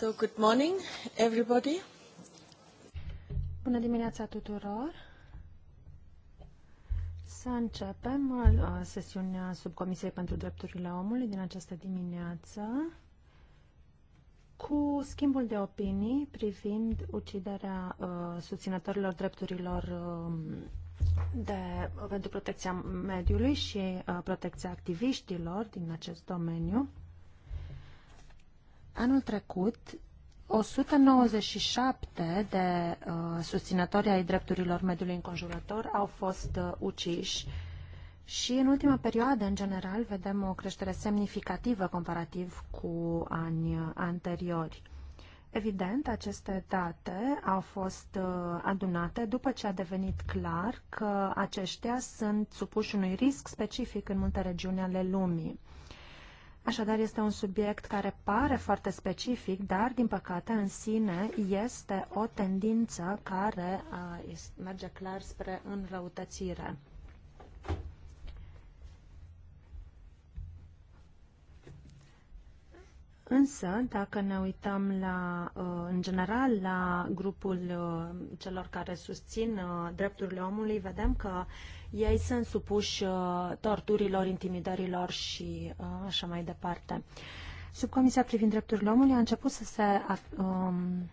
So, good morning, everybody. Bună dimineața tuturor. Să începem uh, sesiunea Subcomisiei pentru Drepturile Omului din această dimineață cu schimbul de opinii privind uciderea uh, susținătorilor drepturilor uh, de, pentru protecția mediului și uh, protecția activiștilor din acest domeniu. Anul trecut, 197 de uh, susținători ai drepturilor mediului înconjurător au fost uh, uciși și în ultima perioadă, în general, vedem o creștere semnificativă comparativ cu ani uh, anteriori. Evident, aceste date au fost uh, adunate după ce a devenit clar că aceștia sunt supuși unui risc specific în multe regiuni ale lumii. Așadar, este un subiect care pare foarte specific, dar, din păcate, în sine este o tendință care merge clar spre înrăutățire. Însă, dacă ne uităm la, uh, în general la grupul uh, celor care susțin uh, drepturile omului, vedem că ei sunt supuși torturilor, intimidărilor și așa mai departe. Subcomisia privind drepturile omului a început să se um,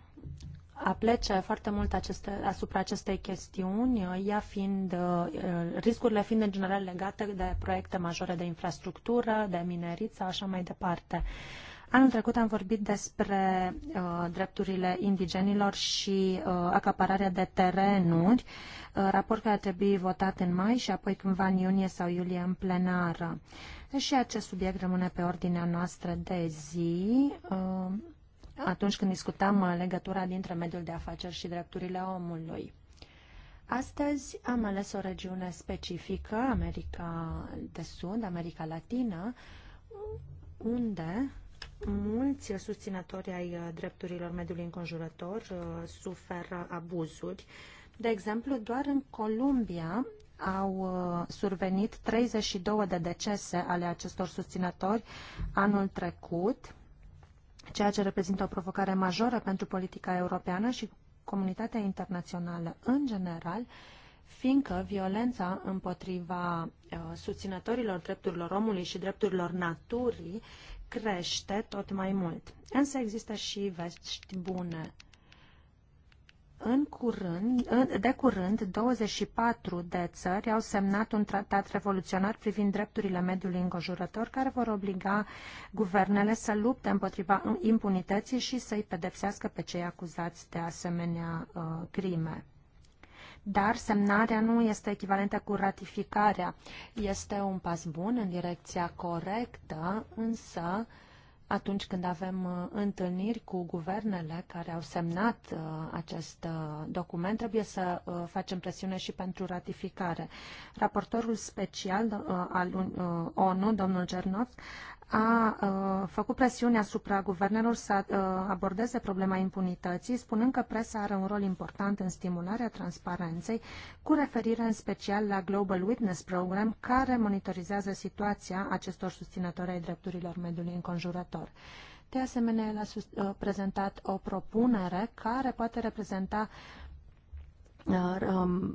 aplece foarte mult aceste, asupra acestei chestiuni, ea fiind, riscurile fiind în general legate de proiecte majore de infrastructură, de minerit sau așa mai departe. Anul trecut am vorbit despre uh, drepturile indigenilor și uh, acapararea de terenuri, uh, raport care ar votat în mai și apoi cândva în iunie sau iulie în plenară. Și acest subiect rămâne pe ordinea noastră de zi. Uh, atunci când discutam uh, legătura dintre mediul de afaceri și drepturile omului. Astăzi am ales o regiune specifică, America de Sud, America Latină, unde mulți susținători ai uh, drepturilor mediului înconjurător uh, suferă abuzuri. De exemplu, doar în Columbia au uh, survenit 32 de decese ale acestor susținători anul trecut, ceea ce reprezintă o provocare majoră pentru politica europeană și comunitatea internațională în general, fiindcă violența împotriva susținătorilor drepturilor omului și drepturilor naturii crește tot mai mult. Însă există și vești bune. În curând, de curând, 24 de țări au semnat un tratat revoluționar privind drepturile mediului înconjurător, care vor obliga guvernele să lupte împotriva impunității și să-i pedepsească pe cei acuzați de asemenea uh, crime dar semnarea nu este echivalentă cu ratificarea. Este un pas bun în direcția corectă, însă atunci când avem uh, întâlniri cu guvernele care au semnat uh, acest uh, document, trebuie să facem presiune și pentru ratificare. Raportorul special al ONU, domnul Cernovski, a uh, făcut presiune asupra guvernelor să uh, abordeze problema impunității, spunând că presa are un rol important în stimularea transparenței, cu referire în special la Global Witness Program, care monitorizează situația acestor susținători ai drepturilor mediului înconjurător. De asemenea, el a uh, prezentat o propunere care poate reprezenta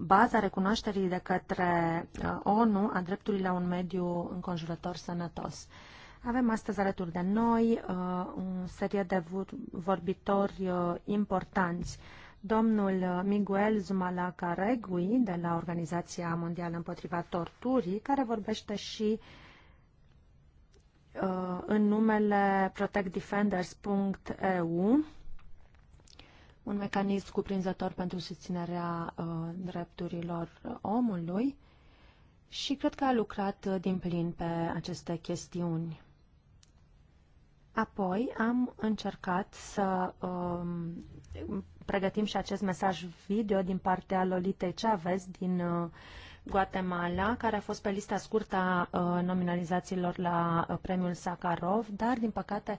baza recunoașterii de către ONU a dreptului la un mediu înconjurător sănătos. Avem astăzi alături de noi uh, o serie de vorbitori uh, importanți. Domnul uh, Miguel Zumalaca Regui, de la Organizația Mondială împotriva Torturii, care vorbește și uh, în numele protectdefenders.eu, un mecanism cuprinzător pentru susținerea uh, drepturilor uh, omului și cred că a lucrat uh, din plin pe aceste chestiuni. Apoi am încercat să um, pregătim și acest mesaj video din partea Lolitei Chavez din uh, Guatemala, care a fost pe lista scurtă a uh, nominalizațiilor la uh, premiul Sakharov, dar din păcate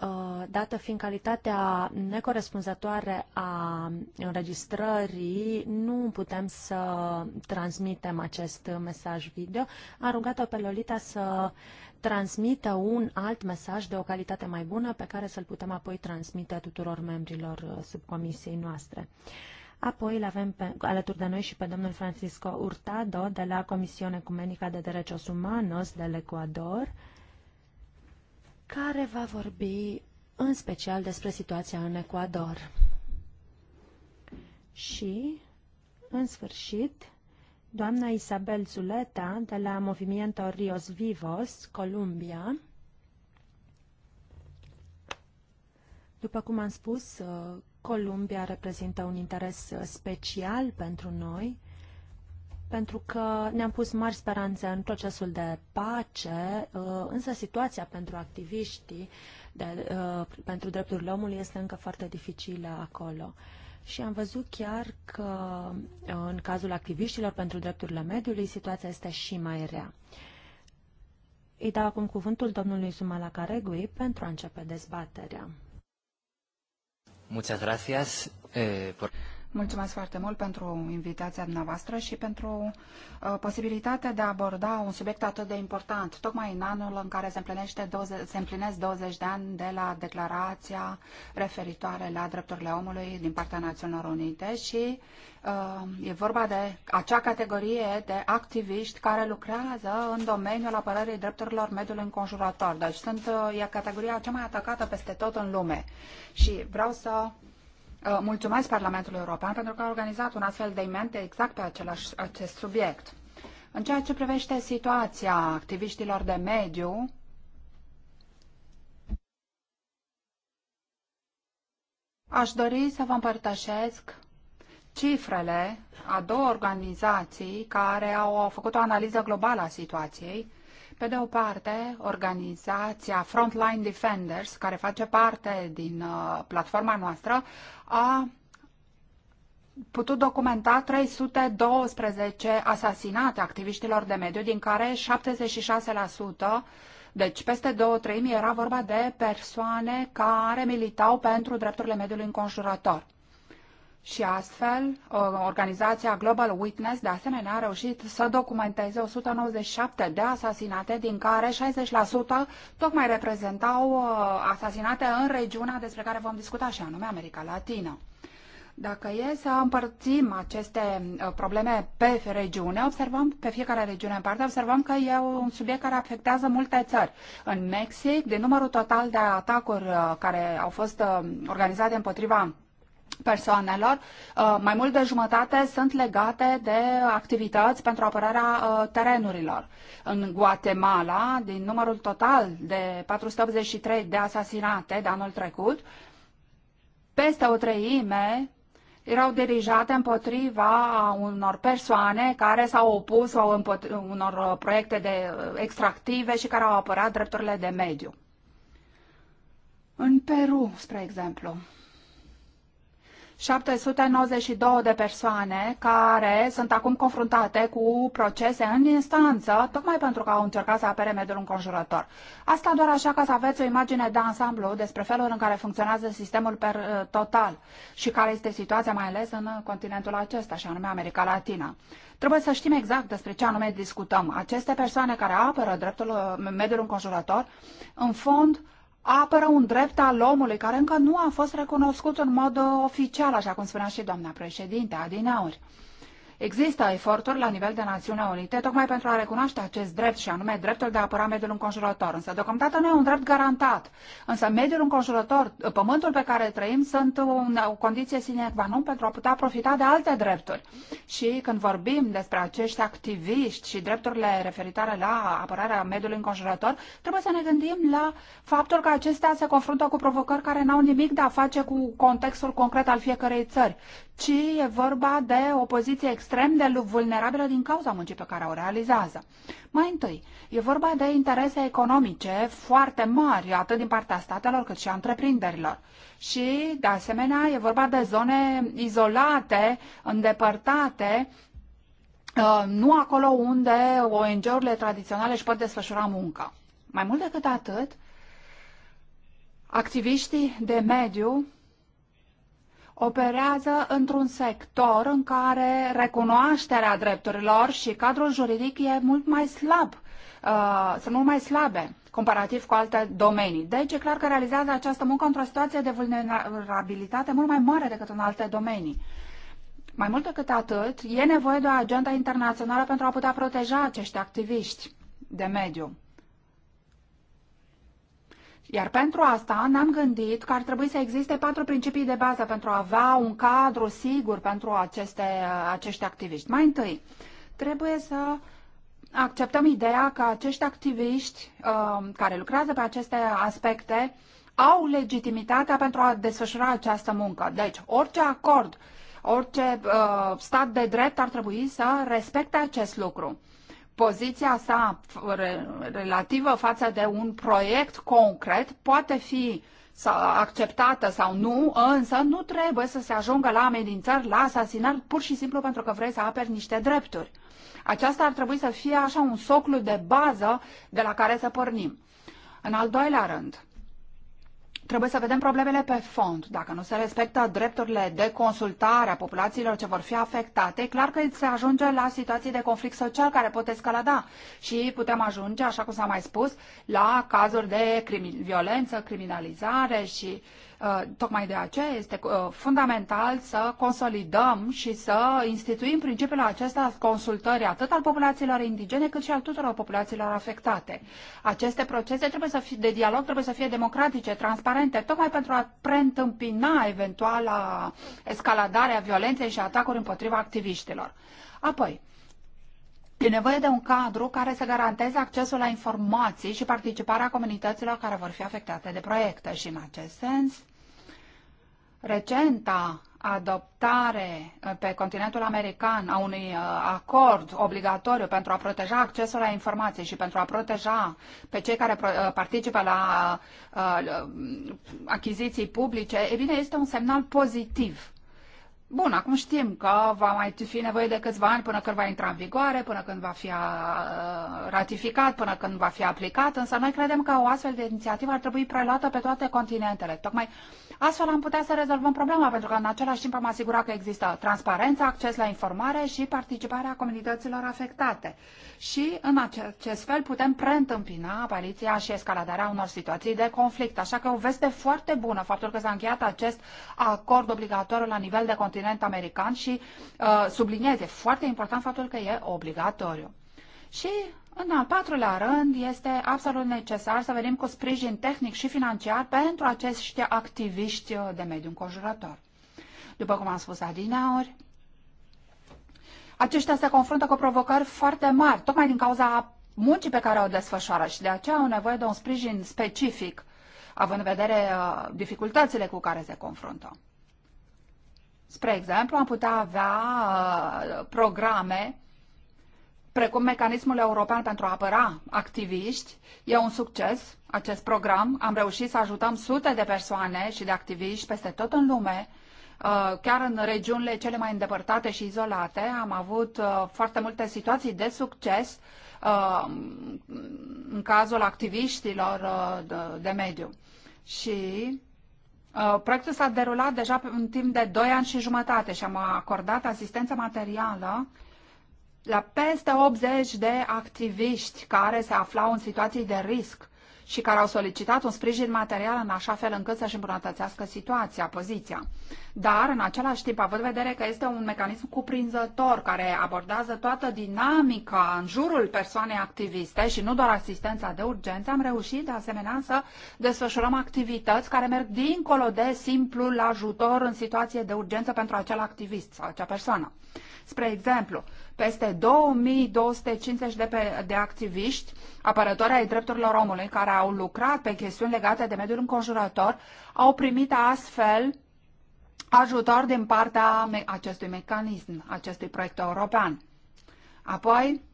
uh, dată fiind calitatea necorespunzătoare a înregistrării, nu putem să transmitem acest mesaj video. Am rugat-o pe Lolita să transmită un alt mesaj de o calitate mai bună pe care să-l putem apoi transmite tuturor membrilor uh, subcomisiei noastre. Apoi îl avem pe, alături de noi și pe domnul Francisco Hurtado de la Comisiune Ecumenica de Derechos Humanos del Ecuador, care va vorbi în special despre situația în Ecuador. Și, în sfârșit, Doamna Isabel Zuleta, de la Movimiento Rios Vivos, Columbia. După cum am spus, uh, Columbia reprezintă un interes uh, special pentru noi, pentru că ne-am pus mari speranțe în procesul de pace, uh, însă situația pentru activiștii de, pentru drepturile omului este încă foarte dificilă acolo și am văzut chiar că uh, în cazul activiștilor pentru drepturile mediului situația este și mai rea. Îi dau acum cuvântul domnului Zumala Caregui pentru a începe dezbaterea. Muchas gracias. Eh, por... Mulțumesc foarte mult pentru invitația dumneavoastră și pentru uh, posibilitatea de a aborda un subiect atât de important, tocmai în anul în care se, împlinește 20, se împlinesc 20 de ani de la declarația referitoare la drepturile omului din partea Națiunilor Unite și uh, e vorba de acea categorie de activiști care lucrează în domeniul apărării drepturilor mediului înconjurător. Deci sunt, uh, e categoria cea mai atacată peste tot în lume. Și vreau să Uh, mulțumesc Parlamentului European pentru că a organizat un astfel de eveniment exact pe același, acest subiect. În ceea ce privește situația activiștilor de mediu, aș dori să vă împărtășesc cifrele a două organizații care au făcut o analiză globală a situației pe de o parte, organizația Frontline Defenders, care face parte din uh, platforma noastră, a putut documenta 312 asasinate activiștilor de mediu, din care 76%, deci peste două treimi, era vorba de persoane care militau pentru drepturile mediului înconjurător și astfel, uh, organizația Global Witness de asemenea a reușit să documenteze 197 de asasinate, din care 60% tocmai reprezentau uh, asasinate în regiunea despre care vom discuta și anume America Latină. Dacă e să împărțim aceste uh, probleme pe regiune, observăm pe fiecare regiune în parte, observăm că e un subiect care afectează multe țări. În Mexic, din numărul total de atacuri care au fost organizate împotriva persoanelor, uh, mai mult de jumătate sunt legate de activități pentru apărarea uh, terenurilor. În Guatemala, din numărul total de 483 de asasinate de anul trecut, peste o treime erau dirijate împotriva unor persoane care s-au opus sau unor uh, proiecte de extractive și care au apărat drepturile de mediu. În Peru, spre exemplu, 792 de persoane care sunt acum confruntate cu procese în instanță, tocmai pentru că au încercat să apere mediul înconjurător. Asta doar așa ca să aveți o imagine de ansamblu despre felul în care funcționează sistemul per uh, total și care este situația mai ales în continentul acesta, și anume America Latina. Trebuie să știm exact despre ce anume discutăm. Aceste persoane care apără dreptul uh, mediul înconjurător, în fond, apără un drept al omului care încă nu a fost recunoscut în mod uh, oficial, așa cum spunea și doamna președinte Adinauri. Există eforturi la nivel de Națiunea Unite tocmai pentru a recunoaște acest drept și anume dreptul de a apăra mediul înconjurător. Însă deocamdată nu e un drept garantat. Însă mediul înconjurător, pământul pe care trăim, sunt o condiție sine qua non pentru a putea profita de alte drepturi. Și când vorbim despre acești activiști și drepturile referitoare la apărarea mediului înconjurător, trebuie să ne gândim la faptul că acestea se confruntă cu provocări care n-au nimic de a face cu contextul concret al fiecărei țări ci e vorba de o poziție extrem de vulnerabilă din cauza muncii pe care o realizează. Mai întâi, e vorba de interese economice foarte mari, atât din partea statelor cât și a întreprinderilor. Și, de asemenea, e vorba de zone izolate, îndepărtate, uh, nu acolo unde ONG-urile tradiționale își pot desfășura munca. Mai mult decât atât, activiștii de mediu operează într-un sector în care recunoașterea drepturilor și cadrul juridic e mult mai slab, uh, sunt mult mai slabe comparativ cu alte domenii. Deci e clar că realizează această muncă într-o situație de vulnerabilitate mult mai mare decât în alte domenii. Mai mult decât atât, e nevoie de o agenda internațională pentru a putea proteja acești activiști de mediu. Iar pentru asta ne-am gândit că ar trebui să existe patru principii de bază pentru a avea un cadru sigur pentru aceste, acești activiști. Mai întâi, trebuie să acceptăm ideea că acești activiști uh, care lucrează pe aceste aspecte au legitimitatea pentru a desfășura această muncă. Deci, orice acord, orice uh, stat de drept ar trebui să respecte acest lucru poziția sa relativă față de un proiect concret poate fi acceptată sau nu, însă nu trebuie să se ajungă la amenințări, la asasinări, pur și simplu pentru că vrei să aperi niște drepturi. Aceasta ar trebui să fie așa un soclu de bază de la care să pornim. În al doilea rând, Trebuie să vedem problemele pe fond. Dacă nu se respectă drepturile de consultare a populațiilor ce vor fi afectate, clar că se ajunge la situații de conflict social care pot escalada și putem ajunge, așa cum s-a mai spus, la cazuri de crimi- violență, criminalizare și uh, Uh, tocmai de aceea este uh, fundamental să consolidăm și să instituim principiul acesta consultării atât al populațiilor indigene cât și al tuturor populațiilor afectate. Aceste procese trebuie să fie, de dialog trebuie să fie democratice, transparente, tocmai pentru a preîntâmpina eventuala escaladare a violenței și atacuri împotriva activiștilor. Apoi, E nevoie de un cadru care să garanteze accesul la informații și participarea comunităților care vor fi afectate de proiecte. Și în acest sens, recenta adoptare pe continentul american a unui uh, acord obligatoriu pentru a proteja accesul la informații și pentru a proteja pe cei care uh, participă la uh, achiziții publice, e bine, este un semnal pozitiv. Bun, acum știm că va mai fi nevoie de câțiva ani până când va intra în vigoare, până când va fi uh, ratificat, până când va fi aplicat, însă noi credem că o astfel de inițiativă ar trebui preluată pe toate continentele. Tocmai astfel am putea să rezolvăm problema, pentru că în același timp am asigurat că există transparență, acces la informare și participarea comunităților afectate. Și în acest fel putem preîntâmpina apariția și escaladarea unor situații de conflict. Așa că o veste foarte bună faptul că s-a încheiat acest acord obligatoriu la nivel de continent continent american și uh, subliniez, foarte important faptul că e obligatoriu. Și în al patrulea rând, este absolut necesar să venim cu sprijin tehnic și financiar pentru acești activiști de mediu înconjurător. După cum am spus adineauri, aceștia se confruntă cu provocări foarte mari, tocmai din cauza muncii pe care o desfășoară și de aceea au nevoie de un sprijin specific, având în vedere uh, dificultățile cu care se confruntă. Spre exemplu, am putea avea uh, programe precum Mecanismul European pentru a apăra activiști. E un succes acest program. Am reușit să ajutăm sute de persoane și de activiști peste tot în lume uh, chiar în regiunile cele mai îndepărtate și izolate. Am avut uh, foarte multe situații de succes în cazul activiștilor de mediu. Și Uh, proiectul s-a derulat deja pe un timp de 2 ani și jumătate și am acordat asistență materială la peste 80 de activiști care se aflau în situații de risc și care au solicitat un sprijin material în așa fel încât să-și îmbunătățească situația, poziția. Dar, în același timp, având vedere că este un mecanism cuprinzător care abordează toată dinamica în jurul persoanei activiste și nu doar asistența de urgență, am reușit de asemenea să desfășurăm activități care merg dincolo de simplul ajutor în situație de urgență pentru acel activist sau acea persoană. Spre exemplu, peste 2250 de, pe, de activiști, apărători ai drepturilor omului, care au lucrat pe chestiuni legate de mediul înconjurător au primit astfel ajutor din partea acestui mecanism, acestui proiect european. Apoi,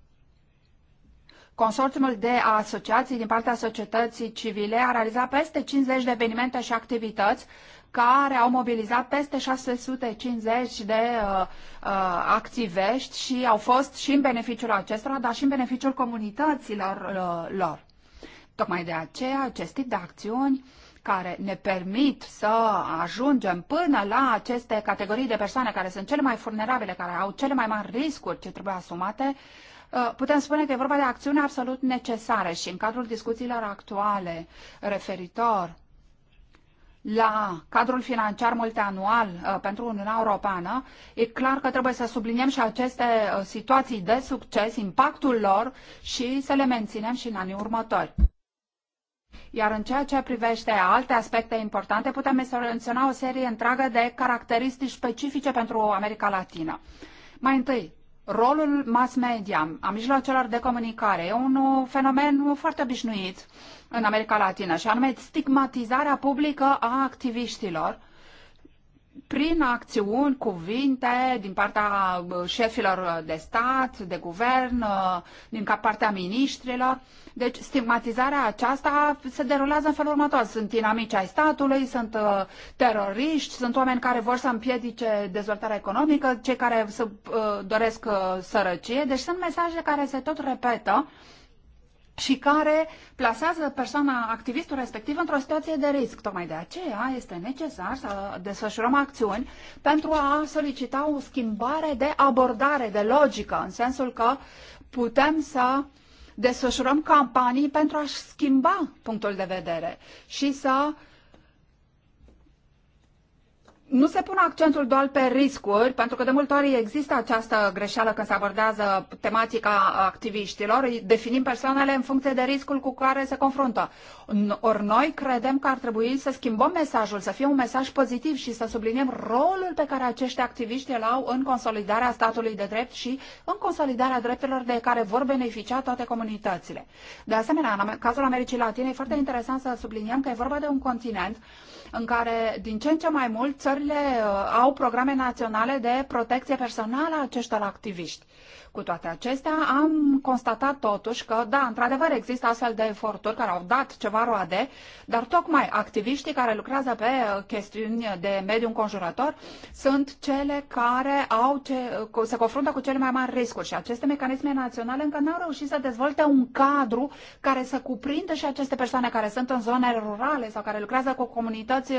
Consorțiul de asociații din partea societății civile a realizat peste 50 de evenimente și activități care au mobilizat peste 650 de uh, uh, activești și au fost și în beneficiul acestora, dar și în beneficiul comunităților uh, lor. Tocmai de aceea, acest tip de acțiuni care ne permit să ajungem până la aceste categorii de persoane care sunt cele mai vulnerabile, care au cele mai mari riscuri ce trebuie asumate, uh, putem spune că e vorba de acțiuni absolut necesare și în cadrul discuțiilor actuale referitor la cadrul financiar multianual uh, pentru Uniunea Europeană, e clar că trebuie să subliniem și aceste uh, situații de succes, impactul lor și să le menținem și în anii următori. Iar în ceea ce privește alte aspecte importante, putem menționa o serie întreagă de caracteristici specifice pentru America Latină. Mai întâi, rolul mass media, a mijloacelor de comunicare, e un fenomen foarte obișnuit în America Latină, și anume stigmatizarea publică a activiștilor prin acțiuni, cuvinte din partea șefilor de stat, de guvern, ă, din partea ministrilor. Deci stigmatizarea aceasta se derulează în felul următor. Sunt inamici ai statului, sunt ă, teroriști, sunt oameni care vor să împiedice dezvoltarea economică, cei care să, ă, doresc sărăcie. Deci sunt mesaje care se tot repetă și care plasează persoana activistul respectiv într-o situație de risc. Tocmai de aceea este necesar să desfășurăm acțiuni pentru a solicita o schimbare de abordare, de logică, în sensul că putem să desfășurăm campanii pentru a-și schimba punctul de vedere și să uh, nu se pune accentul doar pe riscuri, pentru că de multe ori există această greșeală când se abordează tematica activiștilor, îi definim persoanele în funcție de riscul cu care se confruntă. Ori noi credem că ar trebui să schimbăm mesajul, să fie un mesaj pozitiv și să subliniem rolul pe care acești activiști îl au în consolidarea statului de drept și în consolidarea drepturilor de care vor beneficia toate comunitățile. De asemenea, în cazul Americii Latine e foarte interesant să subliniem că e vorba de un continent uh, în care din ce în ce mai mult țările uh, au programe naționale de protecție personală a acestor activiști. Cu toate acestea, am constatat totuși că, da, într-adevăr există astfel de eforturi care au dat ceva roade, dar tocmai activiștii care lucrează pe uh, chestiuni de mediu înconjurător sunt cele care au ce, se confruntă cu cele mai mari riscuri și aceste mecanisme naționale încă n-au reușit să dezvolte un cadru care să cuprindă și aceste persoane care sunt în zone rurale sau care lucrează cu comunități uh,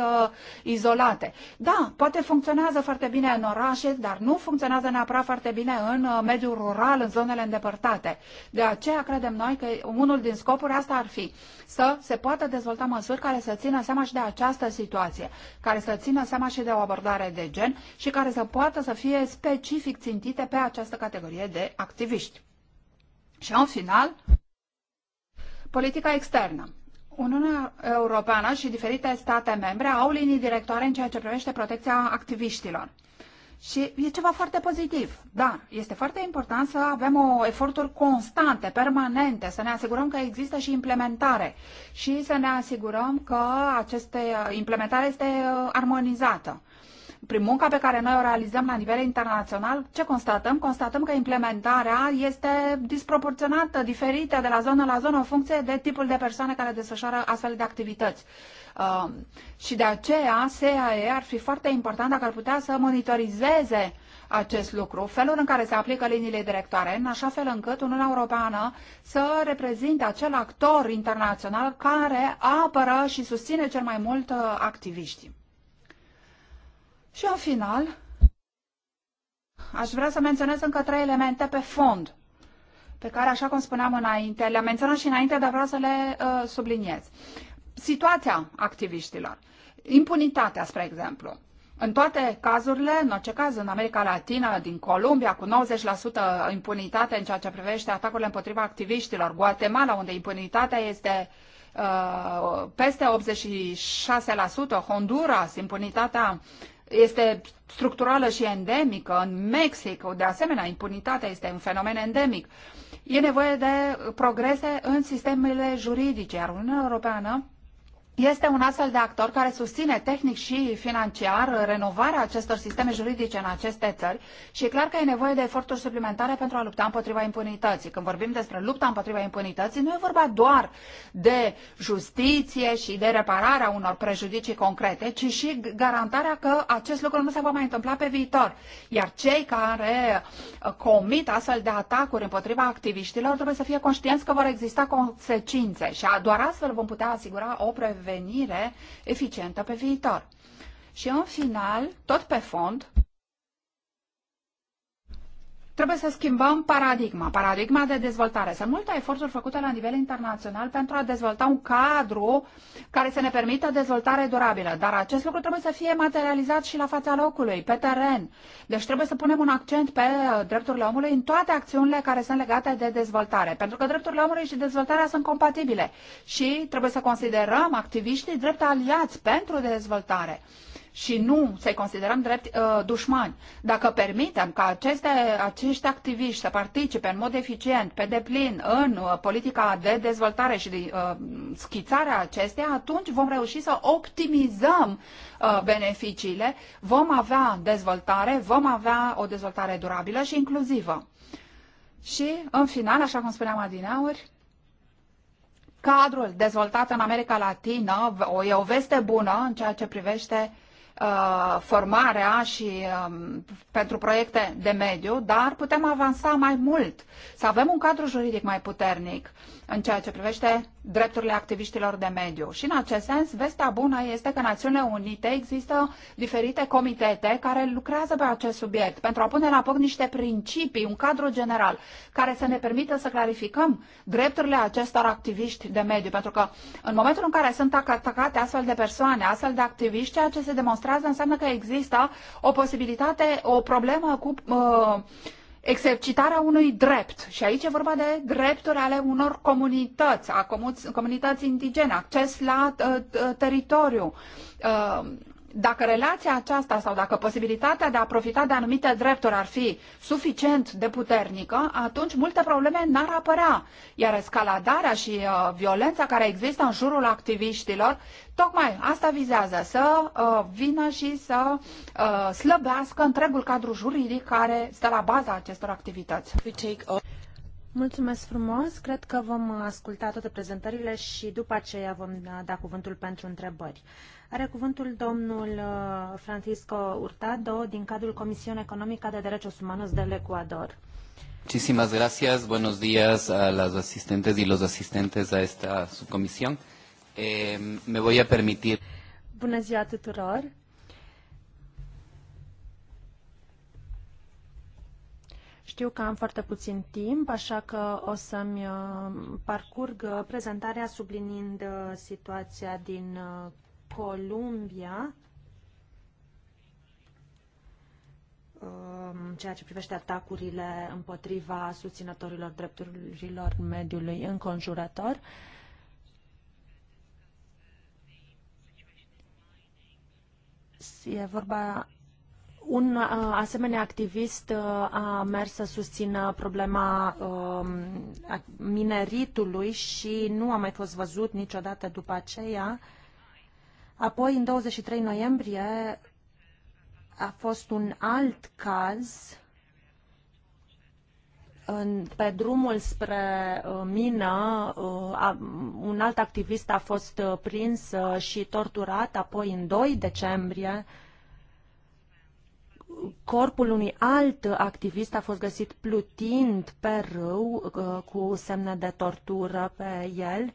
izolate. Da, poate funcționează foarte bine în orașe, dar nu funcționează neapărat foarte bine în uh, mediul rural în zonele îndepărtate. De aceea credem noi că unul din scopuri asta ar fi să se poată dezvolta măsuri care să țină seama și de această situație, care să țină seama și de o abordare de gen și care să poată să fie specific țintite pe această categorie de activiști. Și în final, politica externă. Uniunea Europeană și diferite state membre au linii directoare în ceea ce privește protecția activiștilor. Și e ceva foarte pozitiv. Da, este foarte important să avem o eforturi constante, permanente, să ne asigurăm că există și implementare și să ne asigurăm că aceste uh, implementare este uh, armonizată. Prin munca pe care noi o realizăm la nivel internațional, ce constatăm? Constatăm că implementarea este disproporționată, diferită de la zonă la zonă, în funcție de tipul de persoane care desfășoară astfel de activități. Um, și de aceea SEAE ar fi foarte important dacă ar putea să monitorizeze acest lucru, felul în care se aplică liniile directoare, în așa fel încât Uniunea Europeană să reprezinte acel actor internațional care apără și susține cel mai mult uh, activiștii. Și în final, aș vrea să menționez încă trei elemente pe fond, pe care, așa cum spuneam înainte, le am menționat și înainte, dar vreau să le uh, subliniez. Uh, situația activiștilor. Impunitatea, spre exemplu. În toate cazurile, în orice caz, în America Latină, din Columbia, cu 90% impunitate în ceea ce privește atacurile împotriva activiștilor, Guatemala, unde impunitatea este uh, peste 86%, Honduras, impunitatea este structurală și endemică, în Mexic, de asemenea, impunitatea este un fenomen endemic. E nevoie de progrese în sistemele juridice, iar Uniunea Europeană este un astfel de actor care susține tehnic și financiar renovarea acestor sisteme juridice în aceste țări și e clar că e nevoie de eforturi suplimentare pentru a lupta împotriva impunității. Când vorbim despre lupta împotriva impunității, nu e vorba doar de justiție și de repararea unor prejudicii concrete, ci și garantarea că acest lucru nu se va mai întâmpla pe viitor. Iar cei care uh, comit astfel de atacuri împotriva activiștilor trebuie să fie conștienți că vor exista consecințe și doar astfel vom putea asigura o prevenire prevenire eficientă pe viitor. Și în final, tot pe fond, Trebuie să schimbăm paradigma, paradigma de dezvoltare. Sunt multe eforturi făcute la nivel internațional pentru a dezvolta un cadru care să ne permită dezvoltare durabilă, dar acest lucru trebuie să fie materializat și la fața locului, pe teren. Deci trebuie să punem un accent pe uh, drepturile omului în toate acțiunile care sunt legate de dezvoltare, pentru că drepturile omului și dezvoltarea sunt compatibile și trebuie să considerăm activiștii drept aliați pentru dezvoltare și nu să-i considerăm drept uh, dușmani. Dacă permitem ca aceste, acești activiști să participe în mod eficient, pe deplin, în uh, politica de dezvoltare și de uh, schițarea acesteia, atunci vom reuși să optimizăm uh, beneficiile, vom avea dezvoltare, vom avea o dezvoltare durabilă și inclusivă. Și, în final, așa cum spuneam adineauri, cadrul dezvoltat în America Latină e o veste bună în ceea ce privește uh, Uh, formarea și um, pentru proiecte de mediu, dar putem avansa mai mult, să avem un cadru juridic mai puternic, în ceea ce privește drepturile activiștilor de mediu. Și în acest sens, vestea bună este că Națiunile Unite există diferite comitete care lucrează pe acest subiect pentru a pune la punct niște principii, un cadru general care să ne permită să clarificăm drepturile acestor activiști de mediu. Pentru că în momentul în care sunt atacate astfel de persoane, astfel de activiști, ceea ce se demonstrează înseamnă că există o posibilitate, o problemă cu uh, exercitarea unui drept. Și aici e vorba de drepturi ale unor comunități, a comunității indigene, acces la uh, teritoriu, uh, dacă relația aceasta sau dacă posibilitatea de a profita de anumite drepturi ar fi suficient de puternică, atunci multe probleme n-ar apărea. Iar escaladarea și uh, violența care există în jurul activiștilor, tocmai asta vizează să uh, vină și să uh, slăbească întregul cadru juridic care stă la baza acestor activități. Mulțumesc frumos. Cred că vom asculta toate prezentările și după aceea vom uh, da cuvântul pentru întrebări. Are cuvântul domnul uh, Francisco Hurtado din cadrul Comisiunii Economică de Drepturi Umane del Ecuador. Muchísimas gracias. Buenos días a las asistentes y los asistentes a esta subcomisión. Eh, me voy a permitir. Bună ziua tuturor. Știu că am foarte puțin timp, așa că o să-mi uh, parcurg prezentarea sublinind uh, situația din Columbia, um, ceea ce privește atacurile împotriva susținătorilor drepturilor mediului înconjurător. E vorba un uh, asemenea activist uh, a mers să susțină problema um, mineritului și nu a mai fost văzut niciodată după aceea. Apoi, în 23 noiembrie, a fost un alt caz în, pe drumul spre uh, mină, uh, a, un alt activist a fost uh, prins uh, și torturat, apoi în 2 decembrie corpul unui alt activist a fost găsit plutind pe râu uh, cu semne de tortură pe el. Uh,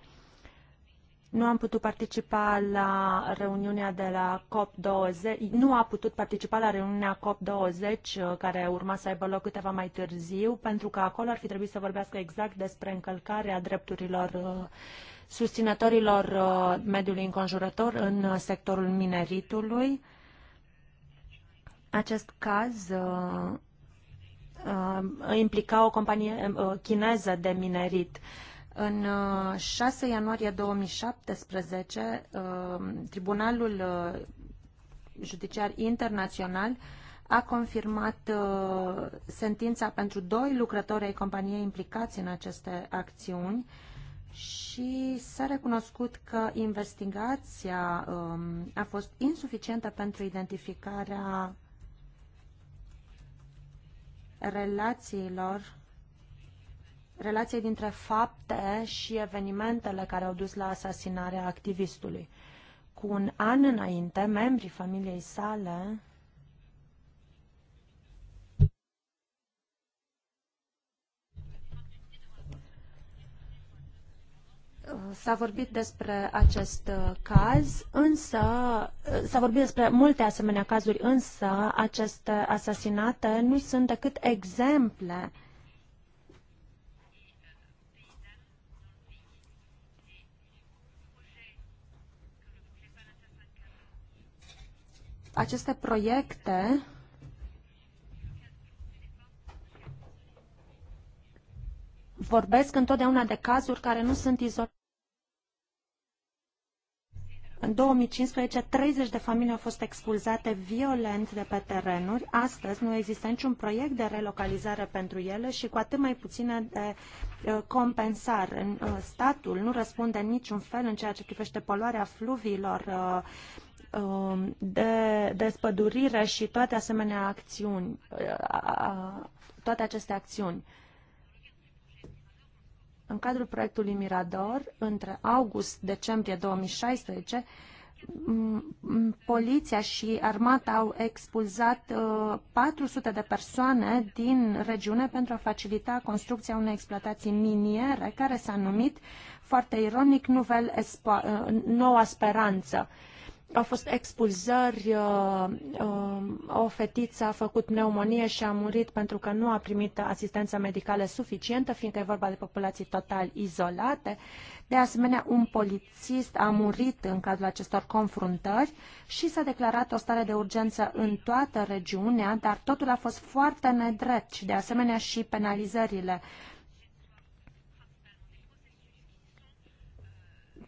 nu am putut participa la reuniunea de la COP20, nu a putut participa la reuniunea COP20, uh, care urma să aibă loc câteva mai târziu, pentru că acolo ar fi trebuit să vorbească exact despre încălcarea drepturilor uh, susținătorilor uh, mediului înconjurător în sectorul mineritului. Acest caz implica o companie chineză de minerit. Uh, în 6 uh, ianuarie 2017, uh, Tribunalul uh, Judiciar Internațional a confirmat sentința pentru doi lucrători ai companiei implicați în aceste acțiuni și s-a recunoscut că investigația um, a fost insuficientă pentru identificarea relațiilor relației dintre fapte și evenimentele care au dus la asasinarea activistului. Cu un an înainte, membrii familiei sale S-a vorbit despre acest uh, caz, însă uh, s-a vorbit despre multe asemenea cazuri, însă aceste asasinate nu sunt decât exemple aceste proiecte vorbesc întotdeauna de cazuri care nu sunt izolate. În 2015, 30 de familii au fost expulzate violent de pe terenuri. Astăzi nu există niciun proiect de relocalizare pentru ele și cu atât mai puține de uh, compensare. Uh, statul nu răspunde în niciun fel în ceea ce privește poluarea fluviilor, uh, Um, de despădurire și toate asemenea acțiuni, uh, toate aceste acțiuni. În cadrul proiectului Mirador, între august-decembrie 2016, poliția și armata au expulzat 400 uh, de persoane din regiune pentru a facilita construcția unei exploatații miniere care s-a numit, foarte ironic, Nouvelle Espo- uh, Noua Speranță. Uh, au fost expulzări, uh, uh, o fetiță a făcut pneumonie și a murit pentru că nu a primit asistență medicală suficientă, fiindcă e vorba de populații total izolate. De asemenea, un polițist a murit în cadrul acestor confruntări și s-a declarat o stare de urgență în toată regiunea, dar totul a fost foarte nedrept și de asemenea și penalizările.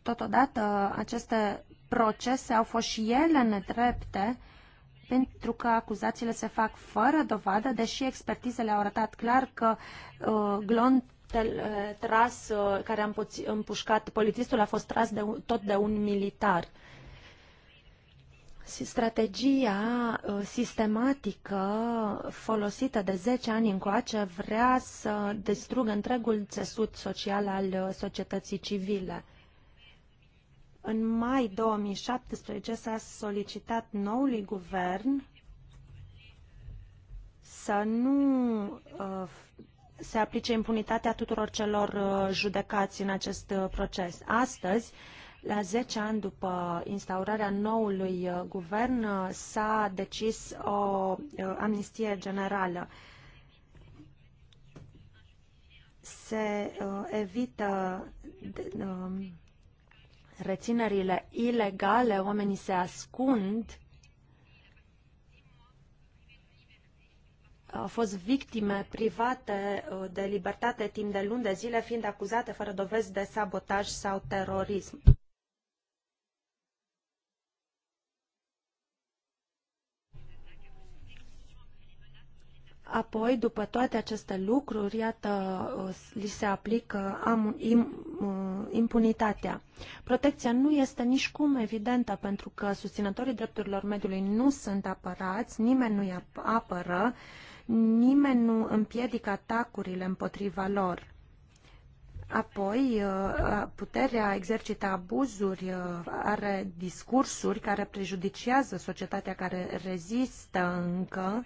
Totodată, aceste procese au fost și ele nedrepte, pentru că acuzațiile se fac fără dovadă, deși expertizele au arătat clar că uh, glon uh, tras, uh, care a împușcat polițistul, a fost tras de, tot de un militar. strategia uh, sistematică folosită de 10 ani încoace vrea să distrugă întregul țesut social al uh, societății civile. În mai 2017 s-a solicitat noului guvern să nu uh, se aplice impunitatea tuturor celor uh, judecați în acest uh, proces. Astăzi, la 10 ani după instaurarea noului uh, guvern, uh, s-a decis o uh, amnistie generală. Se evită de, um, reținerile ilegale, oamenii se ascund, au fost victime private uh, de libertate timp de luni de zile, fiind acuzate fără dovezi de sabotaj sau terorism. Apoi, după toate aceste lucruri, iată, uh, li se aplică am, im, uh, impunitatea. Protecția nu este nici cum evidentă, pentru că susținătorii drepturilor mediului nu sunt apărați, nimeni nu-i apără, nimeni nu împiedică atacurile împotriva lor. Apoi, uh, puterea exercită abuzuri, are discursuri care prejudiciază societatea care rezistă încă,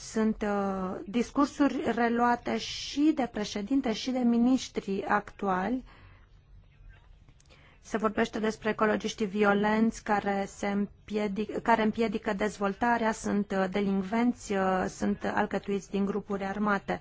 Sunt uh, discursuri reluate și de președinte și de miniștri actuali. Se vorbește despre ecologiștii violenți care, se împiedic, care împiedică dezvoltarea, sunt uh, delinvenți, uh, sunt alcătuiți din grupuri armate.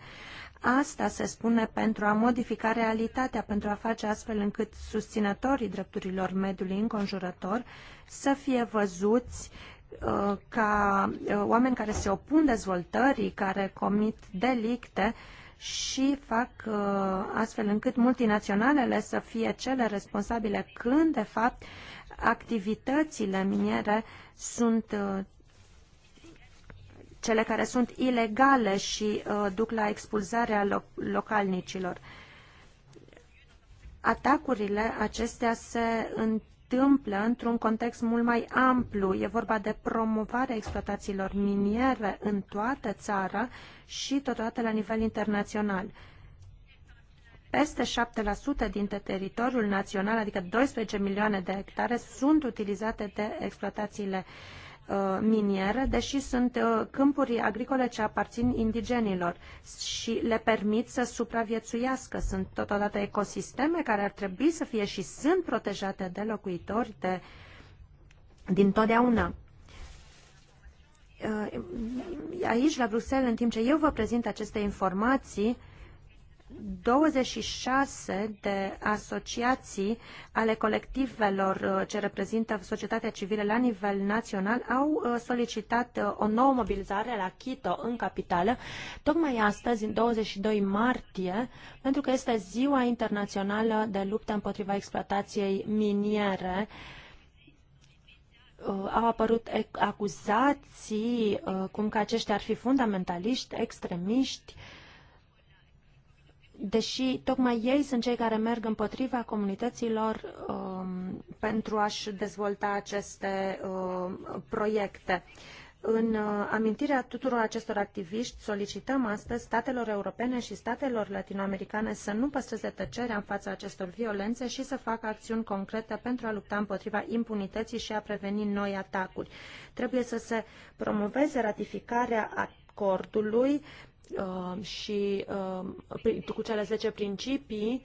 Asta se spune pentru a modifica realitatea, pentru a face astfel încât susținătorii drepturilor mediului înconjurător să fie văzuți uh, Uh, ca uh, oameni care se opun dezvoltării, care comit delicte și fac uh, astfel încât multinaționalele să fie cele responsabile când, de fapt, activitățile miniere sunt cele care sunt ilegale și duc la expulzarea localnicilor. Atacurile acestea se întâmplă întâmplă într-un context mult mai amplu. E vorba de promovarea exploatațiilor miniere în toată țara și totodată la nivel internațional. Peste 7% dintre teritoriul național, adică 12 milioane de hectare, sunt utilizate de exploatațiile uh, Uh, miniere, deși sunt uh, câmpuri agricole ce aparțin indigenilor și le permit să supraviețuiască. Sunt totodată ecosisteme care ar trebui să fie și sunt protejate de locuitori de, din totdeauna. Uh, aici, la Bruxelles, în timp ce eu vă prezint aceste informații, uh, 26 de asociații ale colectivelor uh, ce reprezintă societatea civilă la nivel național au uh, solicitat uh, o nouă mobilizare la Quito, în capitală, tocmai astăzi, în 22 martie, pentru că este Ziua Internațională de Luptă împotriva exploatației miniere au apărut acuzații cum că aceștia ar fi fundamentaliști, extremiști, deși tocmai ei sunt cei care merg împotriva comunităților um, pentru a-și dezvolta aceste um, proiecte. În uh, amintirea tuturor acestor activiști, solicităm astăzi statelor europene și statelor latinoamericane să nu păstreze tăcerea în fața acestor violențe și să facă acțiuni concrete pentru a lupta împotriva impunității și a preveni noi atacuri. Trebuie să se promoveze ratificarea acordului Um, și um, cu cele 10 principii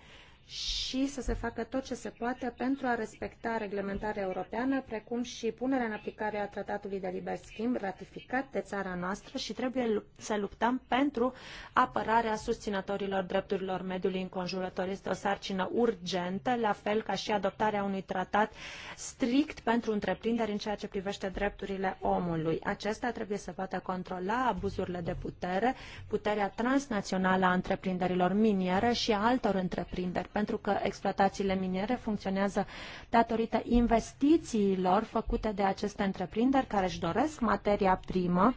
și să se facă tot ce se poate pentru a respecta reglementarea europeană, precum și punerea în aplicare a Tratatului de Liber Schimb ratificat de țara noastră și trebuie să luptăm pentru apărarea susținătorilor drepturilor mediului înconjurător. Este o sarcină urgentă, la fel ca și adoptarea unui tratat strict pentru întreprinderi în ceea ce privește drepturile omului. Acesta trebuie să poată controla abuzurile de putere, puterea transnațională a întreprinderilor miniere și a altor întreprinderi pentru că exploatațiile miniere funcționează datorită investițiilor făcute de aceste întreprinderi care își doresc materia primă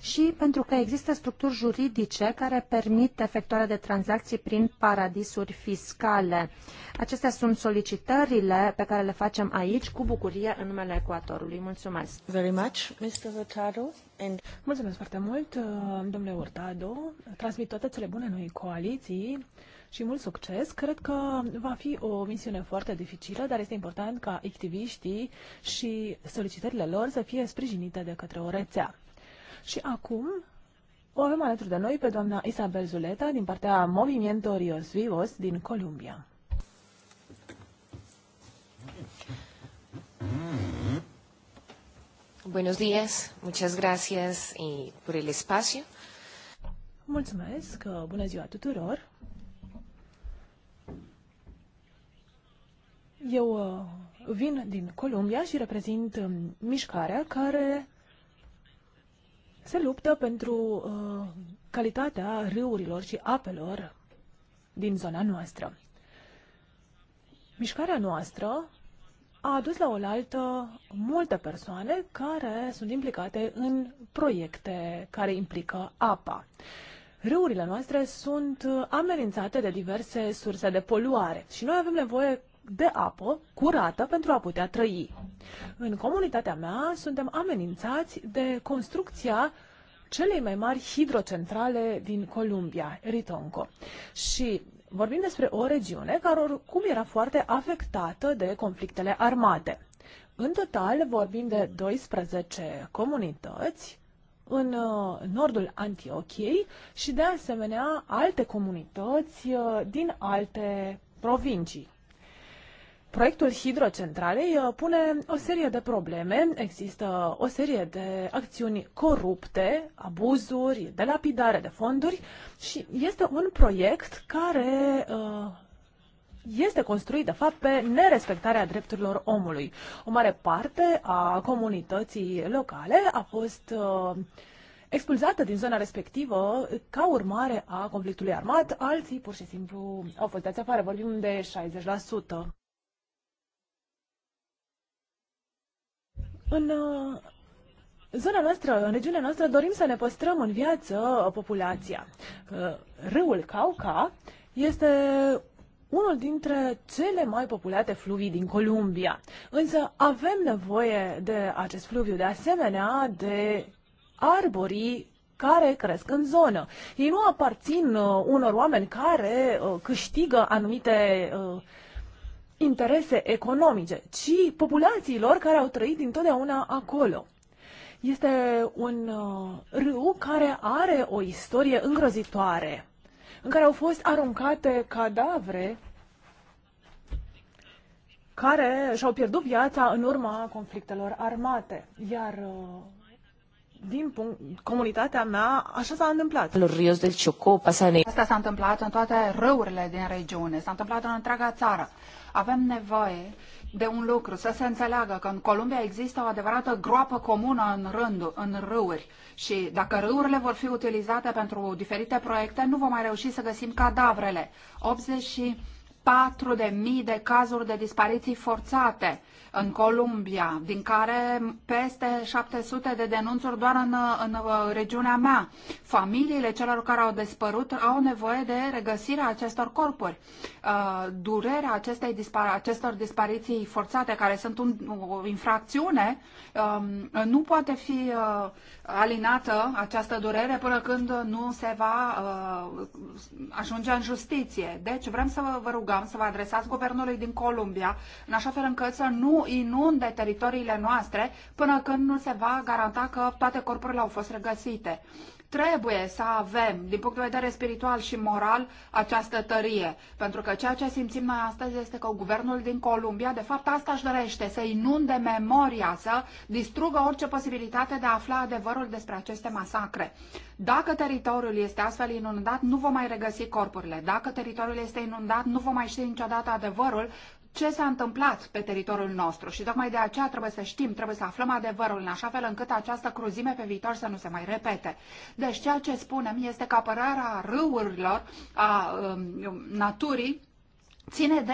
și pentru că există structuri juridice care permit efectuarea de tranzacții prin paradisuri fiscale. Acestea sunt solicitările pe care le facem aici cu bucurie în numele Ecuatorului. Mulțumesc! Very much, Mr. Hurtado. And... Mulțumesc foarte mult, domnule Hurtado. Transmit toate cele bune noi coaliții și mult succes. Cred că va fi o misiune foarte dificilă, dar este important ca activiștii și solicitările lor să fie sprijinite de către o rețea. Și acum o avem alături de noi pe doamna Isabel Zuleta din partea Movimiento Rios Vivos din Columbia. Buenos días, muchas gracias y por el espacio. Mulțumesc, bună ziua tuturor. Eu uh, vin din Columbia și reprezint um, mișcarea care se luptă pentru uh, calitatea râurilor și apelor din zona noastră. Mișcarea noastră a adus la oaltă multe persoane care sunt implicate în proiecte care implică apa. Râurile noastre sunt uh, amenințate de diverse surse de poluare și noi avem nevoie de apă curată pentru a putea trăi. În comunitatea mea suntem amenințați de construcția celei mai mari hidrocentrale din Columbia, Ritonco. Și vorbim despre o regiune care oricum era foarte afectată de conflictele armate. În total vorbim de 12 comunități în uh, nordul Antiochiei și de asemenea alte comunități uh, din alte provincii. Proiectul hidrocentralei uh, pune o serie de probleme, există o serie de acțiuni corupte, abuzuri, de lapidare de fonduri și este un proiect care uh, este construit, de fapt, pe nerespectarea drepturilor omului. O mare parte a comunității locale a fost uh, expulzată din zona respectivă ca urmare a conflictului armat, alții pur și simplu au fost dați afară, vorbim de 60%. În uh, zona noastră, în regiunea noastră, dorim să ne păstrăm în viață uh, populația. Râul Cauca este unul dintre cele mai populate fluvii din Columbia. Însă avem nevoie de acest fluviu, de asemenea de arborii care cresc în zonă. Ei nu aparțin uh, unor oameni care câștigă anumite interese economice, ci populațiilor care au trăit dintotdeauna acolo. Este un uh, râu care are o istorie îngrozitoare, în care au fost aruncate cadavre care și-au pierdut viața în urma conflictelor armate. Iar uh, din punct, comunitatea mea, așa s-a întâmplat. Los del Chocó Asta s-a întâmplat în toate râurile din regiune, s-a întâmplat în întreaga țară. Avem nevoie de un lucru, să se înțeleagă că în Columbia există o adevărată groapă comună în, rând, în râuri și dacă râurile vor fi utilizate pentru diferite proiecte, nu vom mai reuși să găsim cadavrele. 84.000 de mii de cazuri de dispariții forțate în Columbia, din care peste 700 de denunțuri doar în, în uh, regiunea mea. Familiile celor care au despărut au nevoie de regăsirea acestor corpuri. Uh, durerea acestei dispar- acestor dispariții forțate, care sunt un, o infracțiune, um, nu poate fi uh, alinată această durere până când nu se va ajunge în justiție. Deci vrem să vă rugăm să vă adresați guvernului din Columbia, în așa fel încât să nu inunde teritoriile noastre până când nu se va garanta că toate corpurile au fost regăsite trebuie să avem, din punct de vedere spiritual și moral, această tărie. Pentru că ceea ce simțim noi astăzi este că guvernul din Columbia, de fapt, asta își dorește, să inunde memoria, să distrugă orice posibilitate de a afla adevărul despre aceste masacre. Dacă teritoriul este astfel inundat, nu vom mai regăsi corpurile. Dacă teritoriul este inundat, nu vom mai ști niciodată adevărul ce s-a întâmplat pe teritoriul nostru și tocmai de aceea trebuie să știm, trebuie să aflăm adevărul în așa fel încât această cruzime pe viitor să nu se mai repete. Deci ceea ce spunem este că apărarea râurilor, a um, naturii, ține de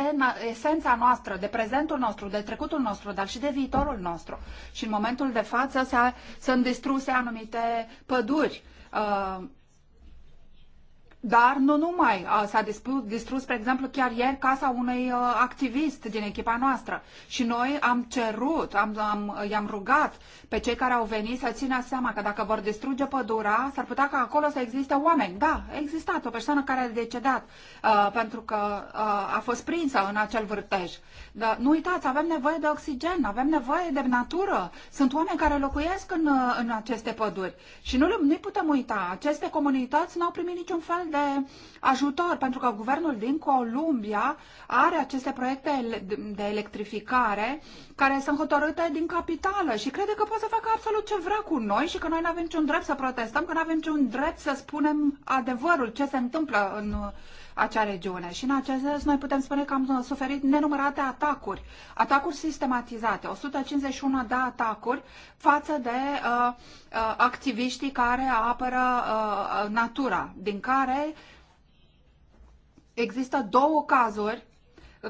esența noastră, de prezentul nostru, de trecutul nostru, dar și de viitorul nostru. Și în momentul de față sunt distruse anumite păduri. Uh, dar nu numai. S-a distrus, spre exemplu, chiar ieri casa unui uh, activist din echipa noastră. Și noi am cerut, am, am, i-am rugat pe cei care au venit să țină seama că dacă vor distruge pădura, s-ar putea ca acolo să existe oameni. Da, a existat o persoană care a decedat uh, pentru că uh, a fost prinsă în acel vârtej. Dar nu uitați, avem nevoie de oxigen, avem nevoie de natură. Sunt oameni care locuiesc în, uh, în aceste păduri și nu nu putem uita. Aceste comunități nu au primit niciun fel de ajutor pentru că guvernul din Columbia are aceste proiecte de electrificare care sunt hotărâte din capitală și crede că poate să facă absolut ce vrea cu noi și că noi nu avem niciun drept să protestăm, că nu avem niciun drept să spunem adevărul, ce se întâmplă în acea regiune. Și în acest sens noi putem spune că am suferit nenumărate atacuri, atacuri sistematizate, 151 de atacuri față de uh, uh, activiștii care apără uh, natura, din care există două cazuri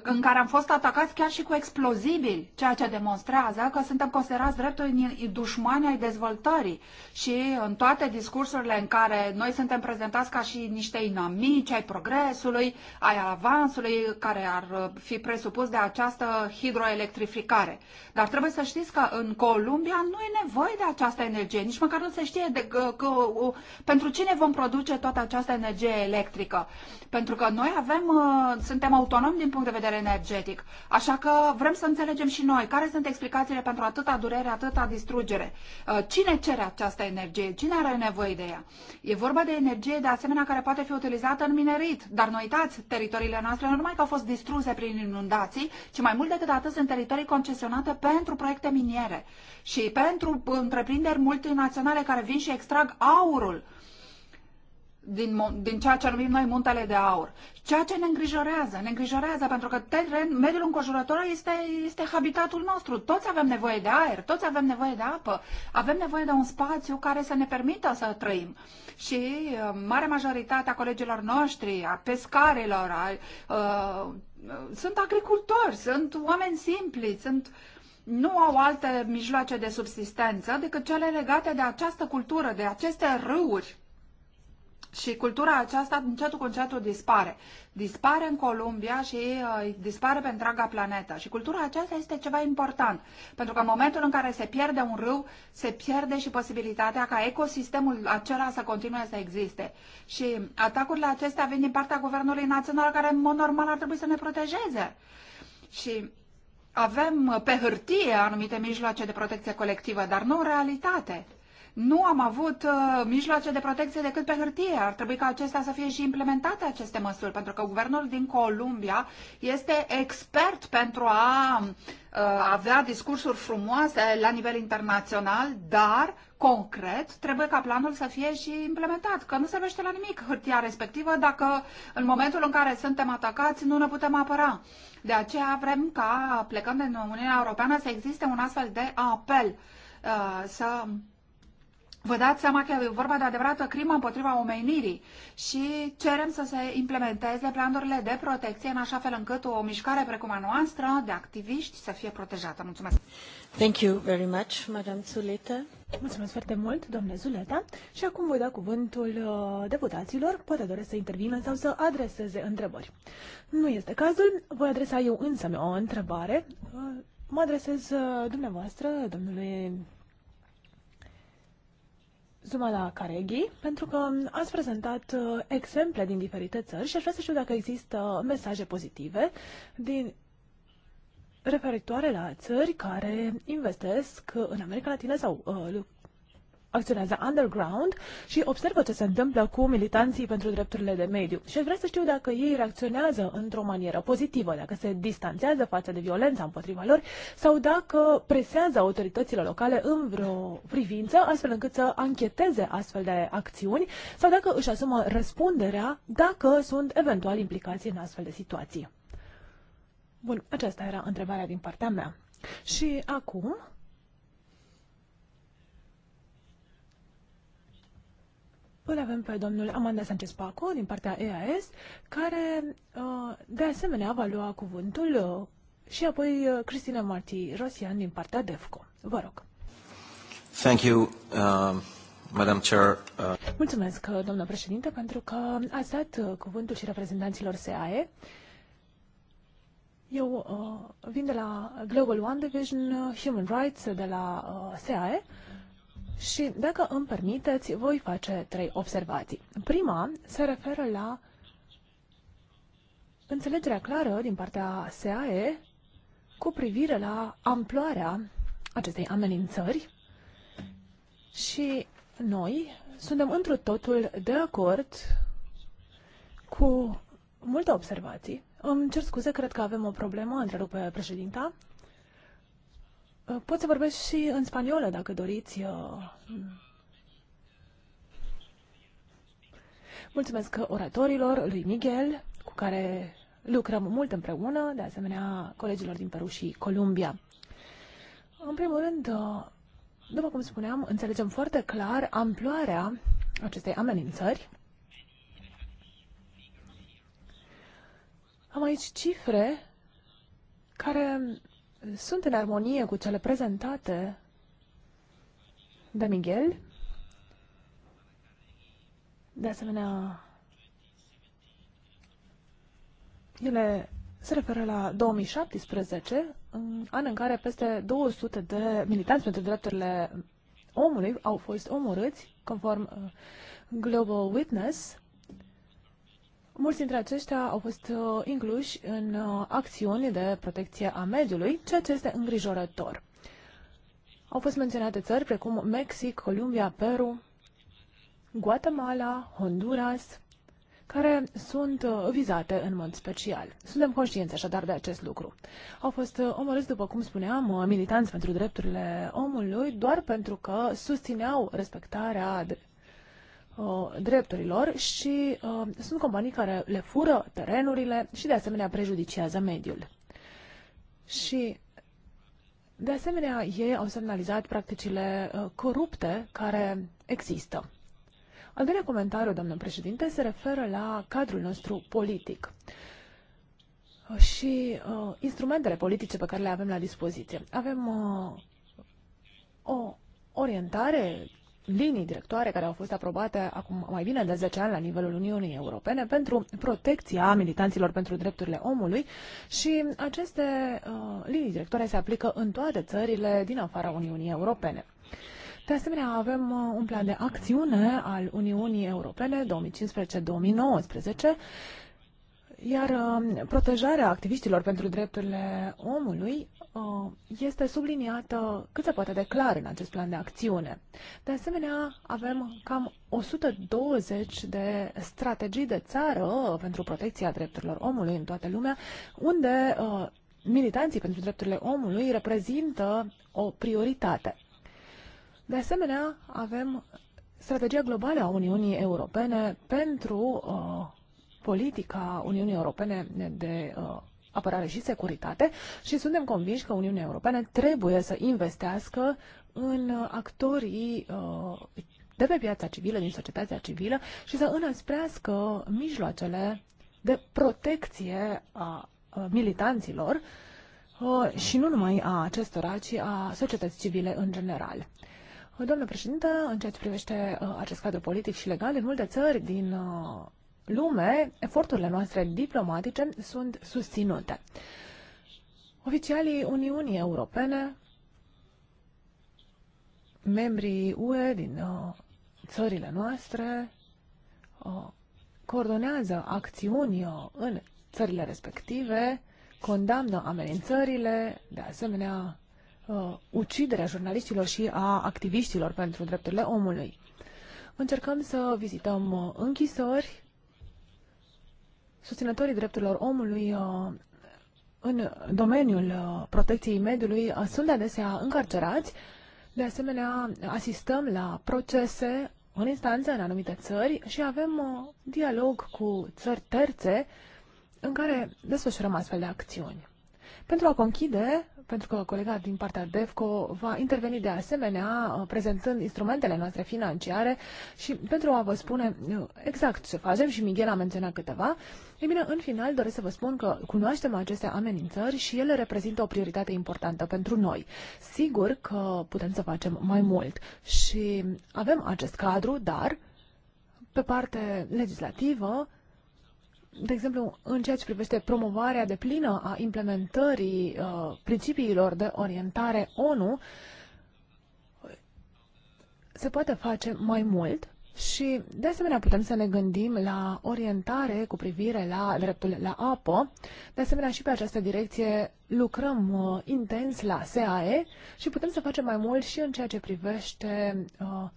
în care am fost atacați chiar și cu explozibili, ceea ce demonstrează că suntem considerați dreptul dușmani ai dezvoltării. Și în toate discursurile în care noi suntem prezentați ca și niște inamici ai progresului, ai avansului, care ar fi presupus de această hidroelectrificare. Dar trebuie să știți că în Columbia nu e nevoie de această energie, nici măcar nu se știe de, că, că, pentru cine vom produce toată această energie electrică. Pentru că noi avem, uh, suntem autonomi din punct de vedere vedere energetic. Așa că vrem să înțelegem și noi care sunt explicațiile pentru atâta durere, atâta distrugere. Uh, cine cere această energie? Cine are nevoie de ea? E vorba de energie, de asemenea, care poate fi utilizată în minerit. Dar nu uitați, teritoriile noastre nu numai că au fost distruse prin inundații, ci mai mult decât atât sunt teritorii concesionate pentru proiecte miniere și pentru întreprinderi multinaționale care vin și extrag aurul din, din ceea ce numim noi muntele de aur. Ceea ce ne îngrijorează, ne îngrijorează pentru că teren, mediul înconjurător este, este habitatul nostru. Toți avem nevoie de aer, toți avem nevoie de apă, avem nevoie de un spațiu care să ne permită să trăim. Și mare uh, marea majoritate a colegilor noștri, a pescarilor, a, a, uh, sunt agricultori, sunt oameni simpli, sunt nu au alte mijloace de subsistență decât cele legate de această cultură, de aceste râuri și cultura aceasta încetul cu încetul dispare. Dispare în Columbia și uh, dispare pe întreaga planetă. Și cultura aceasta este ceva important. Pentru că în momentul în care se pierde un râu, se pierde și posibilitatea ca ecosistemul acela să continue să existe. Și atacurile acestea vin din partea Guvernului Național, care în mod normal ar trebui să ne protejeze. Și avem pe hârtie anumite mijloace de protecție colectivă, dar nu în realitate nu am avut uh, mijloace de protecție decât pe hârtie. Ar trebui ca acestea să fie și implementate aceste măsuri, pentru că guvernul din Columbia este expert pentru a uh, avea discursuri frumoase la nivel internațional, dar concret trebuie ca planul să fie și implementat, că nu servește la nimic hârtia respectivă dacă în momentul în care suntem atacați nu ne putem apăra. De aceea vrem ca, plecând din Uniunea Europeană, să existe un astfel de apel, uh, să Vă dați seama că e vorba de adevărată crimă împotriva omenirii și cerem să se implementeze planurile de protecție în așa fel încât o mișcare precum a noastră de activiști să fie protejată. Mulțumesc! Thank you very much, Madam Zuleta. Mulțumesc foarte mult, domnule Zuleta. Și acum voi da cuvântul uh, deputaților. Poate doresc să intervină sau să adreseze întrebări. Nu este cazul. Voi adresa eu însă o întrebare. Uh, mă adresez uh, dumneavoastră, domnule Zumala Careghi, pentru că ați prezentat uh, exemple din diferite țări și aș vrea să știu dacă există mesaje pozitive din referitoare la țări care investesc uh, în America Latină sau uh, acționează underground și observă ce se întâmplă cu militanții pentru drepturile de mediu. Și aș vrea să știu dacă ei reacționează într-o manieră pozitivă, dacă se distanțează față de violența împotriva lor sau dacă presează autoritățile locale în vreo privință, astfel încât să ancheteze astfel de acțiuni sau dacă își asumă răspunderea dacă sunt eventual implicați în astfel de situații. Bun, aceasta era întrebarea din partea mea. Și acum Îl avem pe domnul Amanda Sanchez Paco din partea EAS, care uh, de asemenea va lua cuvântul uh, și apoi uh, Cristina Marti Rosian din partea DEFCO. Vă rog. Thank you, uh, Madam Chair. Uh... Mulțumesc, doamnă președinte, pentru că ați dat cuvântul și reprezentanților SAE. Eu uh, vin de la Global One Division Human Rights de la uh, SAE. Uh, și dacă îmi permiteți, voi face trei observații. Prima se referă la înțelegerea clară din partea SAE cu privire la amploarea acestei amenințări și noi suntem întru totul de acord cu multe observații. Îmi cer scuze, cred că avem o problemă, întrerupe președinta. Uh, pot să vorbesc și în spaniolă, dacă doriți. Uh, mm. Mulțumesc oratorilor lui Miguel, cu care lucrăm mult împreună, de asemenea colegilor din Peru și Columbia. În primul rând, uh, după cum spuneam, înțelegem foarte clar amploarea acestei amenințări. Am aici cifre care sunt în armonie cu cele prezentate de Miguel, de asemenea, ele se referă la 2017, an în care peste 200 de militanți pentru drepturile omului au fost omorâți, conform uh, Global Witness. Mulți dintre aceștia au fost uh, incluși în uh, acțiuni de protecție a mediului, ceea ce este îngrijorător. Au fost menționate țări precum Mexic, Columbia, Peru, Guatemala, Honduras, care sunt uh, vizate în mod special. Suntem conștienți așadar de acest lucru. Au fost omorâți, după cum spuneam, militanți pentru drepturile omului doar pentru că susțineau respectarea Uh, drepturilor și uh, sunt companii care le fură terenurile și de asemenea prejudiciază mediul. Și de asemenea, ei au semnalizat practicile uh, corupte care există. Al doilea comentariu, domnul președinte, se referă la cadrul nostru politic uh, și uh, instrumentele politice pe care le avem la dispoziție. Avem uh, o orientare linii directoare care au fost aprobate acum mai bine de 10 ani la nivelul Uniunii Europene pentru protecția militanților pentru drepturile omului și aceste uh, linii directoare se aplică în toate țările din afara Uniunii Europene. De asemenea, avem uh, un plan de acțiune al Uniunii Europene 2015-2019 iar uh, protejarea activiștilor pentru drepturile omului uh, este subliniată cât se poate de clar în acest plan de acțiune. De asemenea, avem cam 120 de strategii de țară pentru protecția drepturilor omului în toată lumea, unde uh, militanții pentru drepturile omului reprezintă o prioritate. De asemenea, avem strategia globală a Uniunii Europene pentru uh, politica Uniunii Europene de uh, apărare și securitate și suntem convinși că Uniunea Europeană trebuie să investească în actorii uh, de pe piața civilă, din societatea civilă și să înăsprească mijloacele de protecție a uh, militanților uh, și nu numai a acestora, ci a societății civile în general. Domnule președinte, în ceea ce privește uh, acest cadru politic și legal, în multe țări din lume, eforturile noastre diplomatice sunt susținute. Oficialii Uniunii Europene, membrii UE din uh, țările noastre, uh, coordonează acțiuni uh, în țările respective, condamnă amenințările, de asemenea uciderea jurnaliștilor și a activiștilor pentru drepturile omului. Încercăm să vizităm închisori susținătorii drepturilor omului uh, în domeniul uh, protecției mediului uh, sunt adesea încarcerați. De asemenea, asistăm la procese în instanță în anumite țări și avem dialog cu țări terțe în care desfășurăm astfel de acțiuni. Pentru a conchide, pentru că colega din partea DEFCO va interveni de asemenea uh, prezentând instrumentele noastre financiare și pentru a vă spune uh, exact ce facem și Miguel a menționat câteva, e bine, în final doresc să vă spun că cunoaștem aceste amenințări și ele reprezintă o prioritate importantă pentru noi. Sigur că putem să facem mai mult și avem acest cadru, dar pe parte legislativă de exemplu, în ceea ce privește promovarea de plină a implementării uh, principiilor de orientare ONU, se poate face mai mult și, de asemenea, putem să ne gândim la orientare cu privire la dreptul la apă. De asemenea, și pe această direcție lucrăm uh, intens la SAE și putem să facem mai mult și în ceea ce privește uh,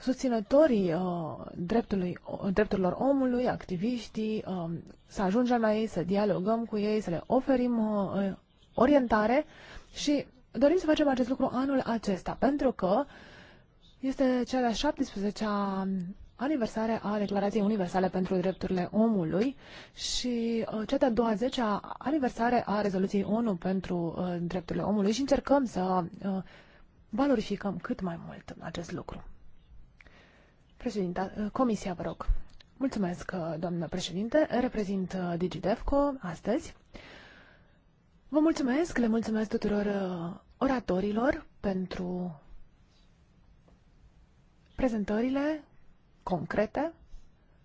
susținătorii uh, dreptului, uh, drepturilor omului, activiștii, uh, să ajungem la ei, să dialogăm cu ei, să le oferim uh, uh, orientare și dorim să facem acest lucru anul acesta, pentru că este cea de-a 17-a aniversare a Declarației Universale pentru Drepturile Omului și uh, cea de-a 20 -a aniversare a Rezoluției ONU pentru uh, Drepturile Omului și încercăm să uh, valorificăm cât mai mult acest lucru. Președinta, eh, comisia, vă rog. Mulțumesc, eh, doamnă președinte. Reprezint eh, DigiDevco astăzi. Vă mulțumesc, le mulțumesc tuturor oratorilor pentru prezentările concrete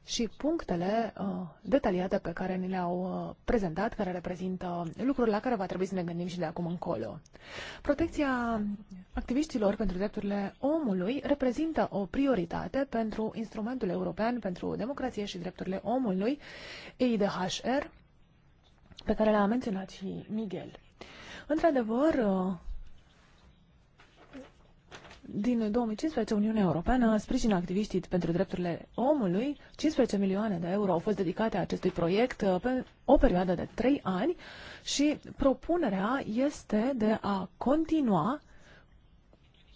și punctele uh, detaliate pe care ni le-au uh, prezentat, care reprezintă lucruri la care va trebui să ne gândim și de acum încolo. Protecția activiștilor pentru drepturile omului reprezintă o prioritate pentru instrumentul european pentru democrație și drepturile omului, EIDHR, pe care l-a menționat și Miguel. Într-adevăr, uh, din 2015, Uniunea Europeană sprijină activiștii pentru drepturile omului. 15 milioane de euro au fost dedicate acestui proiect uh, pe o perioadă de 3 ani și propunerea este de a continua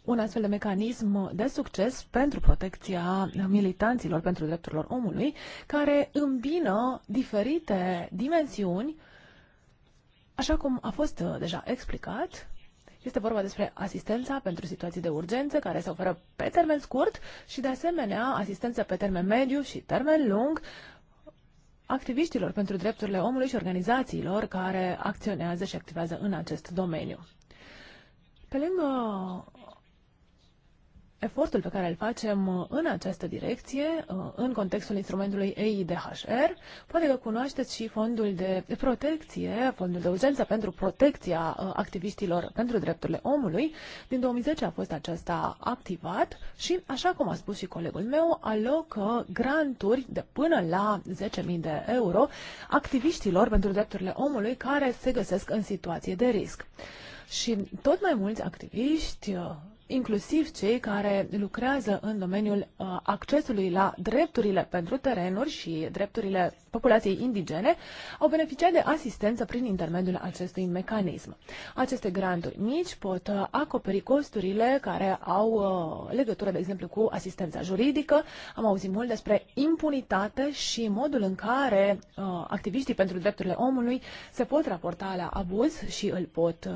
un astfel de mecanism de succes pentru protecția militanților pentru drepturile omului, care îmbină diferite dimensiuni, așa cum a fost uh, deja explicat, este vorba despre asistența pentru situații de urgență care se oferă pe termen scurt și, de asemenea, asistență pe termen mediu și termen lung activiștilor pentru drepturile omului și organizațiilor care acționează și activează în acest domeniu. Pe lângă efortul pe care îl facem uh, în această direcție, uh, în contextul instrumentului EIDHR. Poate că cunoașteți și fondul de protecție, fondul de urgență pentru protecția uh, activiștilor pentru drepturile omului. Din 2010 a fost acesta activat și, așa cum a spus și colegul meu, alocă granturi de până la 10.000 de euro activiștilor pentru drepturile omului care se găsesc în situație de risc. Și tot mai mulți activiști inclusiv cei care lucrează în domeniul uh, accesului la drepturile pentru terenuri și drepturile populației indigene, au beneficiat de asistență prin intermediul acestui mecanism. Aceste granturi mici pot uh, acoperi costurile care au uh, legătură, de exemplu, cu asistența juridică. Am auzit mult despre impunitate și modul în care activiștii pentru drepturile omului se pot raporta la abuz și îl pot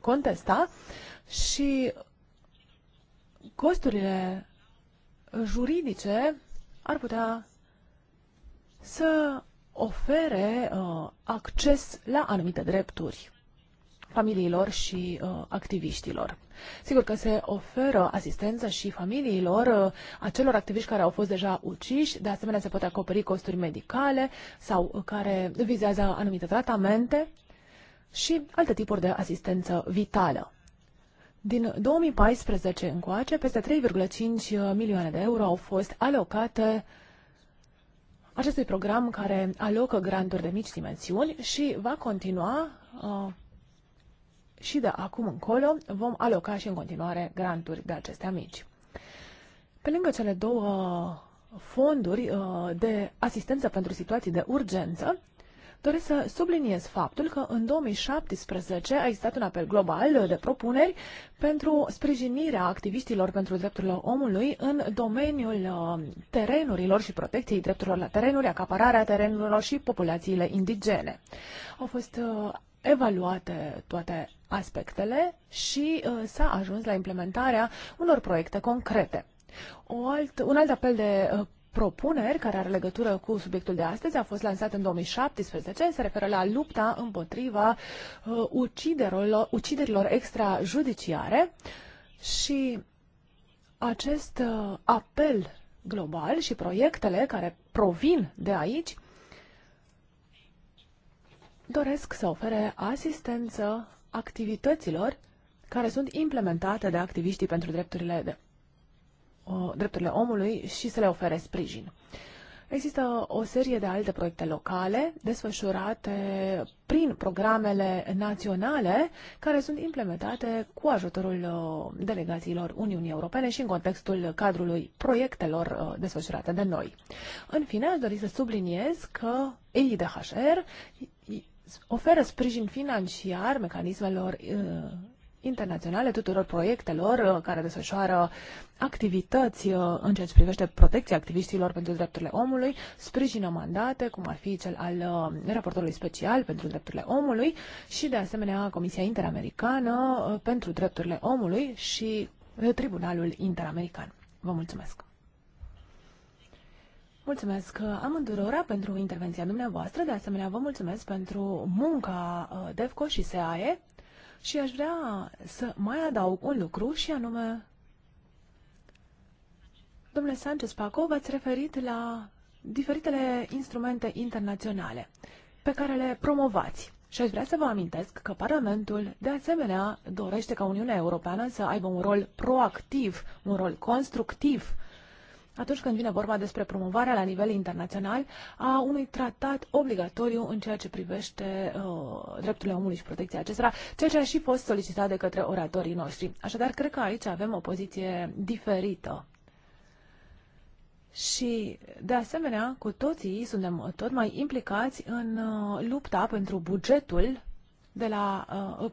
contesta și costurile juridice ar putea să ofere uh, acces la anumite drepturi familiilor și uh, activiștilor. Sigur că se oferă asistență și familiilor uh, acelor activiști care au fost deja uciși, de asemenea se pot acoperi costuri medicale sau uh, care vizează anumite tratamente și alte tipuri de asistență vitală. Din 2014 încoace, peste 3,5 uh, milioane de euro au fost alocate acestui program care alocă granturi de mici dimensiuni și va continua uh, și de acum încolo vom aloca și în continuare granturi de acestea mici. Pe lângă cele două fonduri uh, de asistență pentru situații de urgență, Doresc să subliniez faptul că în 2017 a existat un apel global de propuneri pentru sprijinirea activiștilor pentru drepturile omului în domeniul uh, terenurilor și protecției drepturilor la terenuri, acapararea terenurilor și populațiile indigene. Au fost uh, evaluate toate aspectele și uh, s-a ajuns la implementarea unor proiecte concrete. O alt, un alt apel de uh, propuneri care are legătură cu subiectul de astăzi. A fost lansat în 2017, se referă la lupta împotriva uh, uciderilor, uciderilor extrajudiciare și acest uh, apel global și proiectele care provin de aici doresc să ofere asistență activităților care sunt implementate de activiștii pentru drepturile de Uh, drepturile omului și să le ofere sprijin. Există o serie de alte proiecte locale desfășurate prin programele naționale care sunt implementate cu ajutorul uh, delegațiilor Uniunii Europene și în contextul cadrului proiectelor uh, desfășurate de noi. În fine, aș dori să subliniez că EIDHR oferă sprijin financiar mecanismelor internaționale, tuturor proiectelor uh, care desfășoară activități uh, în ceea ce privește protecția activiștilor pentru drepturile omului, sprijină mandate, cum ar fi cel al uh, raportorului special pentru drepturile omului și, de asemenea, Comisia Interamericană pentru drepturile omului și Tribunalul Interamerican. Vă mulțumesc! Mulțumesc amândurora pentru intervenția dumneavoastră, de asemenea vă mulțumesc pentru munca DEFCO și SEAE și aș vrea să mai adaug un lucru și anume, domnule Sanchez Paco, v-ați referit la diferitele instrumente internaționale pe care le promovați. Și aș vrea să vă amintesc că Parlamentul, de asemenea, dorește ca Uniunea Europeană să aibă un rol proactiv, un rol constructiv atunci când vine vorba despre promovarea la nivel internațional a unui tratat obligatoriu în ceea ce privește uh, drepturile omului și protecția acestora, ceea ce a și fost solicitat de către oratorii noștri. Așadar, cred că aici avem o poziție diferită. Și, de asemenea, cu toții suntem tot mai implicați în uh, lupta pentru bugetul de la uh,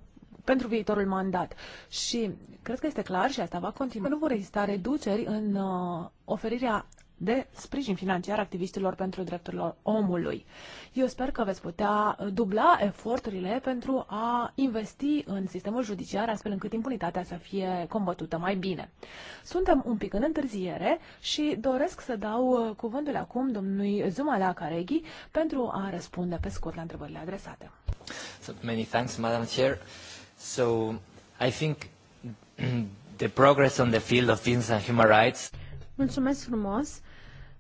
pentru viitorul mandat. Și cred că este clar și asta va continua. Nu vor exista reduceri în uh, oferirea de sprijin financiar activiștilor pentru drepturile omului. Eu sper că veți putea uh, dubla eforturile pentru a investi în sistemul judiciar astfel încât impunitatea să fie combătută mai bine. Suntem un pic în întârziere și doresc să dau uh, cuvântul acum domnului Zumalea Careghi pentru a răspunde pe scurt la întrebările adresate. So, many thanks, Madam Chair. So I think the progress on the field of business and human rights. Mulțumesc frumos.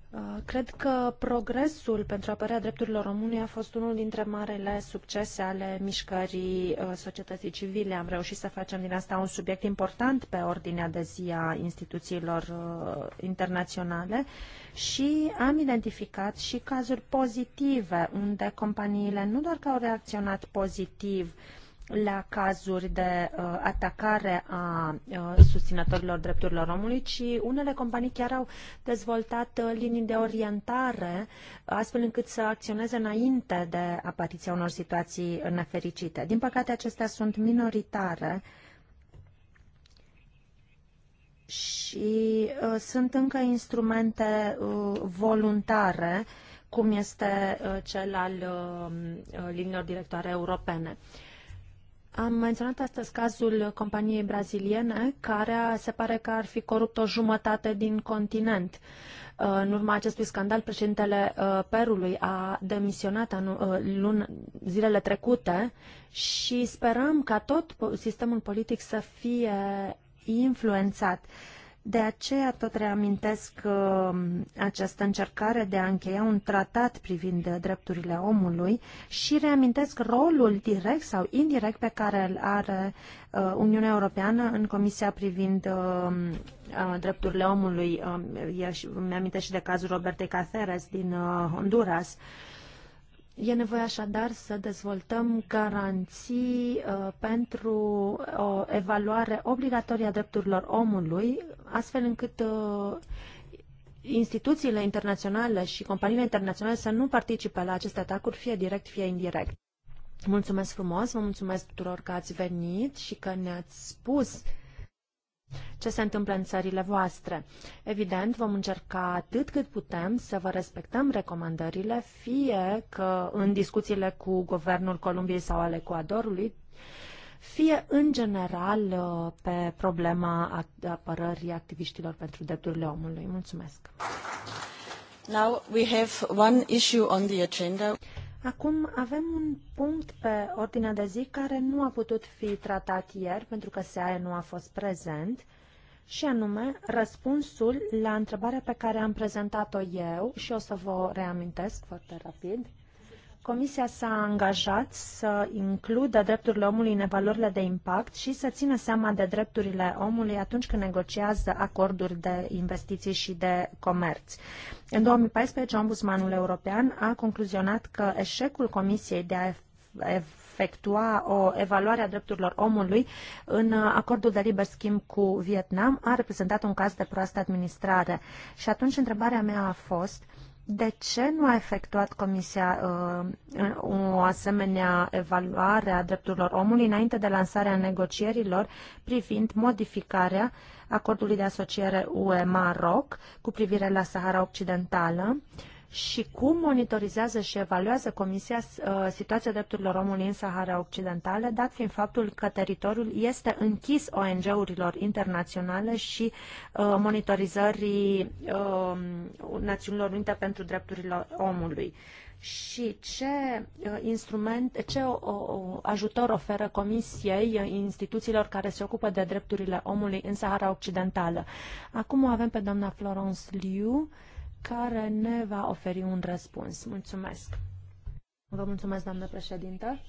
Uh, cred că progresul pentru apărarea drepturilor omului a fost unul dintre marele succese ale mișcării uh, societății civile. Am reușit să facem din asta un subiect important pe ordinea de zi a instituțiilor uh, internaționale și am identificat și cazuri pozitive unde companiile nu doar că au reacționat pozitiv, la cazuri de uh, atacare a uh, susținătorilor drepturilor omului, ci unele companii chiar au dezvoltat uh, linii de orientare astfel încât să acționeze înainte de apariția unor situații nefericite. Din păcate, acestea sunt minoritare și uh, sunt încă instrumente uh, voluntare, cum este uh, cel al uh, uh linilor directoare europene. Uh, am menționat astăzi cazul companiei braziliene, care se pare că ar fi corupt o jumătate din continent. Uh, în urma acestui scandal, președintele uh, Perului a demisionat uh, zilele trecute și sperăm ca tot sistemul politic să fie influențat. De aceea tot reamintesc uh, această încercare de a încheia un tratat privind drepturile omului și reamintesc rolul direct sau indirect pe care îl are uh, Uniunea Europeană în Comisia privind uh, drepturile omului. Um, Mi-amintesc și de cazul Robertei Caceres din Honduras. Uh, E nevoie așadar să dezvoltăm garanții uh, pentru o evaluare obligatorie a drepturilor omului, astfel încât uh, instituțiile internaționale și companiile internaționale să nu participe la aceste atacuri, fie direct, fie indirect. Mulțumesc frumos, vă mulțumesc tuturor că ați venit și că ne-ați spus ce se întâmplă în țările voastre. Evident, vom încerca atât cât putem să vă respectăm recomandările, fie că în discuțiile cu Guvernul Columbiei sau al Ecuadorului, fie în general uh, pe problema apărării activiștilor pentru drepturile omului. Mulțumesc! Now we have one issue on the agenda. Acum avem un punct pe ordinea de zi care nu a putut fi tratat ieri pentru că SEAE nu a fost prezent și anume răspunsul la întrebarea pe care am prezentat-o eu și o să vă reamintesc foarte rapid Comisia s-a angajat să includă drepturile omului în evaluările de impact și să țină seama de drepturile omului atunci când negociază acorduri de investiții și de comerț. În 2014, Ombudsmanul European a concluzionat că eșecul Comisiei de a efectua o evaluare a drepturilor omului în acordul de liber schimb cu Vietnam a reprezentat un caz de proastă administrare. Și atunci întrebarea mea a fost de ce nu a efectuat Comisia uh, o asemenea evaluare a drepturilor omului înainte de lansarea negocierilor privind modificarea acordului de asociere UE-Maroc cu privire la Sahara Occidentală? Uh, și cum monitorizează și evaluează Comisia uh, situația drepturilor omului în Sahara Occidentală, dat fiind faptul că teritoriul este închis ONG-urilor internaționale și uh, monitorizării um, Națiunilor Unite pentru drepturile omului și ce uh, instrument, ce ajutor oferă Comisiei instituțiilor care se ocupă de drepturile omului în Sahara Occidentală. Acum o avem pe doamna Florence Liu, care ne va oferi un răspuns. Mulțumesc! Vă mulțumesc, doamnă președintă!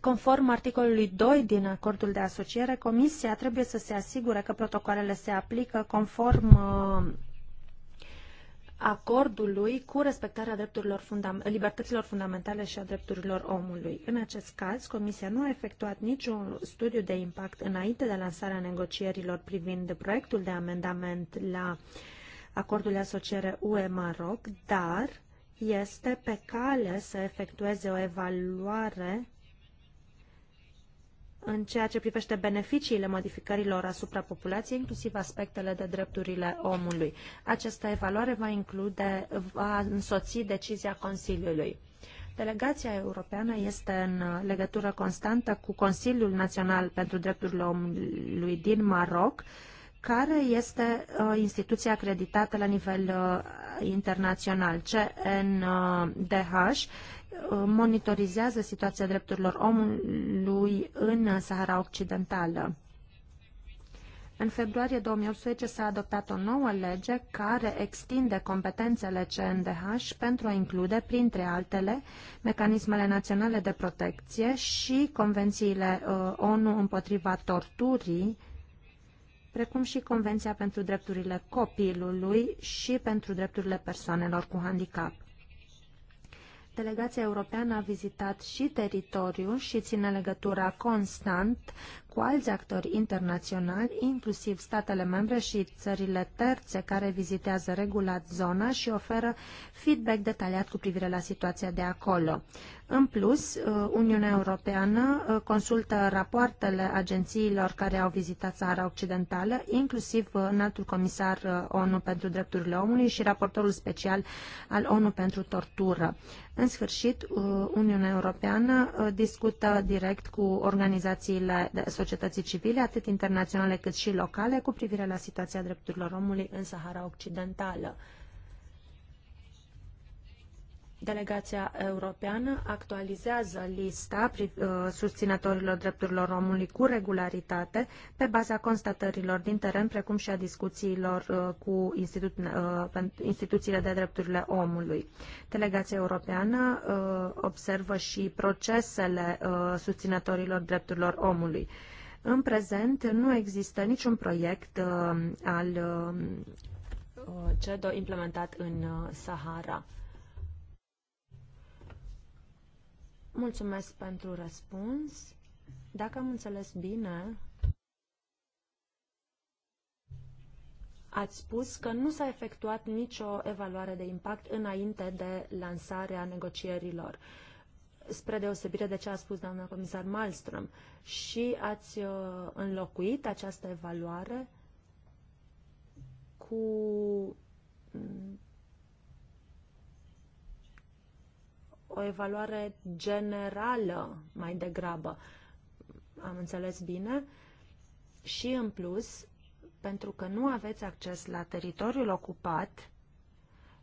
Conform articolului 2 din acordul de asociere, Comisia trebuie să se asigure că protocoalele se aplică conform uh, acordului cu respectarea drepturilor libertăților fundamentale și a drepturilor omului. În acest caz, Comisia nu a efectuat niciun studiu de impact înainte de lansarea negocierilor privind proiectul de amendament la acordul de asociere UE-Maroc, dar este pe cale să efectueze o evaluare în ceea ce privește beneficiile modificărilor asupra populației, inclusiv aspectele de drepturile omului. Această evaluare va, include, va însoți decizia Consiliului. Delegația europeană este în legătură constantă cu Consiliul Național pentru Drepturile Omului din Maroc, care este uh, instituția acreditată la nivel uh, internațional, CNDH, monitorizează situația drepturilor omului în Sahara Occidentală. În februarie 2018 s-a adoptat o nouă lege care extinde competențele CNDH pentru a include, printre altele, mecanismele naționale de protecție și convențiile uh, ONU împotriva torturii, precum și Convenția pentru drepturile copilului și pentru drepturile persoanelor cu handicap delegația europeană a vizitat și teritoriul și ține legătura constant cu alți actori internaționali, inclusiv statele membre și țările terțe care vizitează regulat zona și oferă feedback detaliat cu privire la situația de acolo. În plus, uh, Uniunea Europeană uh, consultă rapoartele agențiilor care au vizitat țara occidentală, inclusiv uh, înaltul comisar ONU pentru drepturile omului și raportorul special al ONU pentru tortură. În sfârșit, Uniunea Europeană discută direct cu organizațiile societății civile, atât internaționale cât și locale, cu privire la situația drepturilor omului în Sahara Occidentală. Delegația europeană actualizează lista uh, susținătorilor drepturilor omului cu regularitate pe baza constatărilor din teren, precum și a discuțiilor uh, cu institu uh, instituțiile de drepturile omului. Delegația europeană observă și procesele susținătorilor drepturilor omului. În prezent nu există niciun proiect uh, al uh, uh, CEDO implementat în Sahara. Mulțumesc pentru răspuns. Dacă am înțeles bine, ați spus că nu s-a efectuat nicio evaluare de impact înainte de lansarea negocierilor. Uh, spre deosebire de ce a spus doamna comisar Malmström, și ați uh, înlocuit această evaluare cu mm, o evaluare generală mai degrabă. Am înțeles bine? Și în plus, pentru că nu aveți acces la teritoriul ocupat,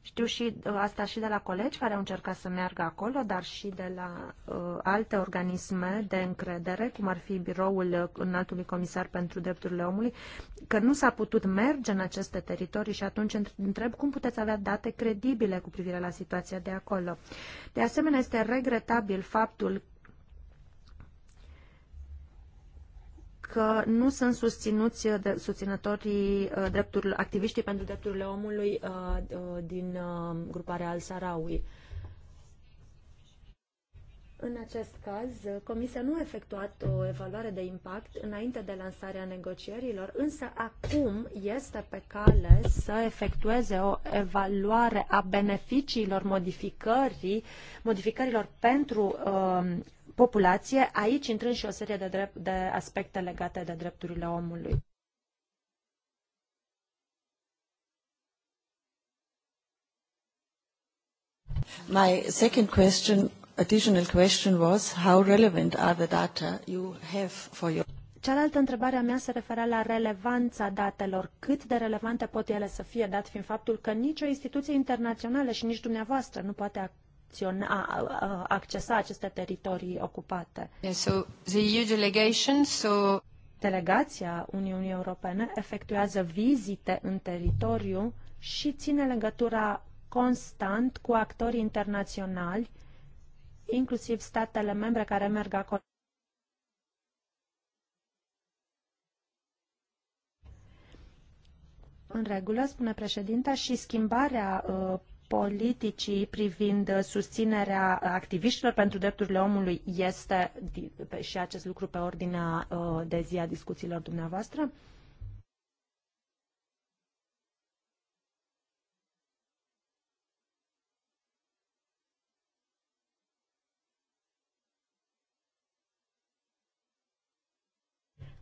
știu și uh, asta și de la colegi care au încercat să meargă acolo, dar și de la uh, alte organisme de încredere, cum ar fi biroul uh, înaltului comisar pentru drepturile omului, că nu s-a putut merge în aceste teritorii și atunci întreb cum puteți avea date credibile cu privire la situația de acolo. De asemenea, este regretabil faptul că nu sunt susținuți de, susținătorii uh, drepturilor, activiștii pentru drepturile omului uh, uh, din gruparea al Sarawi. În acest caz, Comisia nu a efectuat o evaluare de impact înainte de lansarea negocierilor, însă acum este pe cale să efectueze o evaluare a beneficiilor modificării, modificărilor pentru uh, populație, aici intrând și o serie de, drept, de aspecte legate de drepturile omului. My second question, additional question was how relevant are the data you have for your Cealaltă întrebare a mea se referea la relevanța datelor. Cât de relevante pot ele să fie, dat fiind faptul că nicio instituție internațională și nici dumneavoastră nu poate acționa, accesa aceste teritorii ocupate. Yeah, so the EU delegation, so... Delegația Uniunii Europene efectuează vizite în teritoriu și ține legătura constant cu actorii internaționali, inclusiv statele membre care merg acolo. În regulă, spune președinta, și schimbarea uh, politicii privind susținerea activiștilor pentru drepturile omului este și acest lucru pe ordinea uh, de zi a discuțiilor dumneavoastră?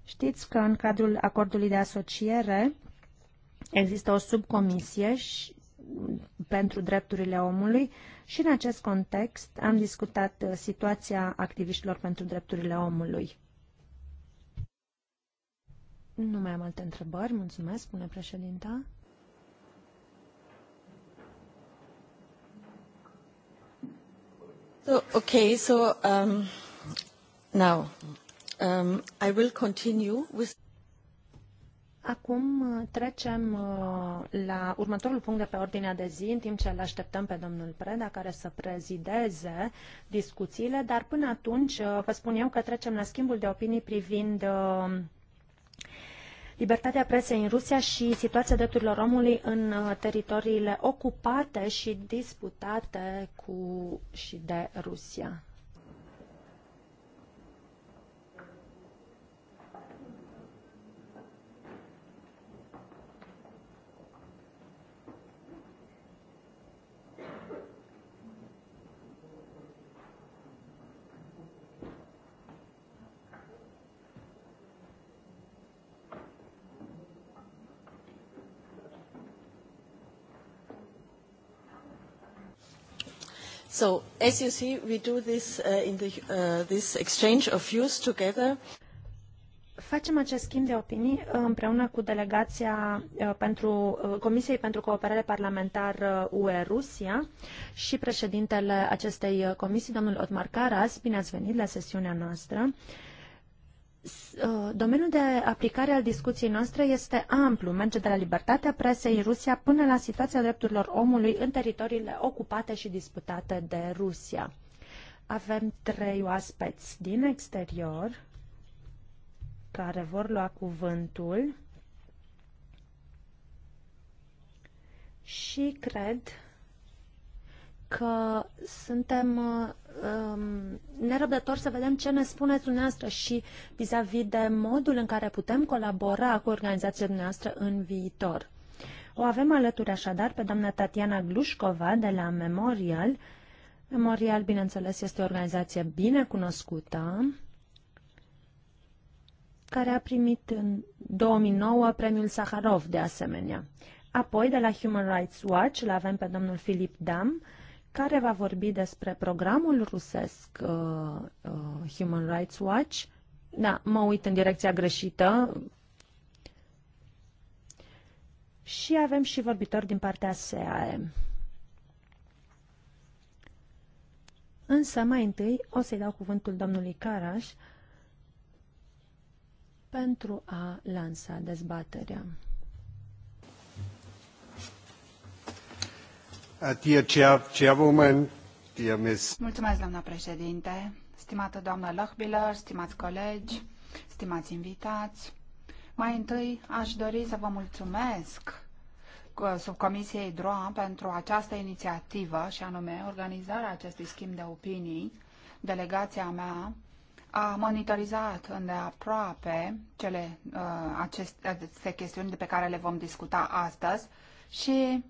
Știți că în cadrul acordului de asociere există o subcomisie și pentru drepturile omului și în acest context am discutat uh, situația activiștilor pentru drepturile omului. Nu mai am alte întrebări, mulțumesc, spune președinta. So, okay, so um, now um, I will continue with Acum uh, trecem uh, la următorul punct de pe ordinea de zi, în timp ce îl așteptăm pe domnul Preda, care să prezideze discuțiile, dar până atunci uh, vă spun eu că trecem la schimbul de opinii privind libertatea presei în Rusia și situația drepturilor omului în teritoriile ocupate și disputate cu și de Rusia. So, as you see, we do this uh, in the, uh, this exchange of views together. Facem acest schimb de opinii uh, împreună cu delegația uh, pentru uh, Comisiei pentru Cooperare parlamentar UE-Rusia și președintele acestei comisii, domnul Otmar Caras. Bine ați venit la sesiunea noastră. Uh, Uh, domeniul de aplicare al discuției noastre este amplu, merge de la libertatea presei în Rusia până la situația drepturilor omului în teritoriile ocupate și disputate de Rusia. Avem trei aspecte din exterior care vor lua cuvântul și cred că suntem um, nerăbdători să vedem ce ne spuneți dumneavoastră și vis-a-vis -vis de modul în care putem colabora cu organizația dumneavoastră în viitor. O avem alături așadar pe doamna Tatiana Glușcova de la Memorial. Memorial, bineînțeles, este o organizație bine cunoscută care a primit în 2009 premiul Saharov de asemenea. Apoi, de la Human Rights Watch, îl avem pe domnul Filip Dam, care va vorbi despre programul rusesc uh, uh, Human Rights Watch. Da, mă uit în direcția greșită. Și avem și vorbitori din partea SEAE. Însă, mai întâi, o să-i dau cuvântul domnului Caraș pentru a lansa dezbaterea. Uh, mulțumesc, doamnă președinte, stimată doamnă Lochbiller, stimați colegi, stimați invitați. Mai întâi aș dori să vă mulțumesc uh, subcomisiei DROA pentru această inițiativă și anume organizarea acestui schimb de opinii. Delegația mea a monitorizat îndeaproape cele, uh, aceste, aceste chestiuni de pe care le vom discuta astăzi și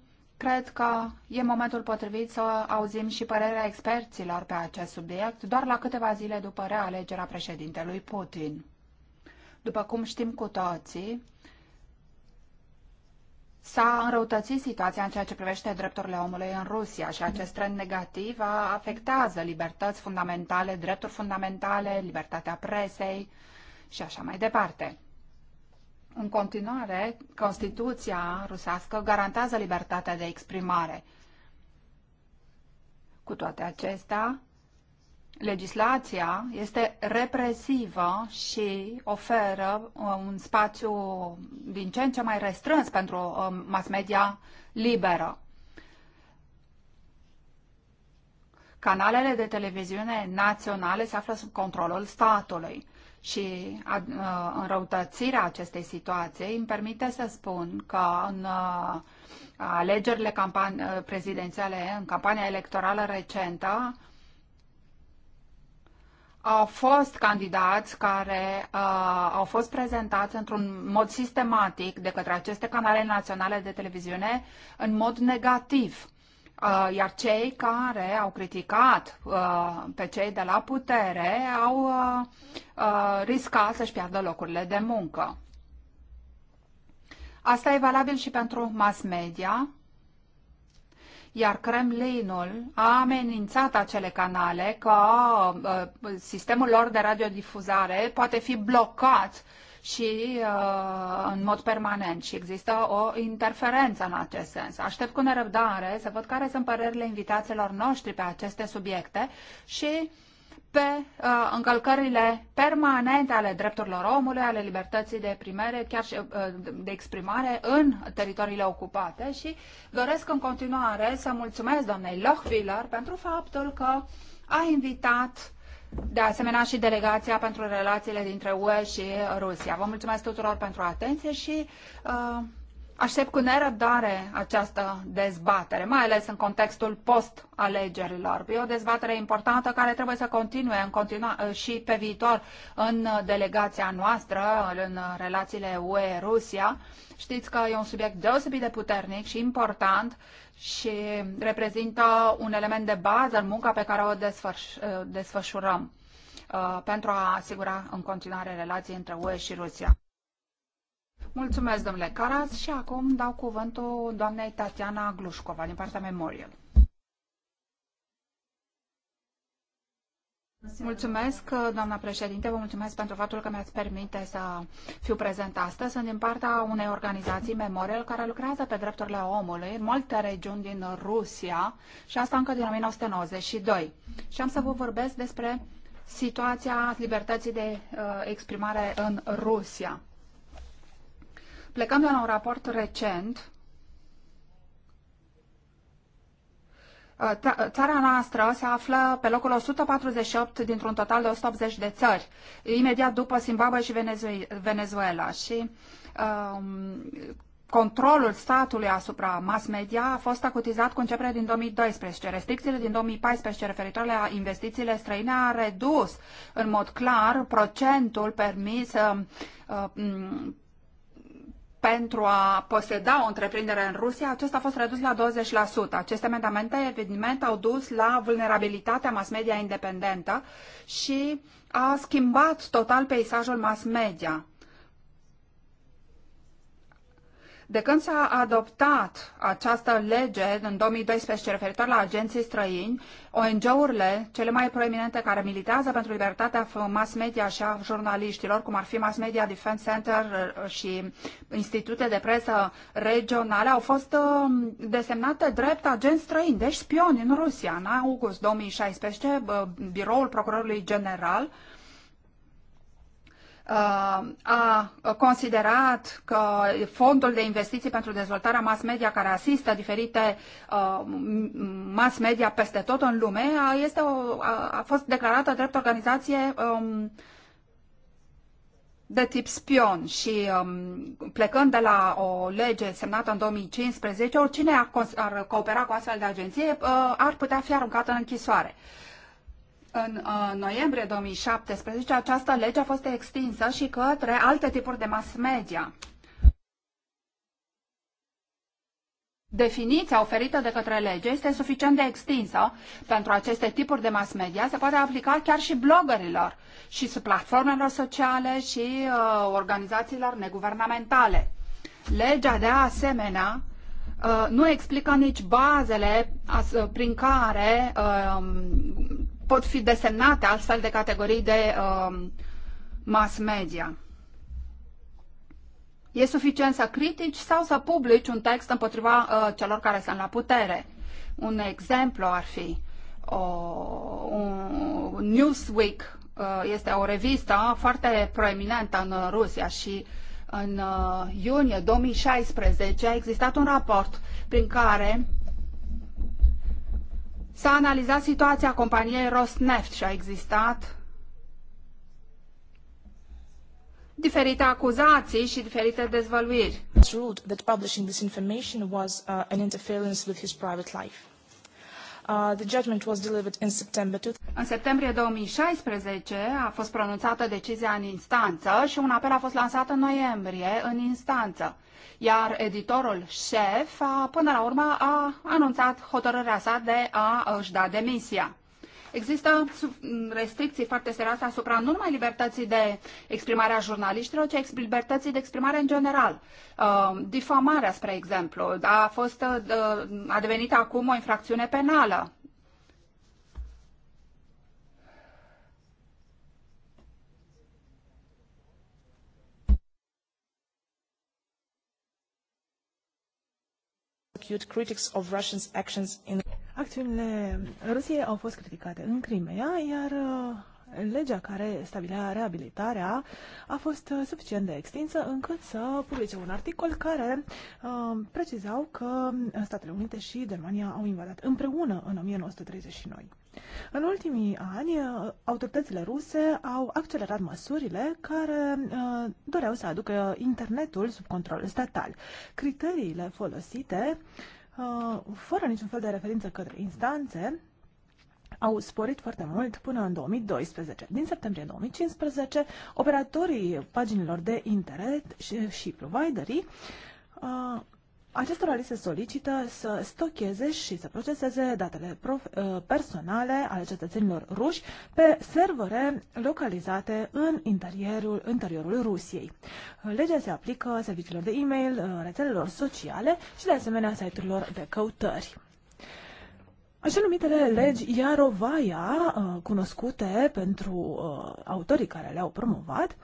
Cred că e momentul potrivit să auzim și părerea experților pe acest subiect, doar la câteva zile după realegerea președintelui Putin. După cum știm cu toții, S-a înrăutățit situația în ceea ce privește drepturile omului în Rusia și acest trend negativ afectează libertăți fundamentale, drepturi fundamentale, libertatea presei și așa mai departe. În continuare, Constituția rusească garantează libertatea de exprimare. Cu toate acestea, legislația este represivă și oferă uh, un spațiu din ce în ce mai restrâns pentru uh, mass media liberă. Canalele de televiziune naționale se află sub controlul statului și uh, înrăutățirea acestei situații îmi permite să spun că în uh, alegerile uh, prezidențiale, în campania electorală recentă, au fost candidați care uh, au fost prezentați într-un mod sistematic de către aceste canale naționale de televiziune în mod negativ. Uh, iar cei care au criticat uh, pe cei de la putere au uh, riscat să-și piardă locurile de muncă. Asta e valabil și pentru mass media, iar Kremlinul a amenințat acele canale că sistemul lor de radiodifuzare poate fi blocat și uh, în mod permanent și există o interferență în acest sens. Aștept cu nerăbdare să văd care sunt părerile invitațiilor noștri pe aceste subiecte și pe uh, încălcările permanente ale drepturilor omului, ale libertății de primere, chiar și uh, de exprimare în teritoriile ocupate și doresc în continuare să mulțumesc doamnei Lochwiller pentru faptul că a invitat de asemenea și delegația pentru relațiile dintre UE și Rusia. Vă mulțumesc tuturor pentru atenție și uh, aștept cu nerăbdare această dezbatere, mai ales în contextul post-alegerilor. E o dezbatere importantă care trebuie să continue în continua- uh, și pe viitor în delegația noastră, în relațiile UE-Rusia. Știți că e un subiect deosebit de puternic și important și reprezintă un element de bază în munca pe care o desfăș uh, desfășurăm uh, pentru a asigura în continuare relații între UE și Rusia. Mulțumesc, domnule Caras, și acum dau cuvântul doamnei Tatiana Glușcova din partea Memorial. Mulțumesc, doamna președinte, vă mulțumesc pentru faptul că mi-ați permite să fiu prezent astăzi. Sunt din partea unei organizații, Memorial, care lucrează pe drepturile omului în multe regiuni din Rusia și asta încă din 1992. Și am să vă vorbesc despre situația libertății de uh, exprimare în Rusia. Plecăm de la un raport recent Ă, țara noastră se află pe locul 148 dintr-un total de 180 de țări, imediat după Zimbabwe și Venezuela. Și um, controlul statului asupra mass media a fost acutizat cu începere din 2012. Restricțiile din 2014 referitoare la investițiile străine a redus în mod clar procentul permis um, um, pentru a poseda o întreprindere în Rusia, acesta a fost redus la 20%. Aceste amendamente, evident, au dus la vulnerabilitatea mass media independentă și a schimbat total peisajul mass media. De când s-a adoptat această lege în 2012 referitor la agenții străini, ONG-urile cele mai proeminente care militează pentru libertatea mass media și a jurnaliștilor, cum ar fi Mass Media Defense Center uh, și institute de presă regionale, au fost um, desemnate drept agenți străini, deci spioni în Rusia. În august 2016, uh, biroul procurorului general Uh, a considerat că fondul de investiții pentru dezvoltarea mass media care asistă diferite uh, mass media peste tot în lume este o, a fost declarată drept organizație um, de tip spion și um, plecând de la o lege semnată în 2015, oricine ar, ar coopera cu astfel de agenție uh, ar putea fi aruncat în închisoare. Uh, în uh, noiembrie 2017 această lege a fost extinsă și către alte tipuri de mass media. Definiția oferită de către lege este suficient de extinsă pentru aceste tipuri de mass media, se poate aplica chiar și blogărilor și platformelor sociale și uh, organizațiilor neguvernamentale. Legea de asemenea uh, nu explică nici bazele as, uh, prin care uh, pot fi desemnate astfel de categorii de uh, mass media. E suficient să critici sau să publici un text împotriva uh, celor care sunt la putere. Un exemplu ar fi o, un Newsweek, uh, este o revistă foarte proeminentă în Rusia și în uh, iunie 2016 a existat un raport prin care S-a analizat situația companiei Rosneft și a existat diferite acuzații și diferite dezvăluiri. ruled that publishing this information was uh, an interference with his private life. Uh, în septembrie 2016 a fost pronunțată decizia în instanță și un apel a fost lansat în noiembrie în instanță. Iar editorul șef, a, uh, până la urmă, a anunțat hotărârea sa de a își da demisia există restricții foarte serioase asupra nu numai libertății de exprimare a jurnaliștilor, ci libertății de exprimare în general. Uh, difamarea, spre exemplu, a, fost, uh, uh a devenit acum o infracțiune penală. critics of Russians' actions in Acțiunile Rusiei au fost criticate în Crimea, iar uh, legea care stabilea reabilitarea a fost uh, suficient de extinsă încât să publice un articol care uh, precizau că Statele Unite și Germania au invadat împreună în 1939. În ultimii ani, uh, autoritățile ruse au accelerat măsurile care uh, doreau să aducă internetul sub control statal. Criteriile folosite uh, Uh, fără niciun fel de referință către instanțe, au sporit foarte mult până în 2012. Din septembrie 2015, operatorii paginilor de internet și, și providerii uh, Acestora li se solicită să stocheze și să proceseze datele ă, personale ale cetățenilor ruși pe servere localizate în interiorul, interiorul Rusiei. Legea se aplică serviciilor de e-mail, ă, rețelelor sociale și de asemenea site-urilor de căutări. Așa numitele legi Iarovaia, ă, cunoscute pentru autorii care le-au promovat,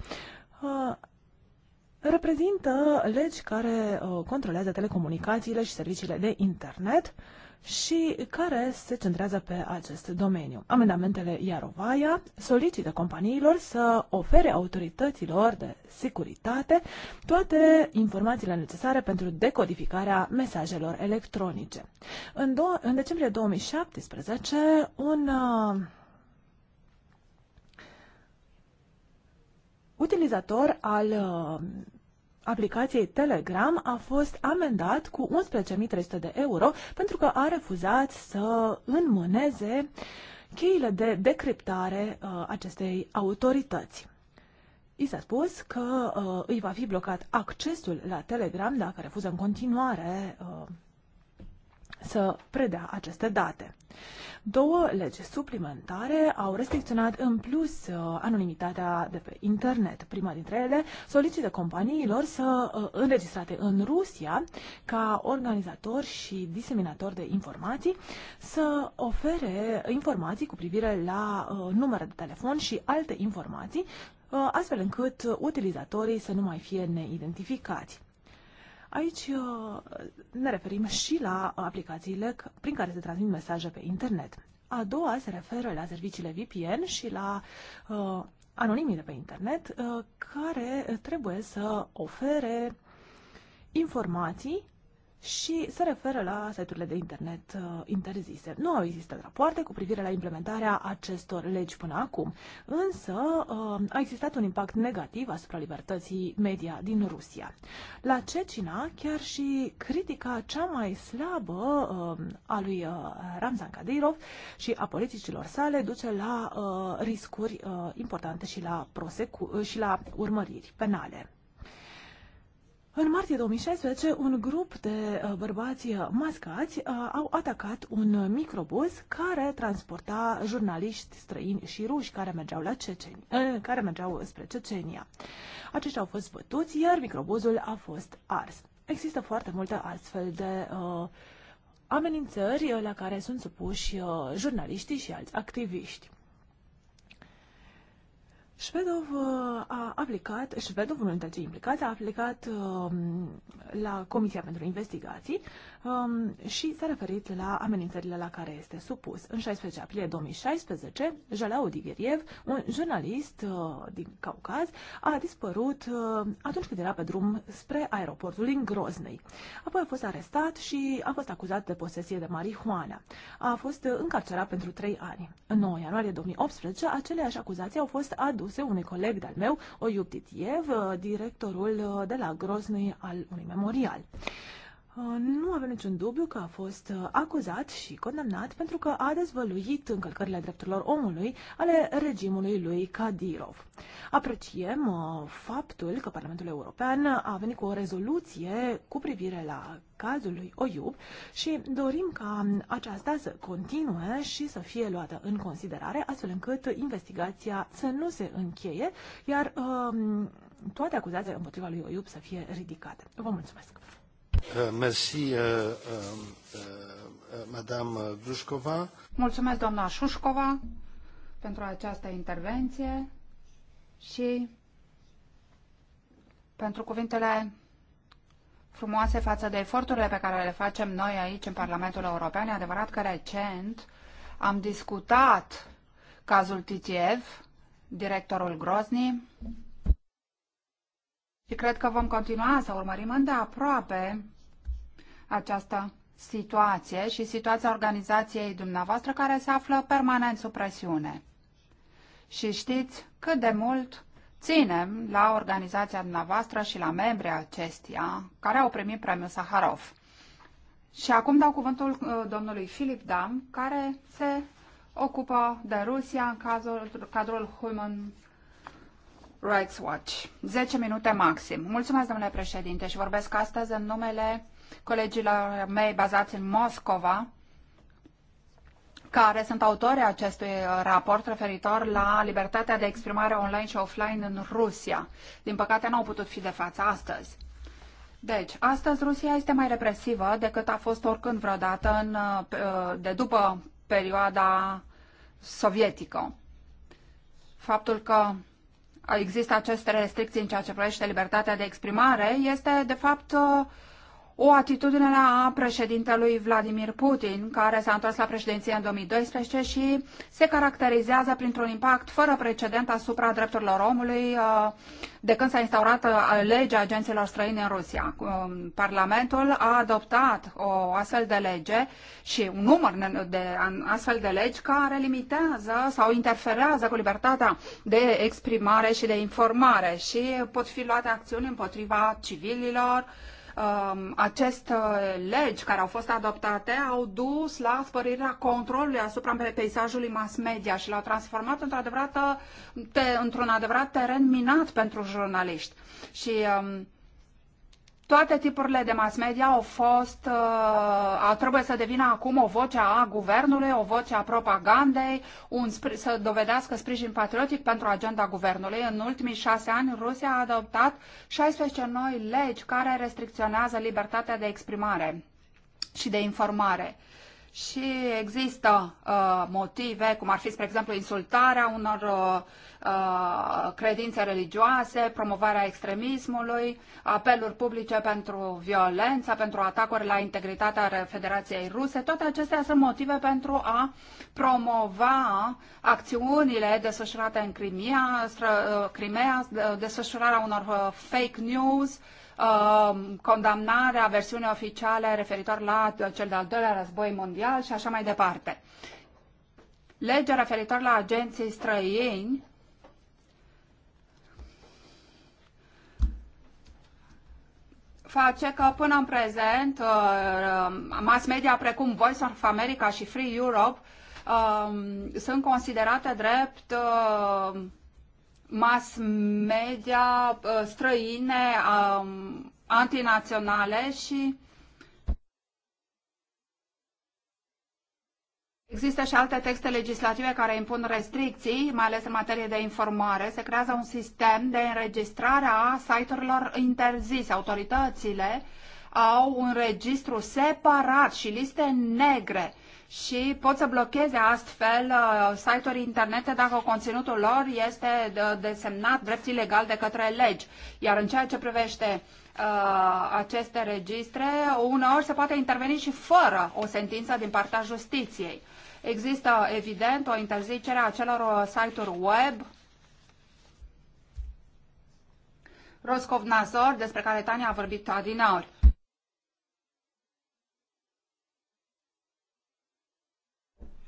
reprezintă legi care uh, controlează telecomunicațiile și serviciile de internet și care se centrează pe acest domeniu. Amendamentele Iarovaia solicită companiilor să ofere autorităților de securitate toate informațiile necesare pentru decodificarea mesajelor electronice. În, do- în decembrie 2017, un uh, utilizator al uh, aplicației Telegram a fost amendat cu 11.300 de euro pentru că a refuzat să înmâneze cheile de decriptare uh, acestei autorități. I s-a spus că uh, îi va fi blocat accesul la Telegram dacă refuză în continuare uh, să predea aceste date. Două legi suplimentare au restricționat în plus uh, anonimitatea de pe internet. Prima dintre ele solicită companiilor să uh, înregistrate în Rusia ca organizator și diseminator de informații să ofere informații cu privire la uh, numere de telefon și alte informații astfel încât utilizatorii să nu mai fie neidentificați. Aici uh, ne referim și la uh, aplicațiile prin care se transmit mesaje pe internet. A doua se referă la serviciile VPN și la uh, anonimii de pe internet uh, care trebuie să ofere informații și se referă la site-urile de internet uh, interzise. Nu au existat rapoarte cu privire la implementarea acestor legi până acum, însă uh, a existat un impact negativ asupra libertății media din Rusia. La Cecina, chiar și critica cea mai slabă uh, a lui uh, Ramzan Kadyrov și a politicilor sale duce la uh, riscuri uh, importante și la, prosecu- și la urmăriri penale. În martie 2016, un grup de uh, bărbați uh, mascați uh, au atacat un microbus care transporta jurnaliști străini și ruși care mergeau, la Ceceni, care mergeau spre Cecenia. Aceștia au fost bătuți, iar microbuzul a fost ars. Există foarte multe astfel de uh, amenințări la care sunt supuși uh, jurnaliștii și alți activiști. Shvedov uh, a aplicat, Shvedov, unul dintre cei implicați, a aplicat uh, la Comisia pentru Investigații um, și s-a referit la amenințările la care este supus. În 16 aprilie 2016, Jalau Digheriev, un jurnalist uh, din Caucaz, a dispărut uh, atunci când era pe drum spre aeroportul din Groznei. Apoi a fost arestat și a fost acuzat de posesie de marihuana. A fost încarcerat pentru 3 ani. În 9 ianuarie 2018, aceleași acuzații au fost aduse unui coleg de-al meu, Oiub Titiev, uh, directorul uh, de la Groznei al unui memorial. Uh, nu avem niciun dubiu că a fost uh, acuzat și condamnat pentru că a dezvăluit încălcările drepturilor omului ale regimului lui Kadirov. Apreciem uh, faptul că Parlamentul European a venit cu o rezoluție cu privire la cazul lui Oiub și dorim ca aceasta să continue și să fie luată în considerare, astfel încât investigația să nu se încheie, iar um, toate acuzațiile împotriva lui Oiub să fie ridicate. Vă mulțumesc! Uh, uh, uh, madame Mulțumesc, doamna Șușcova, pentru această intervenție și pentru cuvintele frumoase față de eforturile pe care le facem noi aici în Parlamentul European. E adevărat că recent am discutat cazul Titiev, directorul Grozny, și cred că vom continua să urmărim îndeaproape această situație și situația organizației dumneavoastră care se află permanent sub presiune. Și știți cât de mult ținem la organizația dumneavoastră și la membrii acestia care au primit premiul Saharov. Și acum dau cuvântul uh, domnului Filip Dam, care se ocupă de Rusia în cazul, cadrul Human Rights Watch. 10 minute maxim. Mulțumesc, domnule președinte, și vorbesc astăzi în numele colegilor mei bazați în Moscova, care sunt autorii acestui uh, raport referitor la libertatea de exprimare online și offline în Rusia. Din păcate, nu au putut fi de față astăzi. Deci, astăzi Rusia este mai represivă decât a fost oricând vreodată în, uh, uh, de după perioada sovietică. Faptul că există aceste restricții în ceea ce privește libertatea de exprimare este, de fapt, o atitudine a președintelui Vladimir Putin, care s-a întors la președinție în 2012 și se caracterizează printr-un impact fără precedent asupra drepturilor omului uh, de când s-a instaurat uh, legea agenților străini în Rusia. Um, Parlamentul a adoptat o astfel de lege și un număr de astfel de legi care limitează sau interferează cu libertatea de exprimare și de informare și pot fi luate acțiuni împotriva civililor, Um, aceste legi care au fost adoptate au dus la spărirea controlului asupra peisajului mass media și l-au transformat într-un adevărat, într adevărat teren minat pentru jurnaliști. Și um, toate tipurile de mass media au fost, uh, trebuie să devină acum o voce a guvernului, o voce a propagandei, un, să dovedească sprijin patriotic pentru agenda guvernului. În ultimii șase ani, Rusia a adoptat 16 noi legi care restricționează libertatea de exprimare și de informare și există uh, motive, cum ar fi, spre exemplu, insultarea unor uh, uh, credințe religioase, promovarea extremismului, apeluri publice pentru violență, pentru atacuri la integritatea Federației Ruse. Toate acestea sunt motive pentru a promova acțiunile desfășurate în Crimea, uh, Crimea uh, desfășurarea unor fake news, uh, Um, condamnarea versiunii oficiale referitor la cel de-al doilea război mondial și așa mai departe. Legea referitor la agenții străini face că până în prezent uh, uh, mass media precum Voice of America și Free Europe um, sunt considerate drept uh, mass media uh, străine, um, antinaționale și Există și alte texte legislative care impun restricții, mai ales în materie de informare. Se creează un sistem de înregistrare a site-urilor interzise. Autoritățile au un registru separat și liste negre și pot să blocheze astfel uh, site-uri internet dacă conținutul lor este uh, desemnat drept ilegal de către legi. Iar în ceea ce privește uh, aceste registre, uneori se poate interveni și fără o sentință din partea justiției. Există, evident, o interzicere a celor site-uri web. Roscovnazor despre care Tania a vorbit adinaori.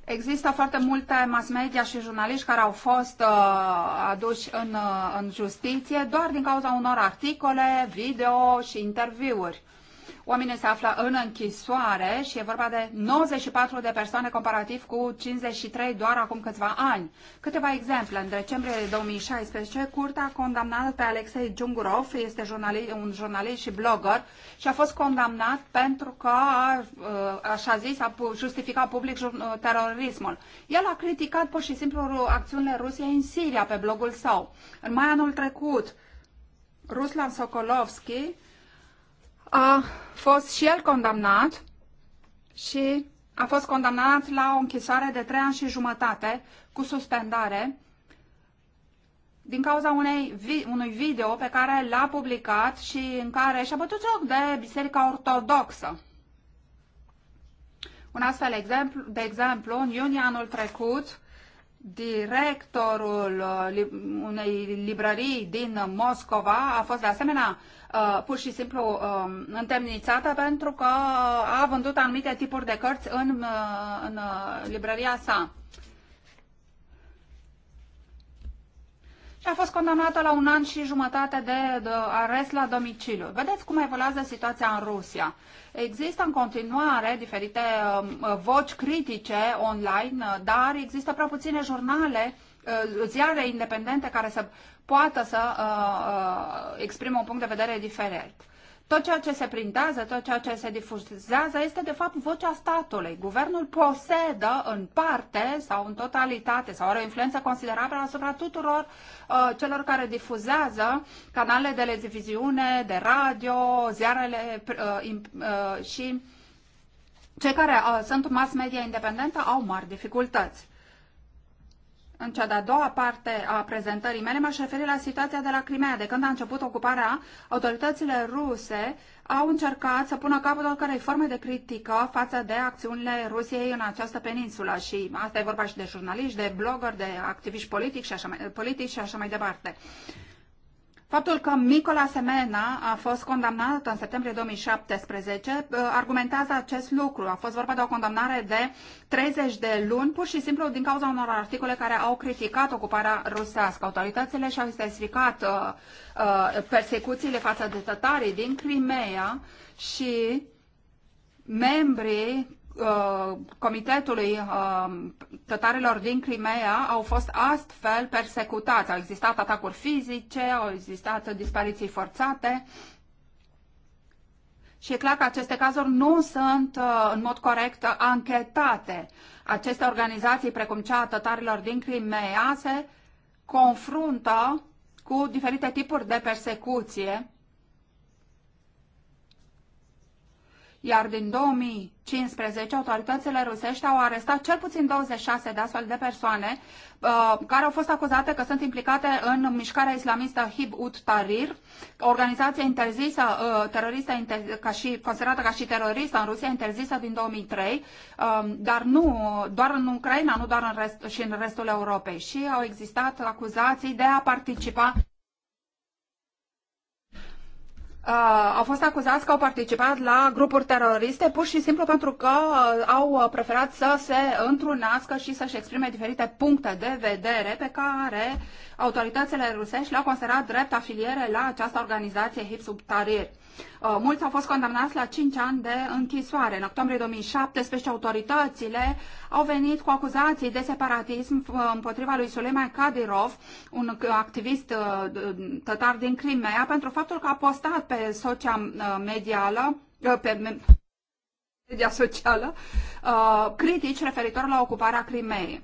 Există foarte multe mass media și jurnaliști care au fost uh, aduși în, uh, în justiție doar din cauza unor articole, video și interviuri. Uh, Oamenii se află în închisoare și e vorba de 94 de persoane comparativ cu 53 doar acum câțiva ani. Câteva exemple. În decembrie 2016, curtea a condamnat pe Alexei Djungurov, este jurnali, un jurnalist și blogger, și a fost condamnat pentru că, a, uh, așa zis, a justificat public uh, terorismul. El a criticat pur și simplu acțiunile Rusiei în Siria pe blogul său. În mai anul trecut, Ruslan Sokolovski, a fost și el condamnat și a fost condamnat la o închisoare de trei ani și jumătate cu suspendare din cauza unei, unui video pe care l-a publicat și în care și-a bătut joc de Biserica Ortodoxă. Un astfel exemplu, de exemplu, în iunie anul trecut, directorul uh, unei librării din Moscova a fost de asemenea Uh, pur și simplu uh, întemnițată pentru că uh, a vândut anumite tipuri de cărți în, uh, în uh, librăria sa. și a fost condamnată la un an și jumătate de, de arest la domiciliu. Vedeți cum evoluează situația în Rusia. Există în continuare diferite um, voci critice online, dar există prea puține jurnale, ziare independente care să poată să uh, uh, exprime un punct de vedere diferit. Tot ceea ce se printează, tot ceea ce se difuzează este de fapt vocea statului. Guvernul posedă în parte sau în totalitate sau are o influență considerabilă asupra tuturor uh, celor care difuzează canalele de televiziune, de radio, ziarele uh, uh, și cei care uh, sunt mass media independentă au mari dificultăți în cea de-a doua parte a prezentării mele m-aș referi la situația de la Crimea. De când a început ocuparea, autoritățile ruse au încercat să pună capăt oricărei forme de critică față de acțiunile Rusiei în această peninsulă și asta e vorba și de jurnaliști, de blogger, de activiști politici și așa mai, politici și așa mai departe. Uh, Faptul că Nicola Semena a fost condamnat în septembrie 2017 uh, argumentează acest lucru. A fost vorba de o condamnare de 30 de luni, pur și simplu din cauza unor articole care au criticat ocuparea rusească. Autoritățile și-au intensificat uh, uh, persecuțiile față de tătarii din Crimea și membrii Uh, comitetului uh, Tătarilor din Crimea au fost astfel persecutați. Au existat atacuri fizice, au existat dispariții forțate și e clar că aceste cazuri nu sunt uh, în mod corect anchetate. Aceste organizații, precum cea a tătarilor din Crimea, se confruntă cu diferite tipuri de persecuție iar din 2015 autoritățile rusești au arestat cel puțin 26 de astfel de persoane uh, care au fost acuzate că sunt implicate în mișcarea islamistă Hib ut Tahrir, organizația interzisă, uh, teroristă inter- ca și, considerată ca și teroristă în Rusia, interzisă din 2003, uh, um, dar nu doar în Ucraina, nu doar în rest, și în restul Europei. Și au existat acuzații de a participa uh, au fost acuzați că au participat la grupuri teroriste pur și simplu pentru că uh, au uh, preferat să se întrunească și să-și exprime diferite puncte de vedere pe care autoritățile rusești le-au considerat drept afiliere la această organizație Hipsub Tahrir. Uh, mulți au fost condamnați la 5 ani de închisoare. În octombrie 2017, autoritățile au venit cu acuzații de separatism uh, împotriva lui Suleiman Kadirov, un activist uh, tătar din Crimea, pentru faptul că a postat pe social medială, pe media socială, critici referitor la ocuparea Crimeei.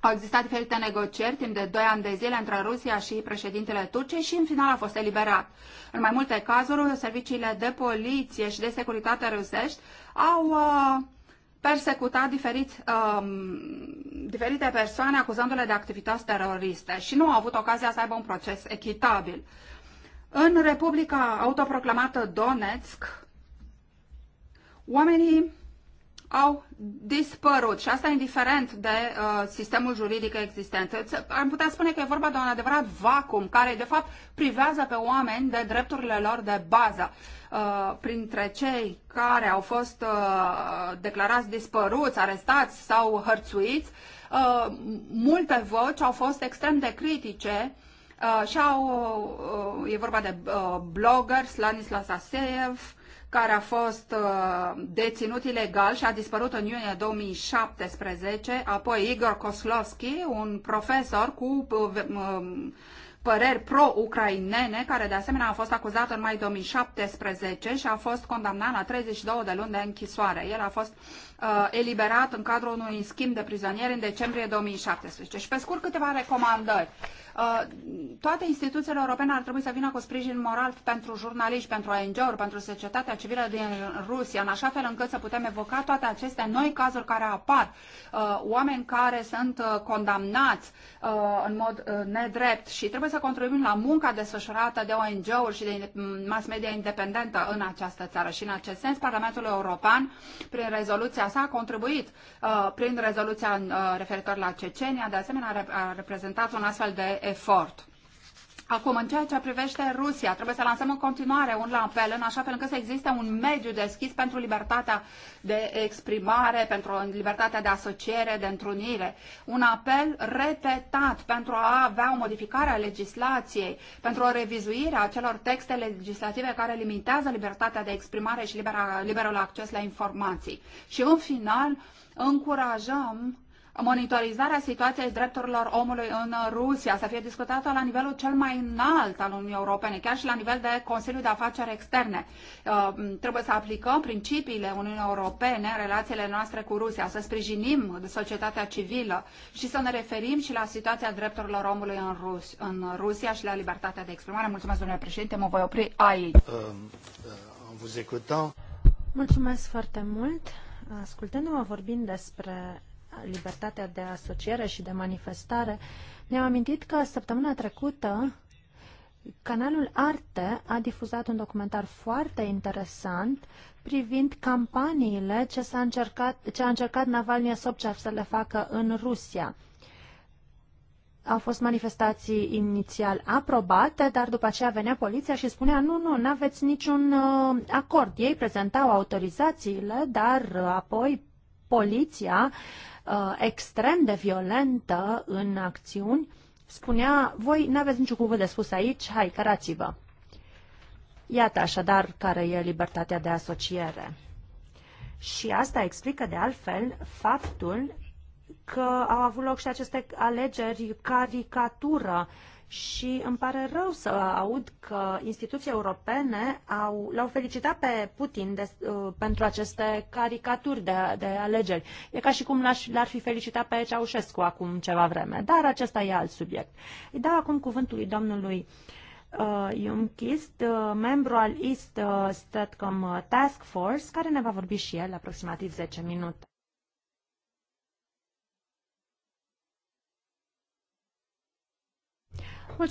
Au existat diferite negocieri timp de 2 ani de zile între Rusia și președintele Turciei și în final a fost eliberat. În mai multe cazuri, serviciile de poliție și de securitate rusești au uh, persecutat diferit, um, diferite persoane acuzându-le de activități teroriste și nu au avut ocazia să aibă un proces echitabil. În Republica autoproclamată Donetsk, oamenii au dispărut și asta indiferent de uh, sistemul juridic existent. Am putea spune că e vorba de un adevărat vacuum care de fapt privează pe oameni de drepturile lor de bază. Uh, printre cei care au fost uh, declarați dispăruți, arestați sau hărțuiți, uh, multe voci au fost extrem de critice uh, și au, uh, e vorba de uh, blogger, Slanislav Saseev, care a fost uh, deținut ilegal și a dispărut în iunie 2017, apoi Igor Koslovski, un profesor cu uh, uh, păreri pro-ucrainene, care de asemenea a fost acuzat în mai 2017 și a fost condamnat la 32 de luni de închisoare. El a fost uh, eliberat în cadrul unui schimb de prizonieri în decembrie 2017. Și pe scurt câteva recomandări. Uh, toate instituțiile europene ar trebui să vină cu sprijin moral pentru jurnaliști, pentru ONG-uri, pentru societatea civilă din Rusia, în așa fel încât să putem evoca toate aceste noi cazuri care apar, uh, oameni care sunt uh, condamnați uh, în mod uh, nedrept și trebuie să contribuim la munca desfășurată de ONG-uri și de mass media independentă în această țară. Și în acest sens, Parlamentul European, prin rezoluția Comisia sa a contribuit uh, prin rezoluția uh, referitor la Cecenia, de asemenea a reprezentat un astfel de efort. Acum, în ceea ce privește Rusia, trebuie să lansăm în continuare un apel în așa fel încât să existe un mediu deschis pentru libertatea de exprimare, pentru libertatea de asociere, de întrunire. Un apel repetat pentru a avea o modificare a legislației, pentru o revizuire a celor texte legislative care limitează libertatea de exprimare și libera, liberul acces la informații. Și în final, încurajăm monitorizarea situației drepturilor omului în Rusia să fie discutată la nivelul cel mai înalt al Uniunii Europene, chiar și la nivel de Consiliu de Afaceri Externe. Uh, trebuie să aplicăm principiile Uniunii Europene în relațiile noastre cu Rusia, să sprijinim societatea civilă și să ne referim și la situația drepturilor omului în, Rus, în Rusia și la libertatea de exprimare. Mulțumesc, domnule președinte, mă voi opri aici. Um, uh, Mulțumesc foarte mult. Ascultându-mă vorbind despre libertatea de asociere și de manifestare, ne-am amintit că săptămâna trecută Canalul Arte a difuzat un documentar foarte interesant privind campaniile ce, s-a încercat, ce a încercat Navalny Sobchev să le facă în Rusia. Au fost manifestații inițial aprobate, dar după aceea venea poliția și spunea nu, nu, nu aveți niciun uh, acord. Ei prezentau autorizațiile, dar uh, apoi poliția uh, Uh, extrem de violentă în acțiuni, spunea, voi nu aveți niciun cuvânt de spus aici, hai, cărați vă Iată așadar care e libertatea de asociere. Și asta explică de altfel faptul că au avut loc și aceste alegeri caricatură uh, și îmi pare rău să aud că instituții europene au, l-au felicitat pe Putin de, uh, pentru aceste caricaturi de, de alegeri. E ca și cum l-ar fi felicitat pe Ceaușescu acum ceva vreme, dar acesta e alt subiect. Îi dau acum cuvântul lui domnului uh, Iumchist, uh, membru al East uh, Statcom uh, Task Force, care ne va vorbi și el aproximativ 10 minute. Vă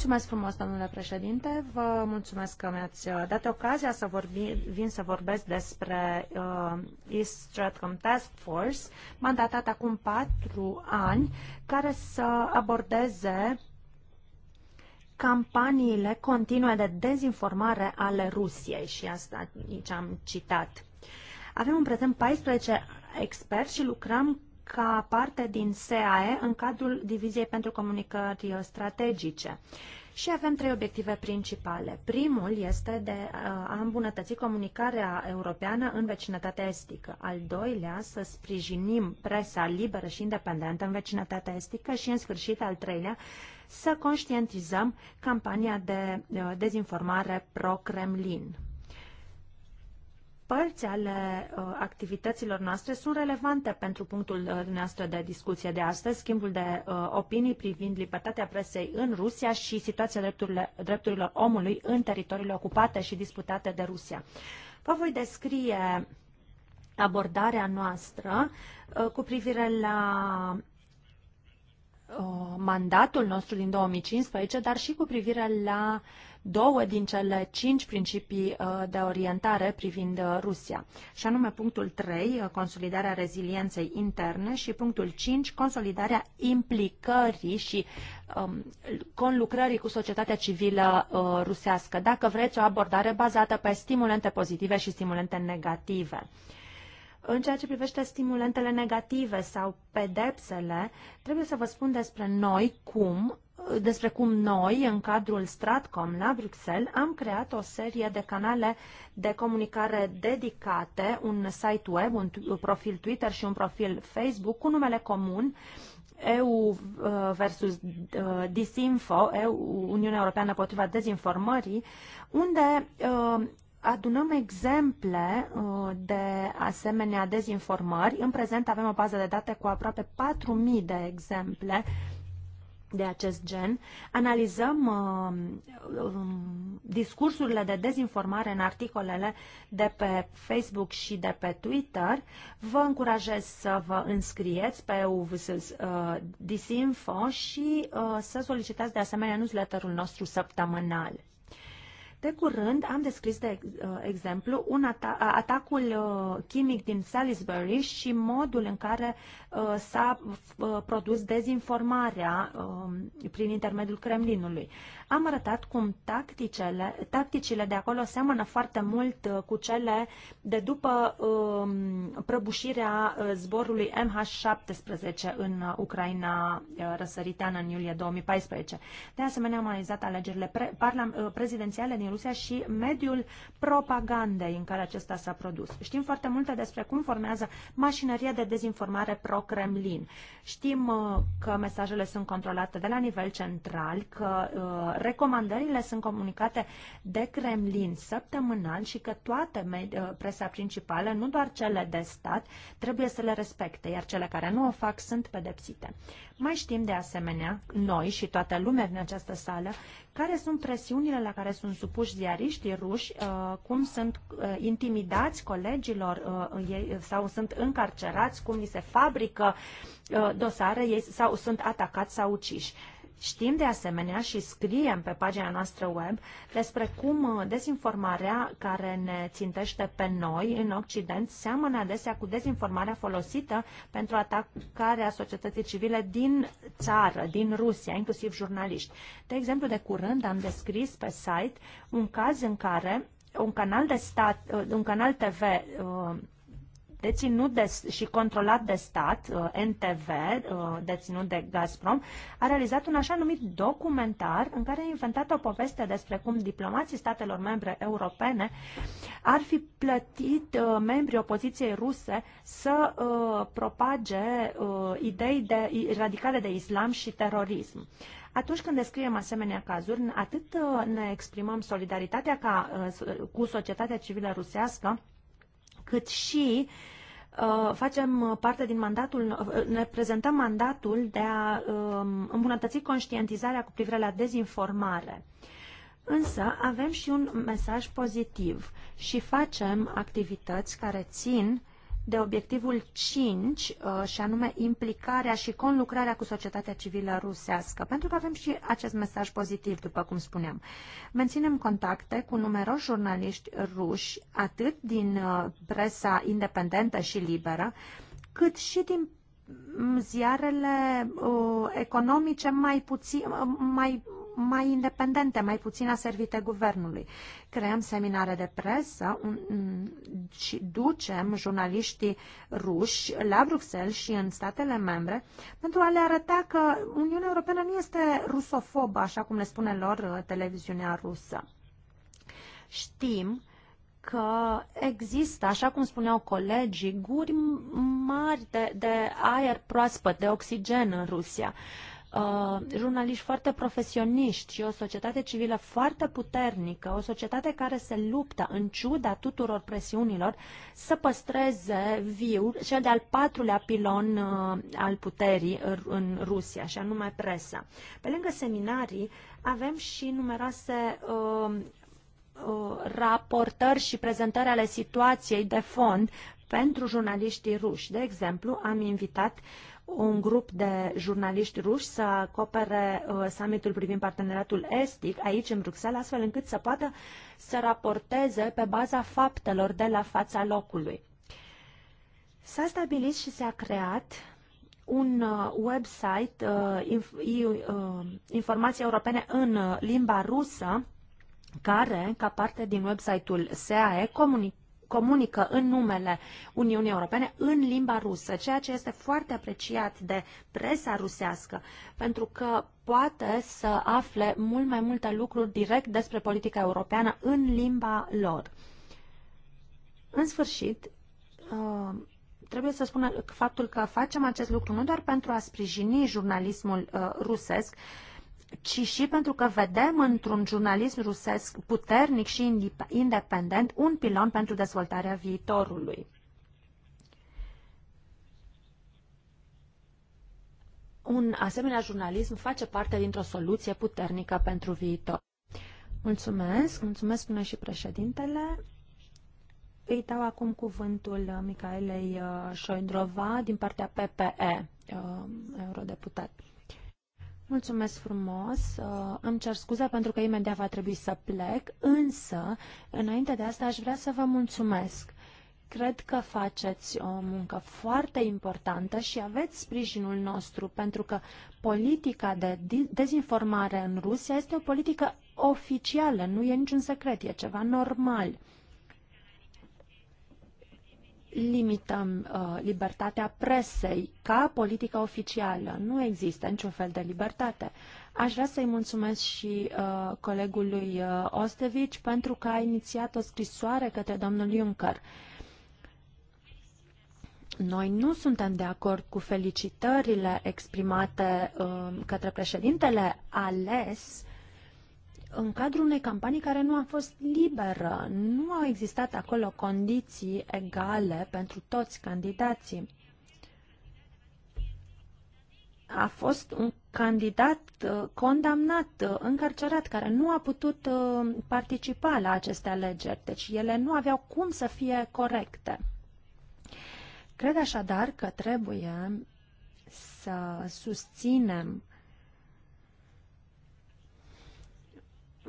mulțumesc că mi-ați uh, dat ocazia să vorbi, vin să vorbesc despre uh, East Stratcom Task Force, mandatat acum patru ani, care să abordeze campaniile continue de dezinformare ale Rusiei și asta aici am citat. Avem în prezent 14 experți și lucrăm ca parte din SAE în cadrul Diviziei pentru Comunicări Strategice. Și avem trei obiective principale. Primul este de uh, a îmbunătăți comunicarea europeană în vecinătatea estică. Al doilea, să sprijinim presa liberă și independentă în vecinătatea estică. Și, în sfârșit, al treilea, să conștientizăm campania de uh, dezinformare pro-Kremlin părți ale uh, activităților noastre sunt relevante pentru punctul uh, nostru de discuție de astăzi, schimbul de uh, opinii privind libertatea presei în Rusia și situația drepturilor omului în teritoriile ocupate și disputate de Rusia. Vă voi descrie abordarea noastră uh, cu privire la uh, mandatul nostru din 2015, dar și cu privire la uh, două din cele cinci principii uh, de orientare privind uh, Rusia, și anume punctul 3, uh, consolidarea rezilienței interne și punctul 5, consolidarea implicării și um, conlucrării cu societatea civilă uh, rusească, dacă vreți o abordare bazată pe stimulente pozitive și stimulente negative. Uh, în ceea ce privește stimulentele negative sau pedepsele, trebuie să vă spun despre noi cum despre cum noi, în cadrul Stratcom la Bruxelles, am creat o serie de canale de comunicare dedicate, un site web, un profil Twitter și un profil Facebook cu numele comun EU uh, versus uh, Disinfo, EU, Uniunea Europeană potriva dezinformării, unde uh, adunăm exemple uh, de asemenea dezinformări. În prezent avem o bază de date cu aproape 4.000 de exemple de acest gen. Analizăm uh, um, discursurile de dezinformare în articolele de pe Facebook și de pe Twitter. Vă încurajez să vă înscrieți pe UVSIS-Disinfo uh, și uh, să solicitați de asemenea newsletterul nostru săptămânal. De curând am descris, de uh, exemplu, un ata atacul uh, chimic din Salisbury și modul în care uh, s-a produs dezinformarea um, prin intermediul Kremlinului am arătat cum tacticele, tacticile de acolo seamănă foarte mult uh, cu cele de după um, prăbușirea uh, zborului MH17 în uh, Ucraina răsăriteană în iulie 2014. De asemenea, am analizat alegerile pre- prezidențiale din Rusia și mediul propagandei în care acesta s-a produs. Știm foarte multe despre cum formează mașinăria de dezinformare pro-Kremlin. Știm că mesajele sunt controlate de la nivel central, că recomandările sunt comunicate de Kremlin săptămânal și că toate uh, presa principală, nu doar cele de stat, trebuie să le respecte, iar cele care nu o fac sunt pedepsite. Mai știm de asemenea, noi și toată lumea din această sală, care sunt presiunile la care sunt supuși ziariștii ruși, uh, cum sunt uh, intimidați colegilor sau sunt încarcerați, cum li se fabrică dosare sau sunt atacați sau uciși. Știm de asemenea și scriem pe pagina noastră web despre cum uh, dezinformarea care ne țintește pe noi în Occident seamănă adesea cu dezinformarea folosită pentru atacarea societății civile din țară, din Rusia, inclusiv jurnaliști. De exemplu, de curând am descris pe site un caz în care un canal de stat, uh, un canal TV uh, deținut de, și controlat de stat, uh, NTV, uh, deținut de Gazprom, a realizat un așa numit documentar în care a inventat o poveste despre cum diplomații statelor membre europene ar fi plătit uh, membrii opoziției ruse să propage idei de, radicale de islam și terorism. Atunci când descriem asemenea cazuri, atât ne exprimăm solidaritatea ca, cu societatea civilă rusească, cât și uh, Uh, facem uh, parte din mandatul, uh, ne prezentăm mandatul de a um, îmbunătăți conștientizarea cu privire la dezinformare. Însă avem și un mesaj pozitiv și facem activități care țin uh, de obiectivul 5, uh, și anume implicarea și conlucrarea cu societatea civilă rusească, pentru că avem și acest mesaj pozitiv, după cum spuneam. Menținem contacte cu numeroși jurnaliști ruși, atât din uh, presa independentă și liberă, cât și din mm, ziarele uh, economice mai puțin, mai mai independente, mai puțin aservite guvernului. Creăm seminare de presă și ducem jurnaliștii ruși la Bruxelles și în statele membre pentru a le arăta că Uniunea Europeană nu este rusofobă, așa cum le spune lor uh, televiziunea rusă. Știm că există, așa cum spuneau colegii, guri mari de, de aer proaspăt, de oxigen în Rusia. Uh, Uh, jurnaliști foarte profesioniști și o societate civilă foarte puternică, o societate care se luptă în ciuda tuturor presiunilor să păstreze viu cel de-al patrulea pilon uh, al puterii în Rusia, și anume presa. Pe lângă seminarii avem și numeroase uh, uh, raportări și prezentări ale situației de fond pentru jurnaliștii ruși. De exemplu, am invitat uh, un grup de jurnaliști ruși să acopere uh, summitul privind parteneriatul estic aici în Bruxelles, astfel încât să poată să raporteze pe baza faptelor de la fața locului. S-a stabilit și s-a creat un uh, website uh, informații europene în limba rusă care, ca parte din website-ul SAE, comunică comunică în numele Uniunii Europene în limba rusă, ceea ce este foarte apreciat de presa rusească, pentru că poate să afle mult mai multe lucruri direct despre politica europeană în limba lor. În sfârșit, uh, trebuie să spună faptul că facem acest lucru nu doar pentru a sprijini jurnalismul uh, rusesc, ci și pentru că vedem într-un jurnalism rusesc puternic și independent un pilon pentru dezvoltarea viitorului. Un asemenea jurnalism face parte dintr-o soluție puternică pentru viitor. Mulțumesc, mulțumesc, până și președintele. Îi dau acum cuvântul Micaelei uh, Șoindrova din partea PPE, uh, eurodeputat. Mulțumesc frumos. Uh, îmi cer scuze pentru că imediat va trebui să plec, însă, înainte de asta, aș vrea să vă mulțumesc. Cred că faceți o muncă foarte importantă și aveți sprijinul nostru, pentru că politica de dezinformare în Rusia este o politică oficială, nu e niciun secret, e ceva normal limităm uh, libertatea presei ca politică oficială. Nu există niciun fel de libertate. Aș vrea să-i mulțumesc și uh, colegului uh, Ostevici pentru că a inițiat o scrisoare către domnul Juncker. Noi nu suntem de acord cu felicitările exprimate uh, către președintele ales uh, în cadrul unei campanii care nu a fost liberă. Nu au existat acolo condiții egale pentru toți candidații. A fost un candidat uh, condamnat, uh, încarcerat, care nu a putut uh, participa la aceste alegeri, deci ele nu aveau cum să fie corecte. Cred așadar că trebuie să susținem uh,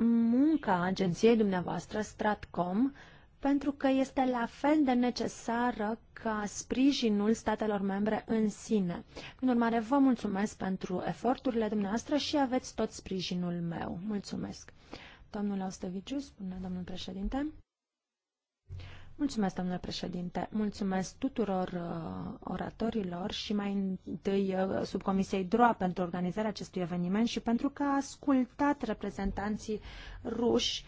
munca agenției dumneavoastră, Stratcom, pentru că este la fel de necesară ca sprijinul statelor membre în sine. În urmare, vă mulțumesc pentru eforturile dumneavoastră și aveți tot sprijinul meu. Mulțumesc. Domnul Austeviciu, spune domnul președinte. Mulțumesc, domnule președinte. Mulțumesc tuturor uh, oratorilor și mai întâi uh, subcomisiei DROA pentru organizarea acestui eveniment și pentru că a ascultat reprezentanții ruși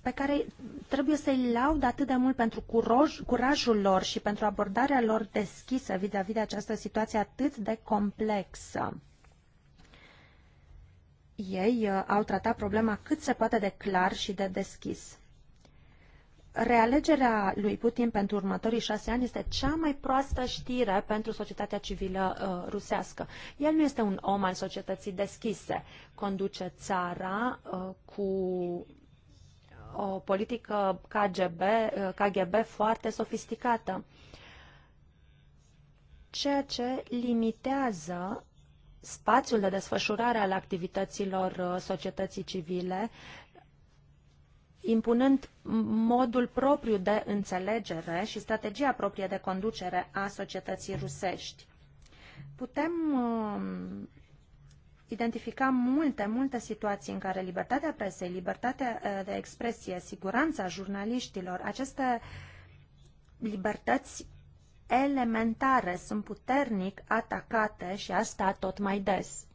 pe care trebuie să-i laud atât de mult pentru curajul lor și pentru abordarea lor deschisă vis a -vis de această situație atât de complexă. Ei uh, au tratat problema cât se poate de clar și de deschis realegerea lui Putin pentru următorii șase ani este cea mai proastă știre pentru societatea civilă uh, rusească. El nu este un om al societății deschise. Conduce țara uh, cu o politică KGB, uh, KGB foarte sofisticată, ceea ce limitează spațiul de desfășurare al activităților uh, societății civile impunând modul propriu de înțelegere și strategia proprie de conducere a societății rusești. Putem uh, identifica multe, multe situații în care libertatea presei, libertatea uh, de expresie, siguranța jurnaliștilor, aceste libertăți elementare sunt puternic atacate și asta tot mai des.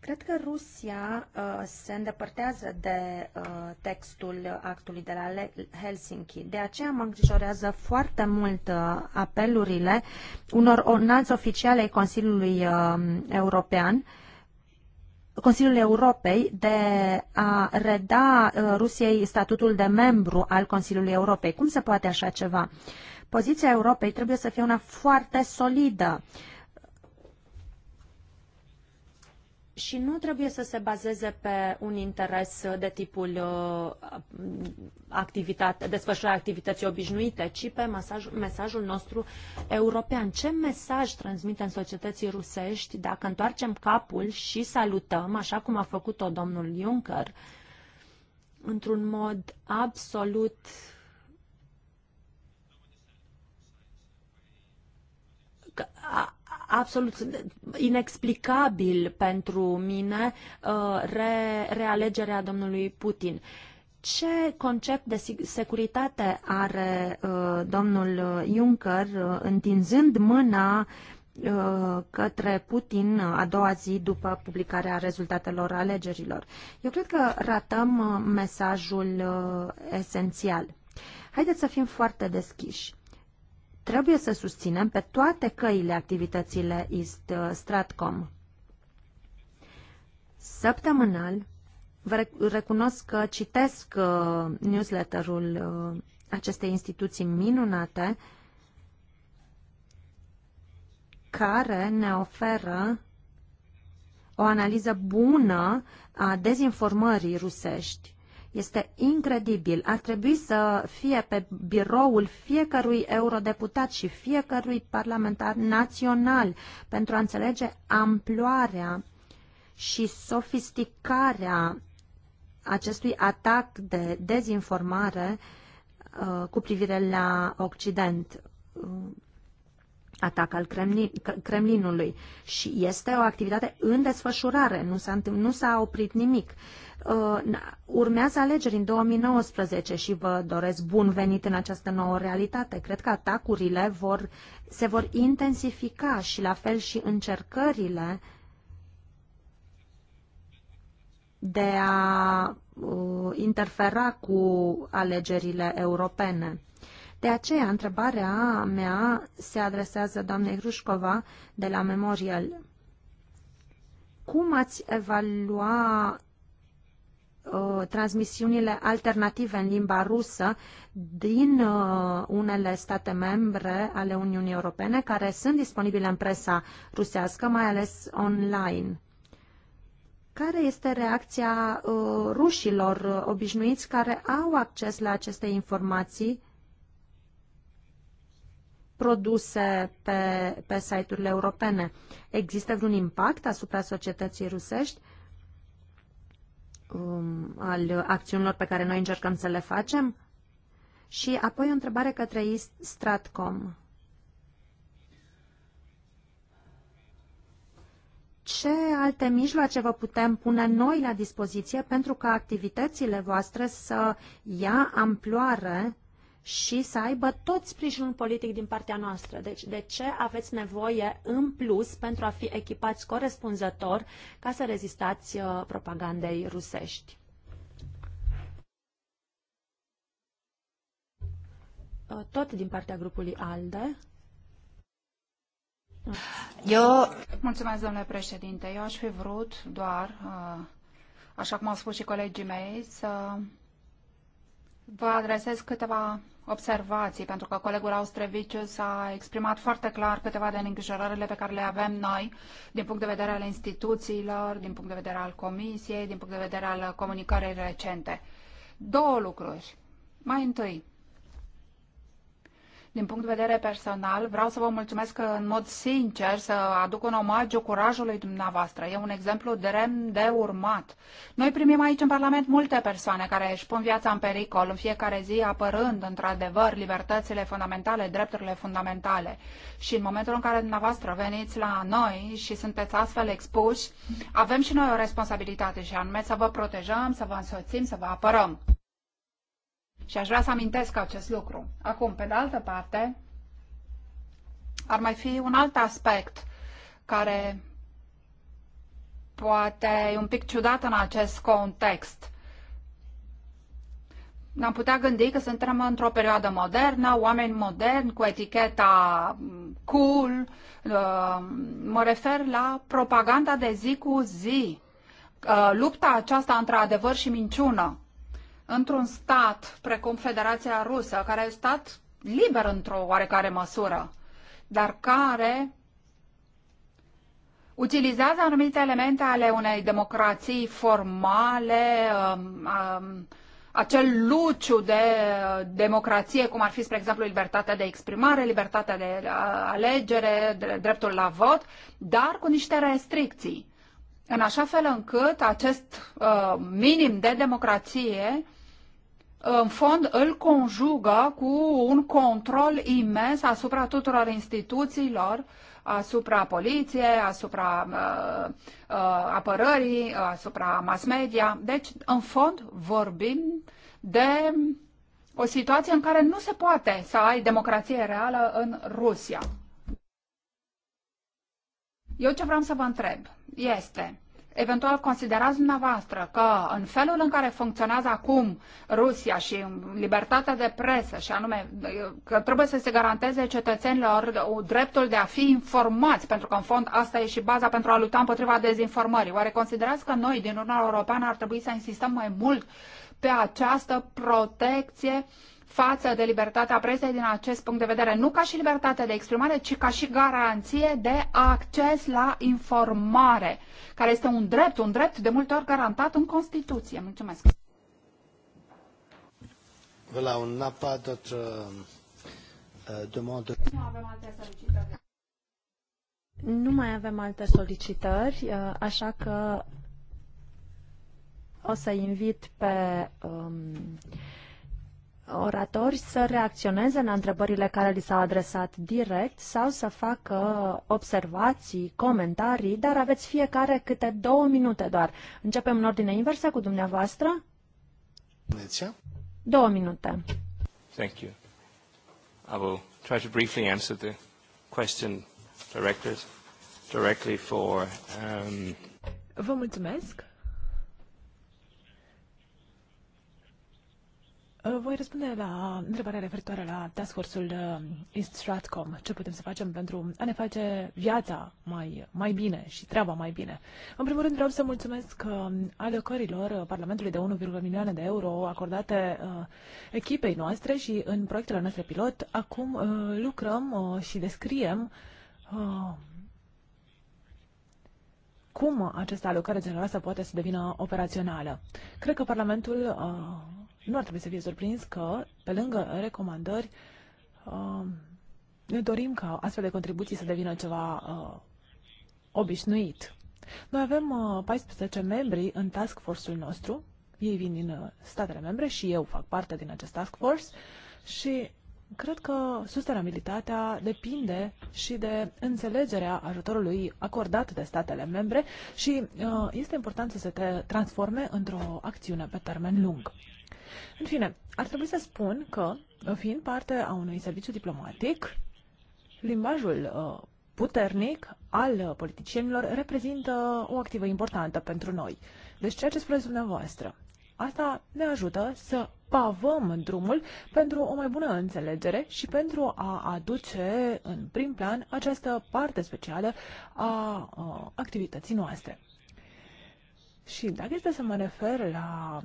Cred că Rusia uh, se îndepărtează de uh, textul actului de la Helsinki. De aceea mă îngrijorează foarte mult uh, apelurile unor înalți oficiale ai Consiliului uh, European, Consiliul Europei, de a reda uh, Rusiei statutul de membru al Consiliului Europei. Cum se poate așa ceva? Poziția Europei trebuie să fie una foarte solidă. Uh, și nu trebuie să se bazeze pe un interes de tipul uh, activitate, desfășurarea activității obișnuite, ci pe masaj, mesajul nostru european. Ce mesaj transmitem societății rusești dacă întoarcem capul și salutăm, așa cum a făcut-o domnul Juncker, într-un mod absolut a, absolut inexplicabil pentru mine uh, re, realegerea domnului Putin. Ce concept de securitate are uh, domnul Juncker uh, întinzând mâna către Putin a doua zi după publicarea rezultatelor alegerilor. Eu cred că ratăm mesajul esențial. Haideți să fim foarte deschiși trebuie să susținem pe toate căile activitățile Ist uh, Stratcom. Săptămânal, vă recunosc că citesc uh, newsletterul uh, acestei instituții minunate care ne oferă o analiză bună a dezinformării rusești este incredibil. Ar trebui să fie pe biroul fiecărui eurodeputat și fiecărui parlamentar național pentru a înțelege amploarea și sofisticarea acestui atac de dezinformare uh, cu privire la Occident. Uh, atac al Kremlin, Kremlinului și este o activitate în desfășurare, nu s-a, nu s-a oprit nimic. Uh, urmează alegeri în 2019 și vă doresc bun venit în această nouă realitate. Cred că atacurile vor, se vor intensifica și la fel și încercările de a uh, interfera cu alegerile europene. De aceea, întrebarea mea se adresează doamnei Hrușcova de la Memorial. Cum ați evalua uh, transmisiunile alternative în limba rusă din uh, unele state membre ale Uniunii Europene care sunt disponibile în presa rusească, mai ales online care este reacția uh, rușilor uh, obișnuiți care au acces la aceste informații produse pe, pe site-urile europene. Există vreun impact asupra societății rusești um, al acțiunilor pe care noi încercăm să le facem? Și apoi o întrebare către Stratcom. ce alte mijloace vă putem pune noi la dispoziție pentru ca activitățile voastre să ia amploare și să aibă tot sprijinul politic din partea noastră. Deci, de ce aveți nevoie în plus pentru a fi echipați corespunzător ca să rezistați uh, propagandei rusești? Uh, tot din partea grupului ALDE. Eu... Mulțumesc, domnule președinte. Eu aș fi vrut doar, uh, așa cum au spus și colegii mei, să vă adresez câteva observații, pentru că colegul Austrevicius a exprimat foarte clar câteva din îngrijorările pe care le avem noi din punct de vedere al instituțiilor, din punct de vedere al comisiei, din punct de vedere al comunicării recente. Două lucruri. Mai întâi, din punct de vedere personal, vreau să vă mulțumesc că, în mod sincer să aduc un omagiu curajului dumneavoastră. E un exemplu demn de urmat. Noi primim aici în Parlament multe persoane care își pun viața în pericol în fiecare zi, apărând într-adevăr libertățile fundamentale, drepturile fundamentale. Și în momentul în care dumneavoastră veniți la noi și sunteți astfel expuși, avem și noi o responsabilitate și anume să vă protejăm, să vă însoțim, să vă apărăm. Și aș vrea să amintesc acest lucru. Acum, pe de altă parte, ar mai fi un alt aspect care poate e un pic ciudat în acest context. Ne-am putea gândi că suntem într-o perioadă modernă, oameni moderni cu eticheta cool. Uh, mă refer la propaganda de zi cu zi. Uh, lupta aceasta între adevăr și minciună într-un stat precum Federația Rusă, care e stat liber într-o oarecare măsură, dar care utilizează anumite elemente ale unei democrații formale, um, um, acel luciu de uh, democrație, cum ar fi, spre exemplu, libertatea de exprimare, libertatea de uh, alegere, dreptul la vot, dar cu niște restricții. În așa fel încât acest uh, minim de democrație în fond îl conjugă cu un control imens asupra tuturor instituțiilor, asupra poliției, asupra uh, uh, apărării, uh, asupra mass media. Deci, în fond, vorbim de o situație în care nu se poate să ai democrație reală în Rusia. Eu ce vreau să vă întreb este, eventual considerați dumneavoastră că în felul în care funcționează acum Rusia și libertatea de presă, și anume că trebuie să se garanteze cetățenilor dreptul de a fi informați, pentru că în fond asta e și baza pentru a lupta împotriva dezinformării, oare considerați că noi din Uniunea Europeană ar trebui să insistăm mai mult pe această protecție față de libertatea presei din acest punct de vedere, nu ca și libertate de exprimare, ci ca și garanție de acces la informare, care este un drept, un drept de multe ori garantat în Constituție. Mulțumesc! Voilà, on n'a pas d'autres euh, demandes. Nu mai avem alte solicitări, uh, așa că o să invit pe um, oratori să reacționeze la întrebările care li s-au adresat direct sau să facă observații, comentarii, dar aveți fiecare câte două minute doar. Începem în ordine inversă cu dumneavoastră. Bună Două minute. Thank you. I will try to briefly answer the question directors directly for... Um... Vă mulțumesc. Uh, voi răspunde la întrebarea referitoare la task force-ul uh, East Stratcom. Ce putem să facem pentru a ne face viața mai, mai bine și treaba mai bine? În primul rând vreau să mulțumesc uh, alocărilor Parlamentului de 1,1 milioane de euro acordate echipei noastre și în proiectele noastre pilot. Acum lucrăm și descriem cum această alocare generală poate să devină operațională. Cred că Parlamentul nu ar trebui să fie surprins că, pe lângă recomandări, uh, ne dorim ca astfel de contribuții să devină ceva uh, obișnuit. Noi avem 14 uh, membri în task force-ul nostru, ei vin din statele membre și eu fac parte din acest task force și cred că sustenabilitatea depinde și de înțelegerea ajutorului acordat de statele membre și este important să se transforme într-o acțiune pe termen lung. În fine, ar trebui să spun că, fiind parte a unui serviciu diplomatic, limbajul uh, puternic al uh, politicienilor reprezintă uh, o activă importantă pentru noi. Deci ceea ce spuneți dumneavoastră, asta ne ajută să pavăm drumul pentru o mai bună înțelegere și pentru a aduce în prim plan această parte specială a, a uh, activității noastre. Și dacă este să mă refer la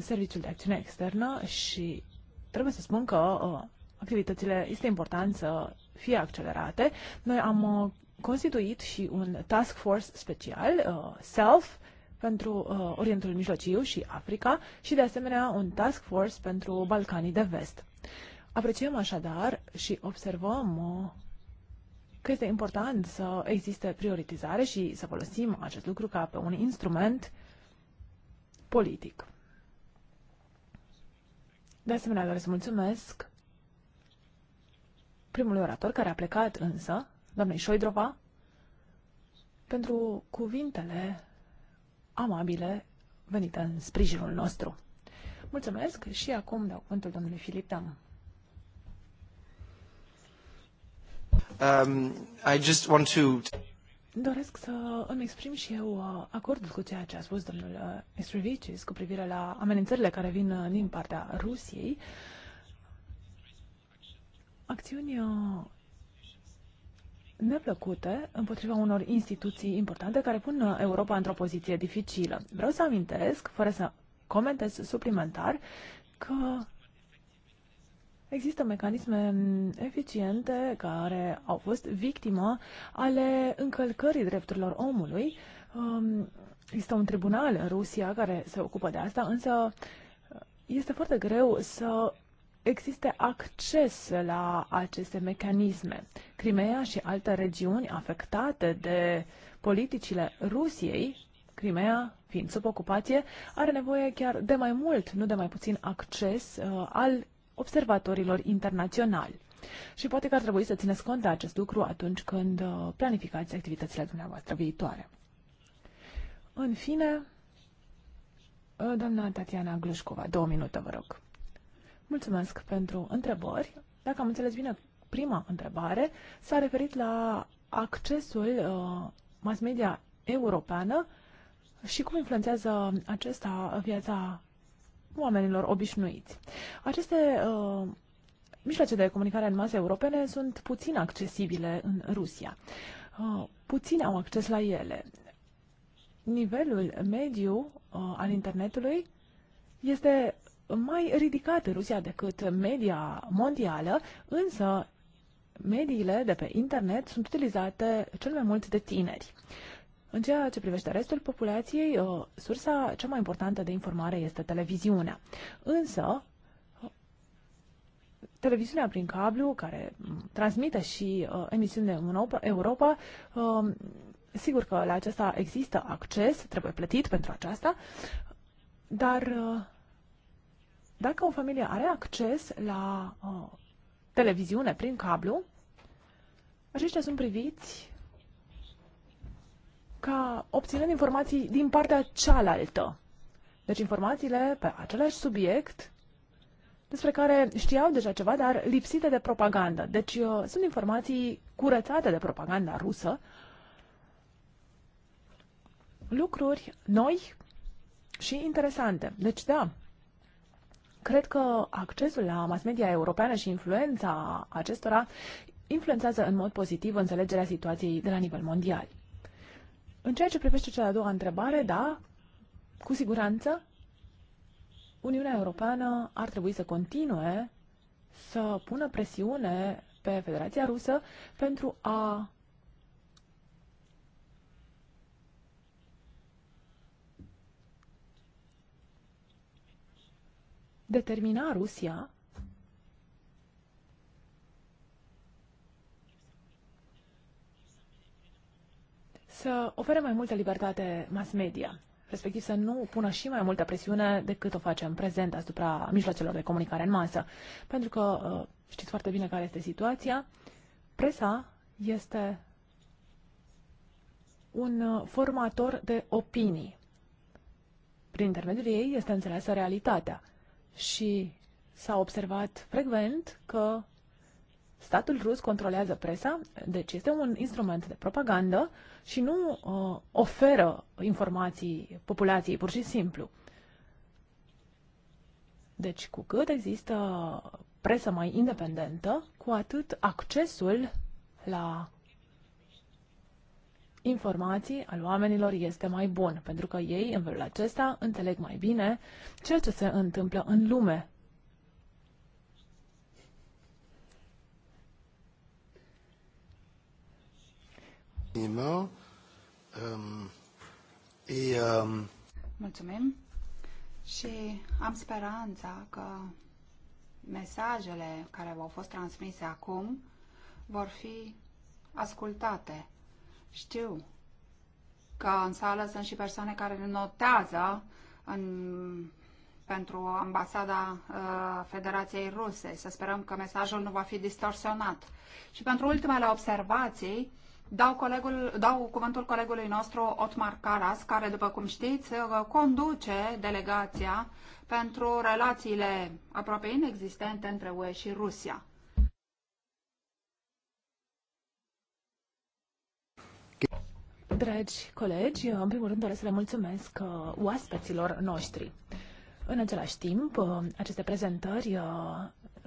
Serviciul de Acțiune Externă și trebuie să spun că uh, activitățile este important să fie accelerate. Noi am uh, constituit și un task force special, uh, SELF, pentru uh, Orientul Mijlociu și Africa și de asemenea un task force pentru Balcanii de Vest. Apreciem așadar și observăm uh, că este important să existe prioritizare și să folosim acest lucru ca pe un instrument politic. De asemenea, doresc să mulțumesc primului orator care a plecat însă, doamnei Șoidrova, pentru cuvintele amabile venite în sprijinul nostru. Mulțumesc și acum dau cuvântul domnului Filip Dam. Um, I just want to... Doresc să îmi exprim și eu uh, acordul cu ceea ce a spus domnul Estrivicis uh, cu privire la amenințările care vin uh, din partea Rusiei. Acțiuni neplăcute împotriva unor instituții importante care pun Europa într-o poziție dificilă. Vreau să amintesc, fără să comentez suplimentar, că Există mecanisme eficiente care au fost victima ale încălcării drepturilor omului. Um, există un tribunal în Rusia care se ocupă de asta, însă uh, este foarte greu să existe acces la aceste mecanisme. Crimea și alte regiuni afectate de politicile Rusiei, Crimea fiind sub ocupație, are nevoie chiar de mai mult, nu de mai puțin acces uh, al observatorilor internaționali. Și poate că ar trebui să țineți cont de acest lucru atunci când uh, planificați activitățile dumneavoastră viitoare. În fine, uh, doamna Tatiana Glușcova, două minute, vă rog. Mulțumesc pentru întrebări. Dacă am înțeles bine, prima întrebare s-a referit la accesul uh, mass media europeană și cum influențează acesta viața oamenilor obișnuiți. Aceste uh, mijloace de comunicare în masă europene sunt puțin accesibile în Rusia. Uh, puțin au acces la ele. Nivelul mediu uh, al internetului este mai ridicat în Rusia decât media mondială, însă mediile de pe internet sunt utilizate cel mai mult de tineri. Uh, în ceea ce privește restul populației, uh, sursa cea mai importantă de informare este televiziunea. Însă, uh, televiziunea prin cablu, care mm, transmite și uh, emisiuni în Europa, uh, sigur că la acesta există acces, trebuie plătit pentru aceasta, dar uh, dacă o familie are acces la uh, televiziune prin cablu, aceștia sunt priviți ca obținând informații din partea cealaltă. Deci informațiile pe același subiect despre care știau deja ceva, dar lipsite de propagandă. Deci uh, sunt informații curățate de propaganda rusă, lucruri noi și interesante. Deci da, cred că accesul la mass media europeană și influența acestora influențează în mod pozitiv înțelegerea situației de la nivel mondial. În ceea ce privește cea de-a doua întrebare, da, cu siguranță, Uniunea Europeană ar trebui să continue să pună presiune pe Federația Rusă pentru a determina Rusia să ofere mai multă libertate mass media, respectiv să nu pună și mai multă presiune decât o face în prezent asupra mijloacelor de comunicare în masă. Pentru că uh, știți foarte bine care este situația, presa este un uh, formator de opinii. Prin intermediul ei este înțeleasă realitatea și s-a observat frecvent că statul rus controlează presa, deci este un instrument de propagandă și nu uh, oferă informații populației pur și simplu. Deci cu cât există presă mai independentă, cu atât accesul la informații al oamenilor este mai bun, pentru că ei, în felul acesta, înțeleg mai bine ceea ce se întâmplă în lume Ehm, ehm, Mulțumim și am speranța că mesajele care v-au fost transmise acum vor fi ascultate. Știu că în sală sunt și persoane care notează în, pentru ambasada uh, Federației Ruse. Să sperăm că mesajul nu va fi distorsionat. Și pentru ultimele observații, Dau, colegul, dau cuvântul colegului nostru Otmar Caras, care, după cum știți, uh, conduce delegația pentru relațiile aproape inexistente între UE și Rusia. Dragi colegi, în primul rând doresc să le mulțumesc uh, oaspeților noștri. În același timp, uh, aceste prezentări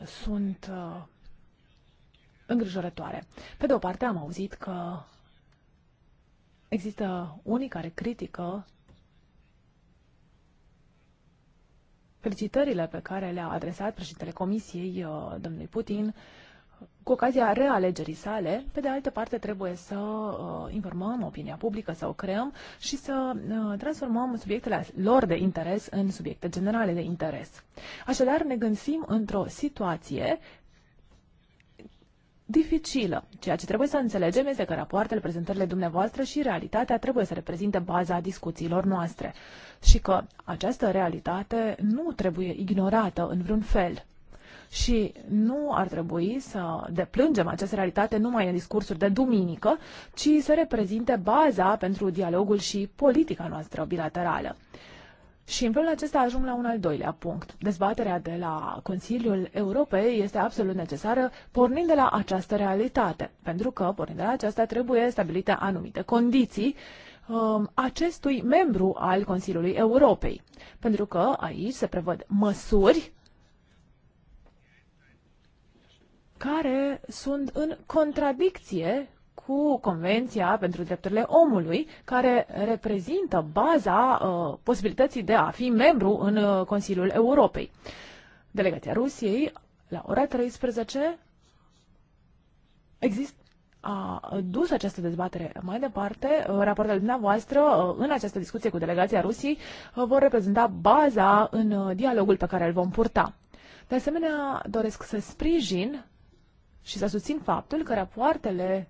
sunt îngrijorătoare. Pe de o parte, am auzit că există unii care critică felicitările pe care le-a adresat președintele Comisiei, uh, domnului Putin, cu ocazia realegerii sale, pe de altă parte trebuie să uh, informăm opinia publică, să o creăm și să uh, transformăm subiectele lor de interes în subiecte generale de interes. Așadar, ne gândim într-o situație dificilă. Ceea ce trebuie să înțelegem este că rapoartele, prezentările dumneavoastră și realitatea trebuie să reprezinte baza discuțiilor noastre și că această realitate nu trebuie ignorată în vreun fel. Și nu ar trebui să deplângem această realitate numai în discursuri de duminică, ci să reprezinte baza pentru dialogul și politica noastră bilaterală. Și în felul acesta ajung la un al doilea punct. Dezbaterea de la Consiliul Europei este absolut necesară pornind de la această realitate, pentru că pornind de la aceasta trebuie stabilite anumite condiții um, acestui membru al Consiliului Europei, pentru că aici se prevăd măsuri care sunt în contradicție cu Convenția pentru Drepturile Omului, care reprezintă baza uh, posibilității de a fi membru în uh, Consiliul Europei. Delegația Rusiei, la ora 13, există a dus această dezbatere mai departe. Uh, rapoartele dumneavoastră uh, în această discuție cu delegația Rusiei uh, vor reprezenta baza în dialogul pe care îl vom purta. De asemenea, doresc să sprijin și să susțin faptul că rapoartele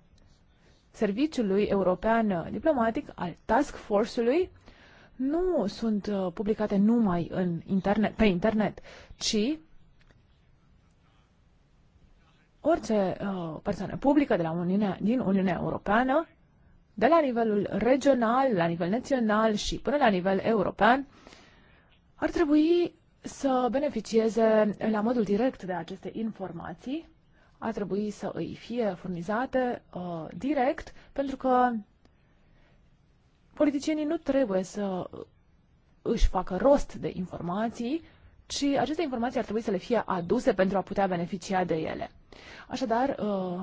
Serviciului European uh, Diplomatic, al Task Force-ului, nu sunt uh, publicate numai în internet, pe internet, ci orice uh, persoană publică de la Uniunea, din Uniunea Europeană, de la nivelul regional, la nivel național și până la nivel european, ar trebui să beneficieze la modul direct de aceste informații ar trebui să îi fie furnizate uh, direct, pentru că politicienii nu trebuie să își facă rost de informații, ci aceste informații ar trebui să le fie aduse pentru a putea beneficia de ele. Așadar, uh,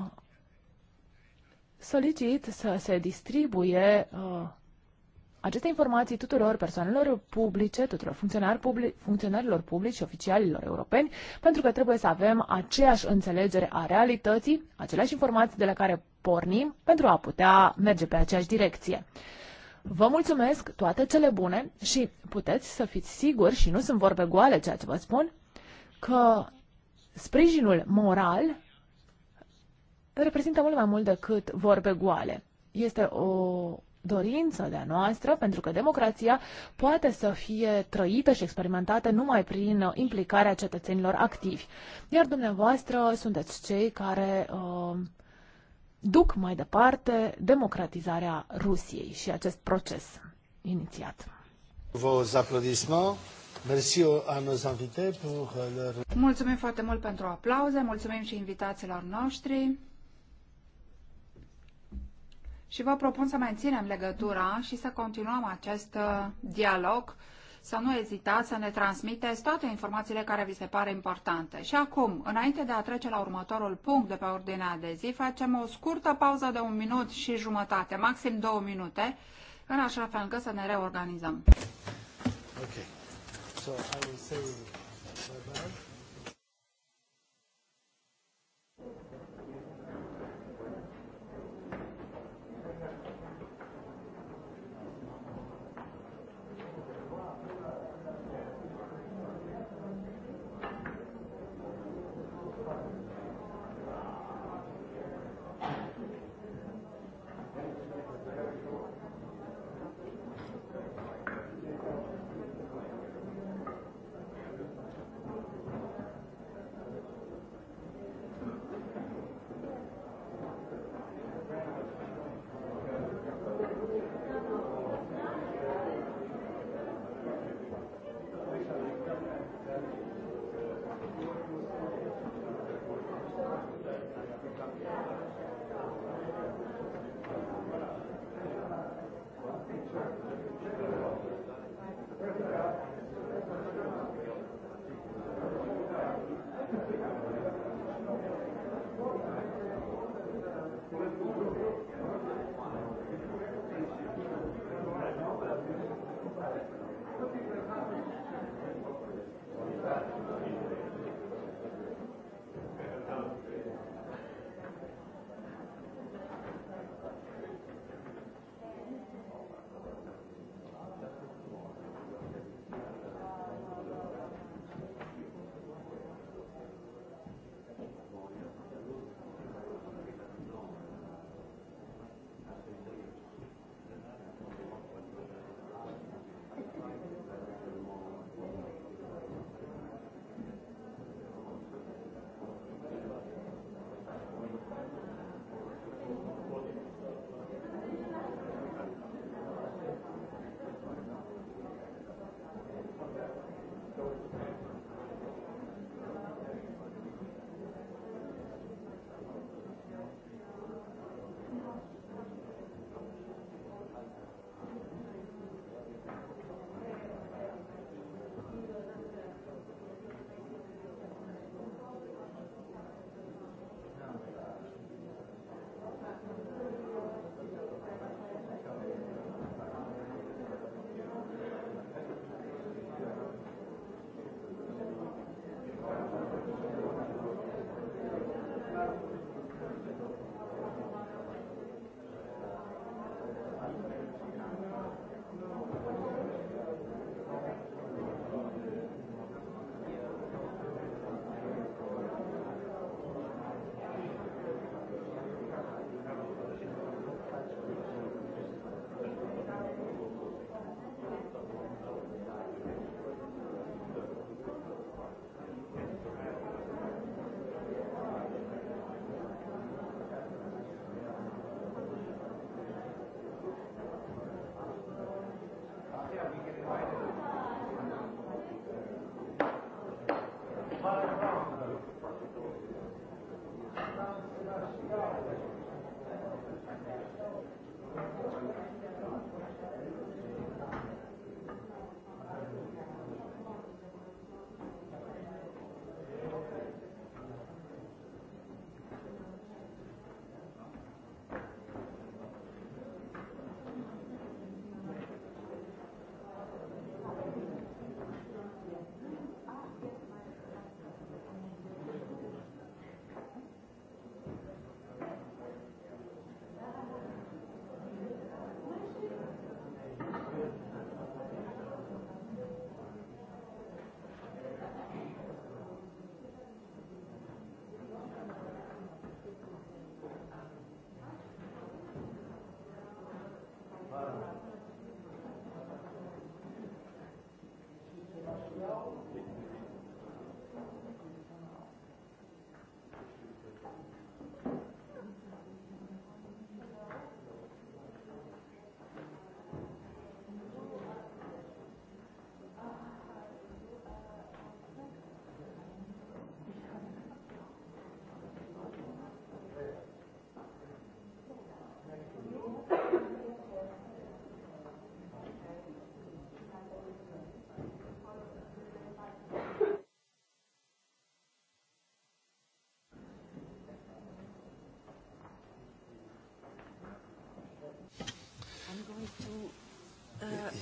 solicit să se distribuie uh, aceste informații tuturor persoanelor publice, tuturor funcționari public, funcționarilor publici, oficialilor europeni, pentru că trebuie să avem aceeași înțelegere a realității, aceleași informații de la care pornim pentru a putea merge pe aceeași direcție. Vă mulțumesc toate cele bune și puteți să fiți siguri, și nu sunt vorbe goale ceea ce vă spun, că sprijinul moral reprezintă mult mai mult decât vorbe goale. Este o dorință de-a noastră, pentru că democrația poate să fie trăită și experimentată numai prin uh, implicarea cetățenilor activi. Iar dumneavoastră sunteți cei care uh, duc mai departe democratizarea Rusiei și acest proces inițiat. Vos leur... Mulțumim foarte mult pentru aplauze, mulțumim și invitațiilor noștri și vă propun să menținem legătura și să continuăm acest uh, dialog, să nu ezitați să ne transmiteți toate informațiile care vi se pare importante. Și acum, înainte de a trece la următorul punct de pe ordinea de zi, facem o scurtă pauză de un minut și jumătate, maxim două minute, în așa fel încât să ne reorganizăm. Okay. So I will say bye-bye.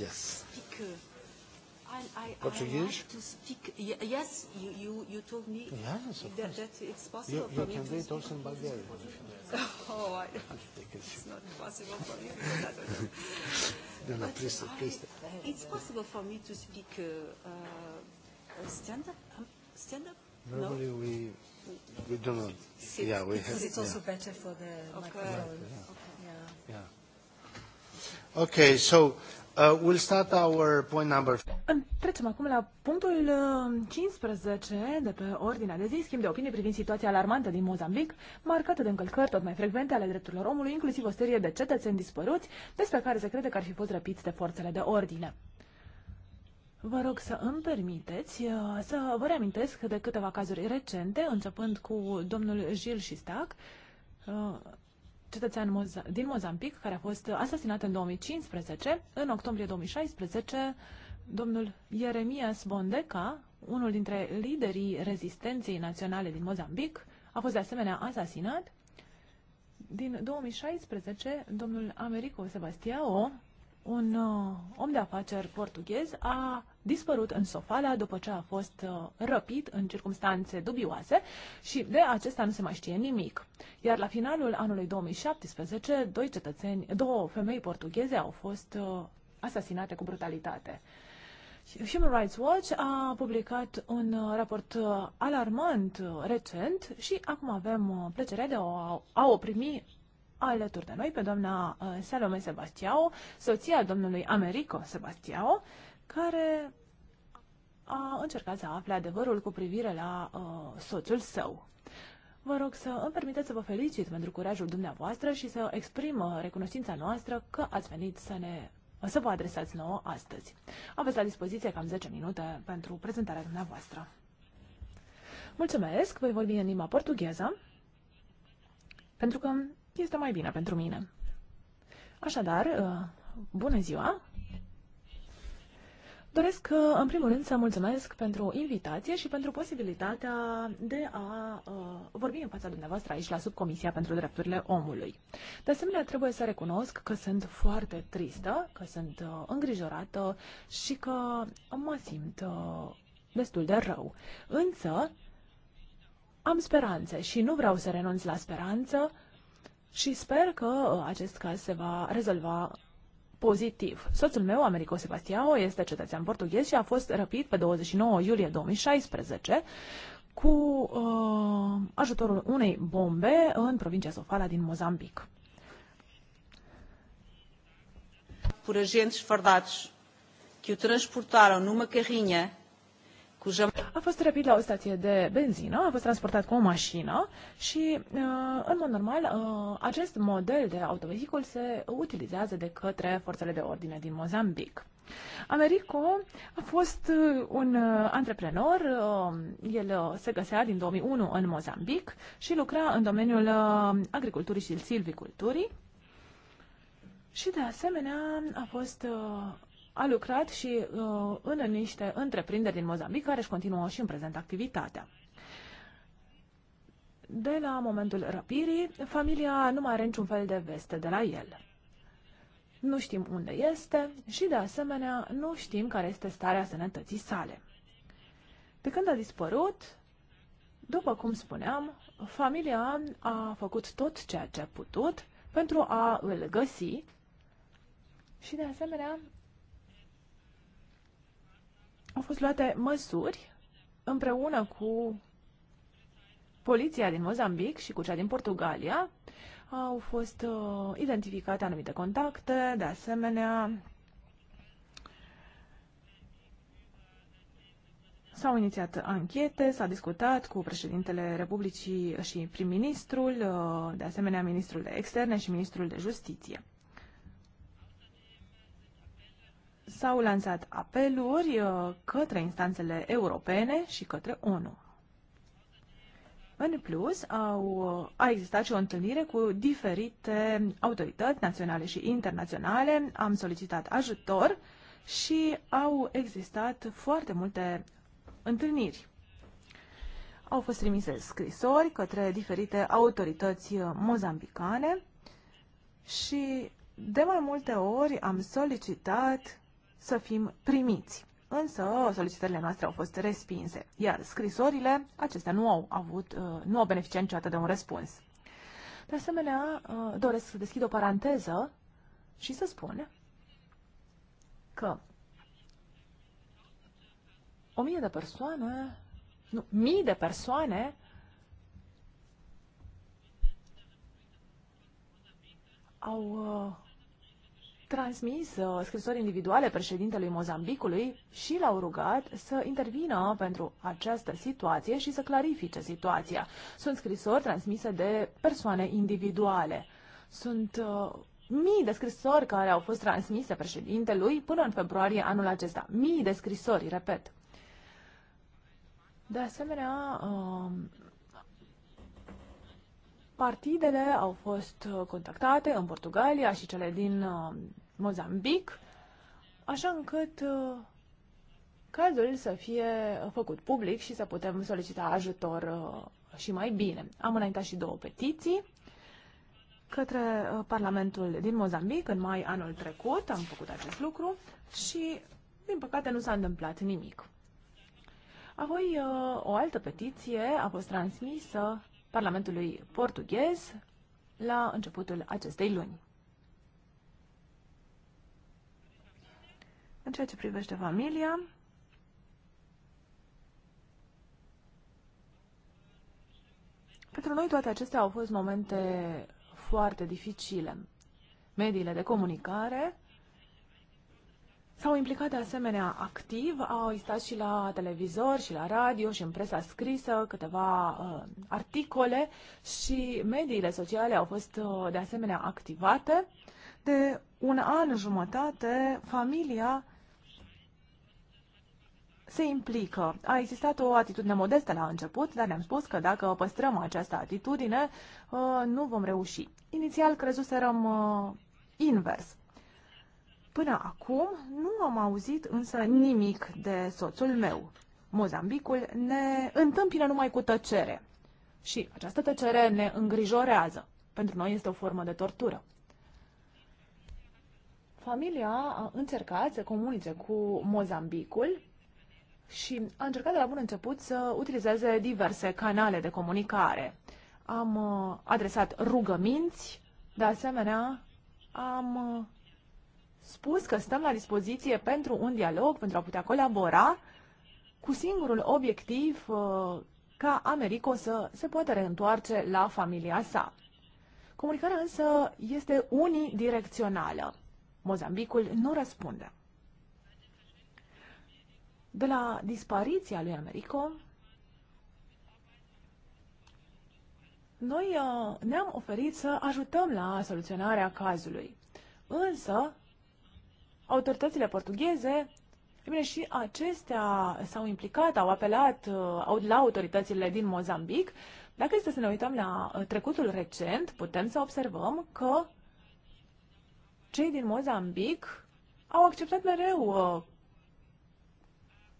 yes. speak. Uh, I, I, Portuguese? I to speak. Yes, you, you, you told me yes, that, that it's possible you, you for me. You can do it also in Bulgarian. oh, I, it's not possible for me. no, no, please, please. it's possible for me to speak uh, uh, stand up. Um, stand up. Normally no? we we don't know. Sit. Yeah, we because have. It's yeah. also better for the okay. microphone. Yeah. Okay. yeah. Okay, so Uh, we'll start our point number... Trecem acum la punctul 15 uh, de pe ordinea de zi, schimb de opinie privind situația alarmantă din Mozambic, marcată de încălcări tot mai frecvente ale drepturilor omului, inclusiv o serie de cetățeni dispăruți, despre care se crede că ar fi fost răpiți de forțele de ordine. Vă rog să îmi permiteți uh, să vă reamintesc de câteva cazuri recente, începând cu domnul Gil Șistac, cetățean Moza din Mozambic, care a fost asasinat în 2015. În octombrie 2016, domnul Ieremias Bondeca, unul dintre liderii rezistenței naționale din Mozambic, a fost de asemenea asasinat. Din 2016, domnul Americo Sebastiao, un uh, om de afaceri portughez, a dispărut în Sofala după ce a fost uh, răpit în circumstanțe dubioase și de acesta nu se mai știe nimic. Iar la finalul anului 2017, doi cetățeni, două femei portugheze au fost uh, asasinate cu brutalitate. Human Rights Watch a publicat un uh, raport alarmant recent și acum avem plăcerea de a, a o primi alături de noi pe doamna Salome Sebastiao, soția domnului Americo Sebastiao, care a încercat să afle adevărul cu privire la uh, soțul său. Vă rog să îmi permiteți să vă felicit pentru curajul dumneavoastră și să exprim uh, recunoștința noastră că ați venit să ne să vă adresați nouă astăzi. Aveți la dispoziție cam 10 minute pentru prezentarea dumneavoastră. Mulțumesc, voi vorbi în limba portugheză, pentru că este mai bine pentru mine. Așadar, uh, bună ziua! Doresc, uh, în primul rând, să mulțumesc pentru invitație și pentru posibilitatea de a uh, vorbi în fața dumneavoastră aici la Subcomisia pentru Drepturile Omului. De asemenea, trebuie să recunosc că sunt foarte tristă, că sunt uh, îngrijorată și că mă simt uh, destul de rău. Însă, am speranțe și nu vreau să renunț la speranță și sper că uh, acest caz se va rezolva pozitiv. Soțul meu, Americo Sebastiao, este cetățean portughez și a fost răpit pe 29 iulie 2016 cu uh, ajutorul unei bombe în provincia Sofala din Mozambic. Por agentes fardados que o transportaram numa carrinha a fost răpit la o stație de benzină, a fost transportat cu o mașină și, uh, în mod normal, uh, acest model de autovehicul se utilizează de către forțele de ordine din Mozambic. Americo a fost uh, un antreprenor, el se găsea din 2001 în Mozambic și lucra în domeniul agriculturii și silviculturii. Și de asemenea a fost a lucrat și uh, în niște întreprinderi din Mozambic care își continuă și în prezent activitatea. De la momentul răpirii, familia nu mai are niciun fel de veste de la el. Nu știm unde este și, de asemenea, nu știm care este starea sănătății sale. De când a dispărut, după cum spuneam, familia a făcut tot ceea ce a putut pentru a îl găsi și, de asemenea, au fost luate măsuri împreună cu poliția din Mozambic și cu cea din Portugalia. Au fost uh, identificate anumite contacte, de asemenea S-au inițiat anchete, s-a discutat cu președintele Republicii și prim-ministrul, uh, de asemenea ministrul de externe și ministrul de justiție. s-au lansat apeluri uh, către instanțele europene și către ONU. În plus, au, a existat și o întâlnire cu diferite autorități naționale și internaționale, am solicitat ajutor și au existat foarte multe întâlniri. Au fost trimise scrisori către diferite autorități mozambicane și de mai multe ori am solicitat să fim primiți. Însă solicitările noastre au fost respinse, iar scrisorile acestea nu au, avut, uh, nu au beneficiat niciodată de un răspuns. De asemenea, uh, doresc să deschid o paranteză și să spun că o mie de persoane, nu, mii de persoane au uh, transmis uh, scrisori individuale președintelui Mozambicului și l-au rugat să intervină pentru această situație și să clarifice situația. Sunt scrisori transmise de persoane individuale. Sunt uh, mii de scrisori care au fost transmise președintelui până în februarie anul acesta. Mii de scrisori, repet. De asemenea, uh, Partidele au fost uh, contactate în Portugalia și cele din uh, Mozambic, așa încât uh, cazul să fie făcut public și să putem solicita ajutor și mai bine. Am înaintat și două petiții către Parlamentul din Mozambic în mai anul trecut, am făcut acest lucru și, din păcate, nu s-a întâmplat nimic. Apoi, o altă petiție a fost transmisă Parlamentului portughez la începutul acestei luni. În ceea ce privește familia, pentru noi toate acestea au fost momente foarte dificile. Mediile de comunicare S-au implicat de asemenea activ, au stat și la televizor și la radio și în presa scrisă câteva uh, articole și mediile sociale au fost uh, de asemenea activate. De un an jumătate, familia se implică. A existat o atitudine modestă la început, dar ne-am spus că dacă păstrăm această atitudine, uh, nu vom reuși. Inițial crezuserăm uh, invers Până acum nu am auzit însă nimic de soțul meu. Mozambicul ne întâmpină numai cu tăcere. Și această tăcere ne îngrijorează. Pentru noi este o formă de tortură. Familia a încercat să comunice cu Mozambicul și a încercat de la bun început să utilizeze diverse canale de comunicare. Am uh, adresat rugăminți, de asemenea am uh, spus că stăm la dispoziție pentru un dialog, pentru a putea colabora, cu singurul obiectiv uh, ca Americo să se poată reîntoarce la familia sa. Comunicarea însă este unidirecțională. Mozambicul nu răspunde. De la dispariția lui Americo, noi uh, ne-am oferit să ajutăm la soluționarea cazului. Însă, autoritățile portugheze, e bine, și acestea s-au implicat, au apelat uh, la autoritățile din Mozambic. Dacă este să ne uităm la uh, trecutul recent, putem să observăm că cei din Mozambic au acceptat mereu uh,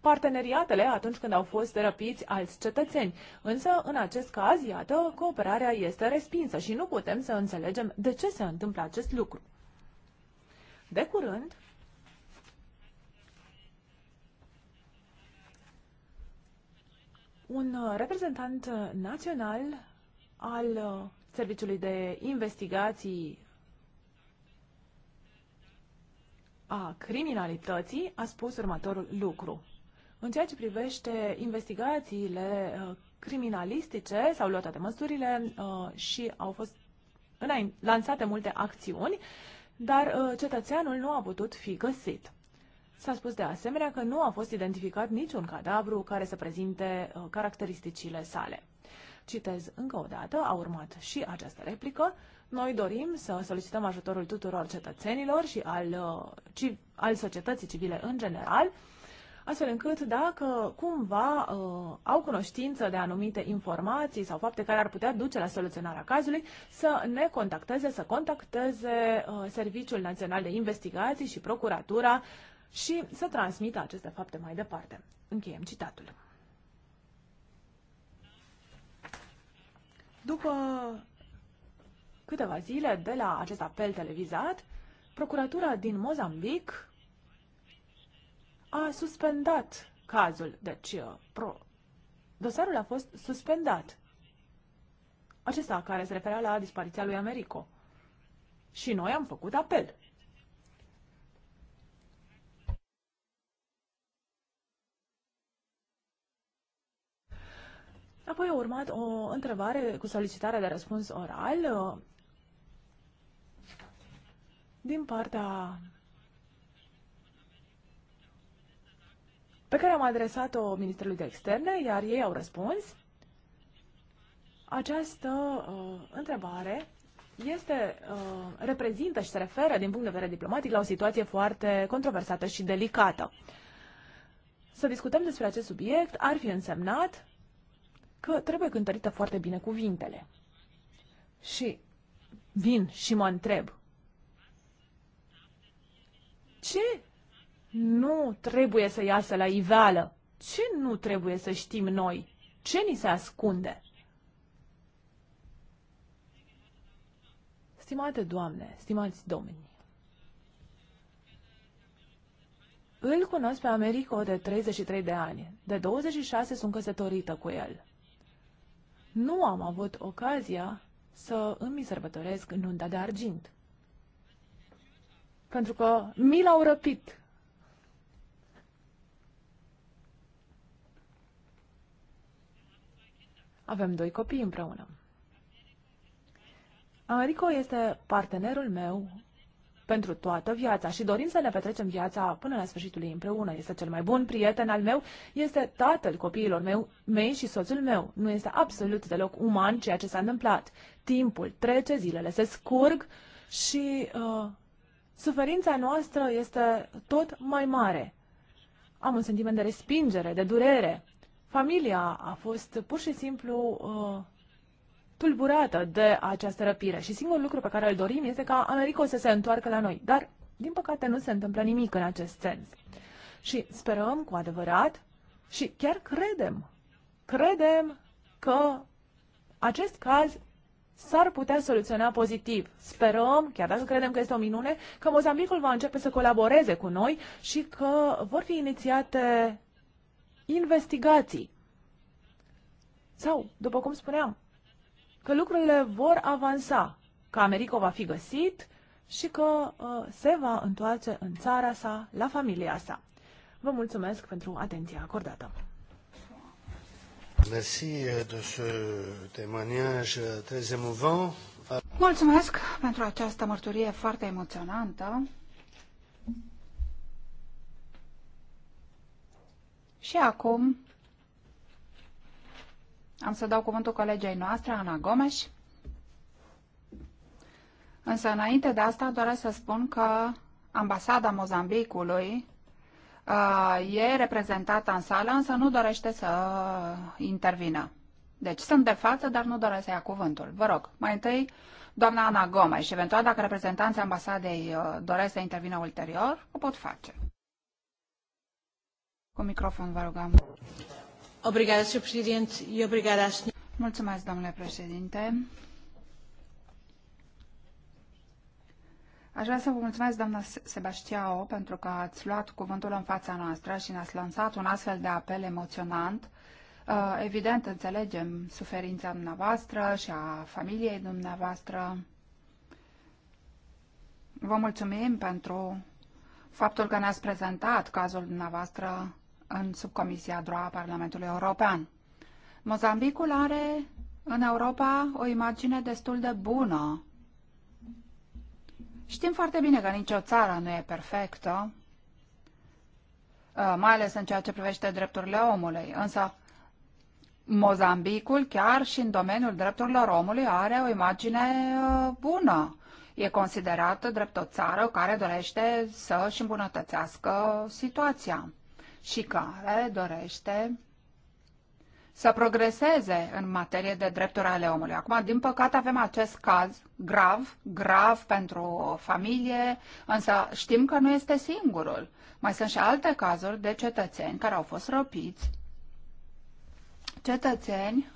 parteneriatele atunci când au fost răpiți alți cetățeni. Însă, în acest caz, iată, cooperarea este respinsă și nu putem să înțelegem de ce se întâmplă acest lucru. De curând, un uh, reprezentant uh, național al uh, Serviciului de Investigații a Criminalității a spus următorul lucru. În ceea ce privește investigațiile criminalistice, s-au luat toate măsurile și au fost lansate multe acțiuni, dar cetățeanul nu a putut fi găsit. S-a spus de asemenea că nu a fost identificat niciun cadavru care să prezinte uh, caracteristicile sale. Citez încă o dată, a urmat și această replică. Noi dorim să solicităm ajutorul tuturor cetățenilor și al, uh, ci, al societății civile în general, astfel încât dacă cumva uh, au cunoștință de anumite informații sau fapte care ar putea duce la soluționarea cazului, să ne contacteze, să contacteze uh, Serviciul Național de Investigații și Procuratura uh, și să transmită aceste fapte mai departe. Încheiem citatul. După câteva zile de la acest apel televizat, Procuratura din Mozambic a suspendat cazul. Deci, uh, pro... dosarul a fost suspendat. Acesta care se referea la dispariția lui Americo. Și noi am făcut apel. Apoi a urmat o întrebare cu solicitare de răspuns oral uh, din partea pe care am adresat-o Ministrului de Externe, iar ei au răspuns. Această uh, întrebare este, uh, reprezintă și se referă din punct de vedere diplomatic la o situație foarte controversată și delicată. Să discutăm despre acest subiect ar fi însemnat că trebuie cântărită foarte bine cuvintele. Și vin și mă întreb, ce nu trebuie să iasă la iveală? Ce nu trebuie să știm noi? Ce ni se ascunde? Stimate Doamne, stimați domni, îl cunosc pe Americo de 33 de ani. De 26 sunt căsătorită cu el nu am avut ocazia să îmi sărbătoresc nunta de argint. Pentru că mi l-au răpit. Avem doi copii împreună. Americo este partenerul meu pentru toată viața și dorim să ne petrecem viața până la sfârșitul ei împreună. Este cel mai bun prieten al meu, este tatăl copiilor meu, mei și soțul meu. Nu este absolut deloc uman ceea ce s-a întâmplat. Timpul trece, zilele se scurg și uh, suferința noastră este tot mai mare. Am un sentiment de respingere, de durere. Familia a fost pur și simplu uh, tulburată de această răpire și singurul lucru pe care îl dorim este ca America să se întoarcă la noi. Dar, din păcate, nu se întâmplă nimic în acest sens. Și sperăm cu adevărat și chiar credem, credem că acest caz s-ar putea soluționa pozitiv. Sperăm, chiar dacă credem că este o minune, că Mozambicul va începe să colaboreze cu noi și că vor fi inițiate investigații. Sau, după cum spuneam, că lucrurile vor avansa, că America va fi găsit și că uh, se va întoarce în țara sa, la familia sa. Vă mulțumesc pentru atenția acordată. Merci uh, de ce témoignage uh, très émouvant. Mulțumesc pentru această mărturie foarte emoționantă. Și acum am să dau cuvântul colegei noastre, Ana Gomes. Însă, înainte de asta, doresc să spun că ambasada Mozambicului uh, e reprezentată în sală, însă nu dorește să intervină. Deci sunt de față, dar nu doresc să ia cuvântul. Vă rog, mai întâi, doamna Ana Gomes și eventual dacă reprezentanții ambasadei uh, doresc să intervină ulterior, o pot face. Cu microfon, vă rugăm a domnule președinte. vrea să vă mulțumesc, doamna Sebastiao, pentru că ați luat cuvântul în fața noastră și ne-ați lansat un astfel de apel emoționant. Uh, evident, înțelegem suferința dumneavoastră și a familiei dumneavoastră. Vă mulțumim pentru faptul că ne-ați prezentat cazul dumneavoastră în subcomisia DROA a Parlamentului European. Mozambicul are în Europa o imagine destul de bună. Știm foarte bine că nicio țară nu e perfectă, uh, mai ales în ceea ce privește drepturile omului, însă Mozambicul chiar și în domeniul drepturilor omului are o imagine uh, bună. E considerată drept o țară care dorește să își îmbunătățească situația și care dorește să progreseze în materie de drepturi ale omului. Acum, din păcate, avem acest caz grav, grav pentru o familie, însă știm că nu este singurul. Mai sunt și alte cazuri de cetățeni care au fost răpiți. Cetățeni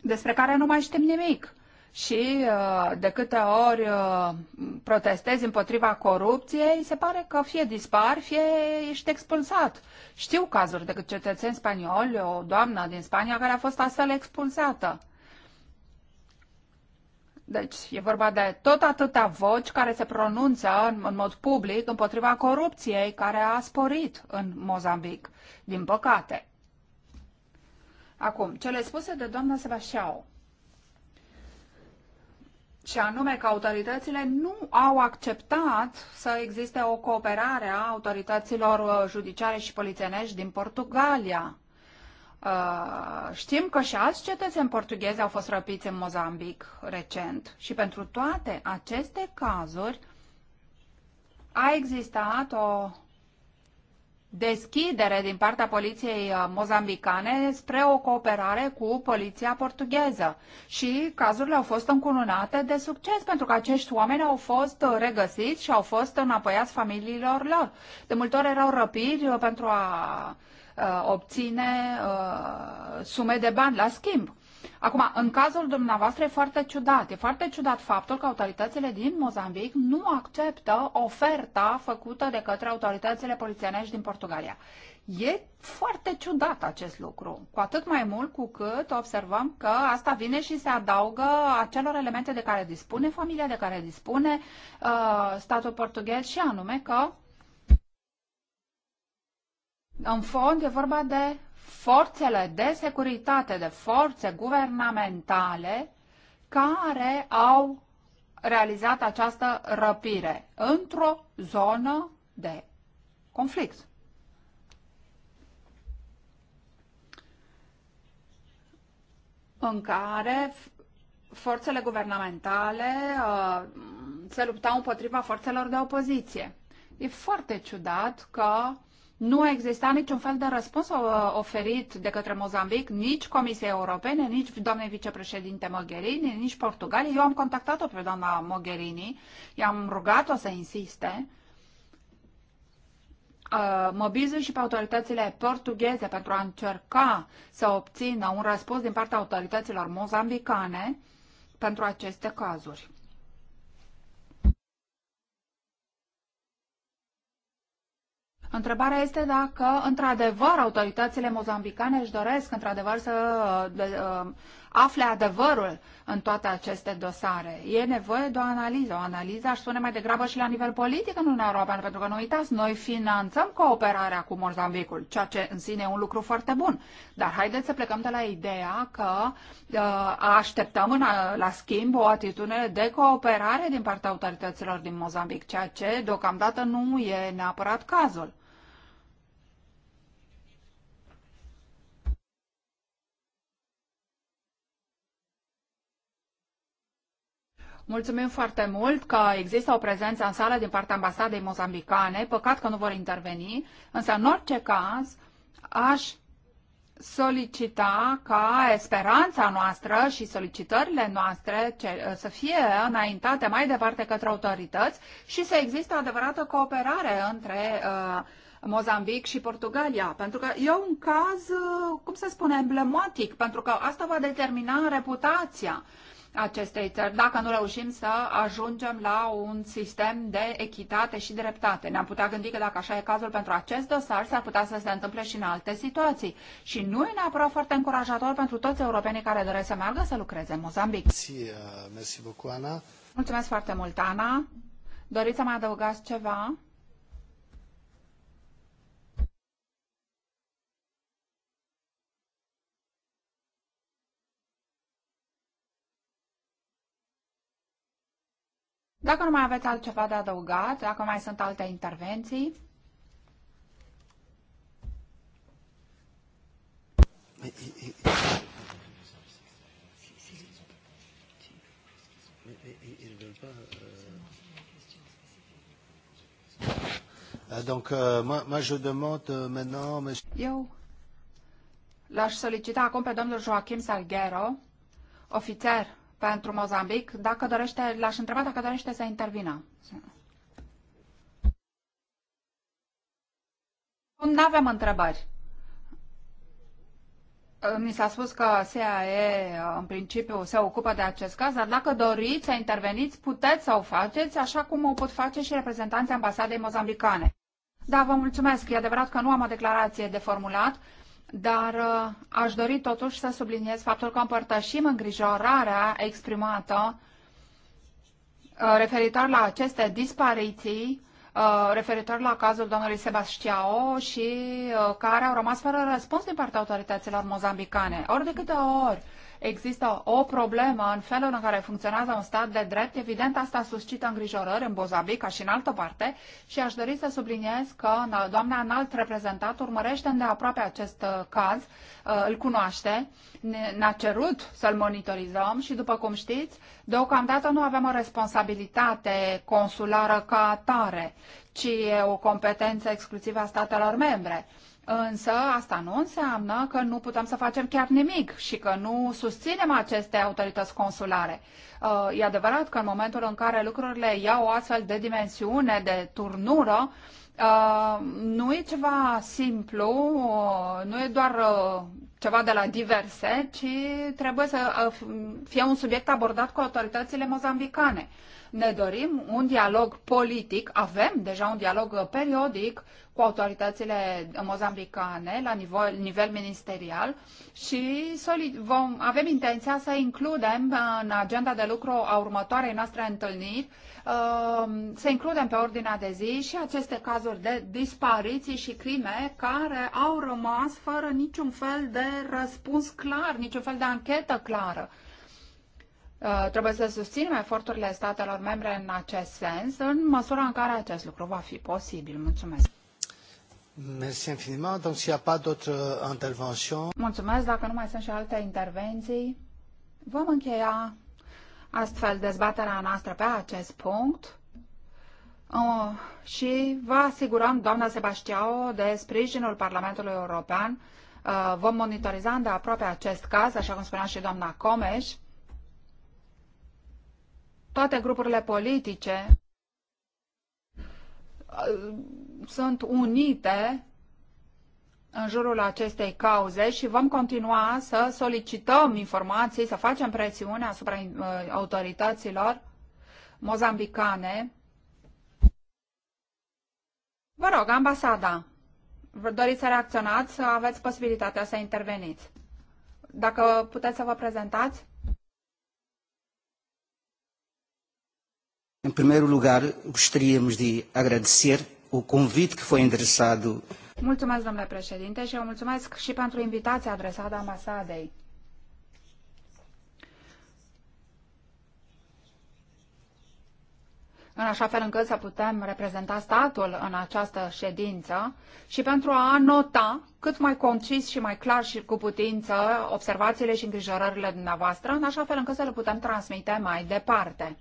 despre care nu mai știm nimic și uh, de câte ori uh, protestezi împotriva corupției, se pare că fie dispar, fie ești expulsat. Știu cazuri de cetățeni spanioli, o doamnă din Spania care a fost astfel expulsată. Deci e vorba de tot atâtea voci care se pronunță în, în mod public împotriva corupției care a sporit în Mozambic, din păcate. Acum, cele spuse de doamna Sebastiao și anume că autoritățile nu au acceptat să existe o cooperare a autorităților uh, judiciare și polițienești din Portugalia. Uh, știm că și alți cetățeni portughezi au fost răpiți în Mozambic recent și pentru toate aceste cazuri a existat o deschidere din partea poliției uh, mozambicane spre o cooperare cu poliția portugheză. Și cazurile au fost încununate de succes, pentru că acești oameni au fost uh, regăsiți și au fost înapoiați familiilor lor. De multe ori erau răpiri uh, pentru a obține sume de bani la schimb. Acum, în cazul dumneavoastră e foarte ciudat. E foarte ciudat faptul că autoritățile din Mozambic nu acceptă oferta făcută de către autoritățile polițienești din Portugalia. E foarte ciudat acest lucru, cu atât mai mult cu cât observăm că asta vine și se adaugă acelor elemente de care dispune familia, de care dispune uh, statul portughez și anume că în fond e vorba de forțele de securitate, de forțe guvernamentale care au realizat această răpire într-o zonă de conflict. În care forțele guvernamentale uh, se luptau împotriva forțelor de opoziție. E foarte ciudat că nu exista niciun fel de răspuns uh, oferit de către Mozambic, nici Comisiei Europene, nici doamne vicepreședinte Mogherini, nici Portugalia. Eu am contactat-o pe doamna Mogherini, i-am rugat-o să insiste. Uh, mă și pe autoritățile portugheze pentru a încerca să obțină un răspuns din partea autorităților mozambicane pentru aceste cazuri. Întrebarea este dacă, într-adevăr, autoritățile mozambicane își doresc, într-adevăr, să uh, afle adevărul în toate aceste dosare. E nevoie de o analiză. O analiză, aș spune mai degrabă, și la nivel politic în Uniunea Europeană, pentru că nu uitați, noi finanțăm cooperarea cu Mozambicul, ceea ce în sine e un lucru foarte bun. Dar haideți să plecăm de la ideea că uh, așteptăm în, la schimb o atitudine de cooperare din partea autorităților din Mozambic, ceea ce deocamdată nu e neapărat cazul. Mulțumim foarte mult că există o prezență în sală din partea ambasadei mozambicane. Păcat că nu vor interveni, însă în orice caz aș solicita ca speranța noastră și solicitările noastre să fie înaintate mai departe către autorități și să existe adevărată cooperare între uh, Mozambic și Portugalia, pentru că e un caz, uh, cum să spune, emblematic, pentru că asta va determina reputația acestei țări dacă nu reușim să ajungem la un sistem de echitate și dreptate. Ne-am putea gândi că dacă așa e cazul pentru acest dosar, s-ar putea să se întâmple și în alte situații. Și nu e neapărat foarte încurajator pentru toți europenii care doresc să meargă să lucreze în Mozambic. Uh, Mulțumesc foarte mult, Ana. Doriți să mai adăugați ceva? Dacă nu mai aveți altceva de adăugat, dacă mai sunt alte intervenții. Euh, euh, euh, Eu l-aș solicita acum pe domnul Joachim Salghero, ofițer pentru Mozambic. Dacă dorește, l-aș întreba dacă dorește să intervină. Nu avem întrebări. Mi s-a spus că SAE în principiu se ocupă de acest caz, dar dacă doriți să interveniți, puteți să o faceți, așa cum o pot face și reprezentanții ambasadei mozambicane. Da, vă mulțumesc. E adevărat că nu am o declarație de formulat, dar uh, aș dori totuși să subliniez faptul că împărtășim îngrijorarea exprimată uh, referitor la aceste dispariții, uh, referitor la cazul domnului Sebastiao și care au rămas fără răspuns din partea autorităților mozambicane. Ori de câte ori există o problemă în felul în care funcționează un stat de drept, evident asta suscită îngrijorări în Bozabic ca și în altă parte și aș dori să subliniez că doamna înalt reprezentat urmărește îndeaproape acest uh, caz, uh, îl cunoaște, ne-a cerut să-l monitorizăm și după cum știți, deocamdată nu avem o responsabilitate consulară ca atare, ci e o competență exclusivă a statelor membre. Însă asta nu înseamnă că nu putem să facem chiar nimic și că nu susținem aceste autorități consulare. Uh, e adevărat că în momentul în care lucrurile iau o astfel de dimensiune, de turnură, uh, nu e ceva simplu, uh, nu e doar ceva de la diverse, ci trebuie să fie un subiect abordat cu autoritățile mozambicane. Ne dorim un dialog politic, avem deja un dialog uh, periodic cu autoritățile mozambicane la nivel, nivel ministerial și solid, vom, avem intenția să includem uh, în agenda de lucru a următoarei noastre întâlniri, uh, să includem pe ordinea de zi și aceste cazuri de dispariții și crime care au rămas fără niciun fel de răspuns clar, niciun fel de anchetă clară. Uh, trebuie să susținem eforturile statelor membre în acest sens, în măsura în care acest lucru va fi posibil. Mulțumesc! Merci infiniment. Donc, s'il n'y a pas d'autres euh, interventions. Mulțumesc. Dacă nu mai sunt și alte intervenții, vom încheia astfel dezbaterea noastră pe acest punct. Oh, și vă asigurăm, doamna Sebastiao, de sprijinul Parlamentului European. Uh, vom monitoriza de aproape acest caz, așa cum spunea și doamna Comeș toate grupurile politice uh, sunt unite în jurul acestei cauze și vom continua să solicităm informații, să facem presiune asupra uh, autorităților mozambicane. Vă rog, ambasada, vă doriți să reacționați, aveți posibilitatea să interveniți. Dacă puteți să vă prezentați? Em primeiro lugar, gostaríamos de agradecer o convite que foi endereçado. Mulțumesc, domnule președinte, și eu mulțumesc și pentru invitația adresată ambasadei. în așa fel încât să putem reprezenta statul în această ședință și pentru a nota cât mai concis și mai clar și cu putință observațiile și îngrijorările dumneavoastră, în așa fel încât să le putem transmite mai departe.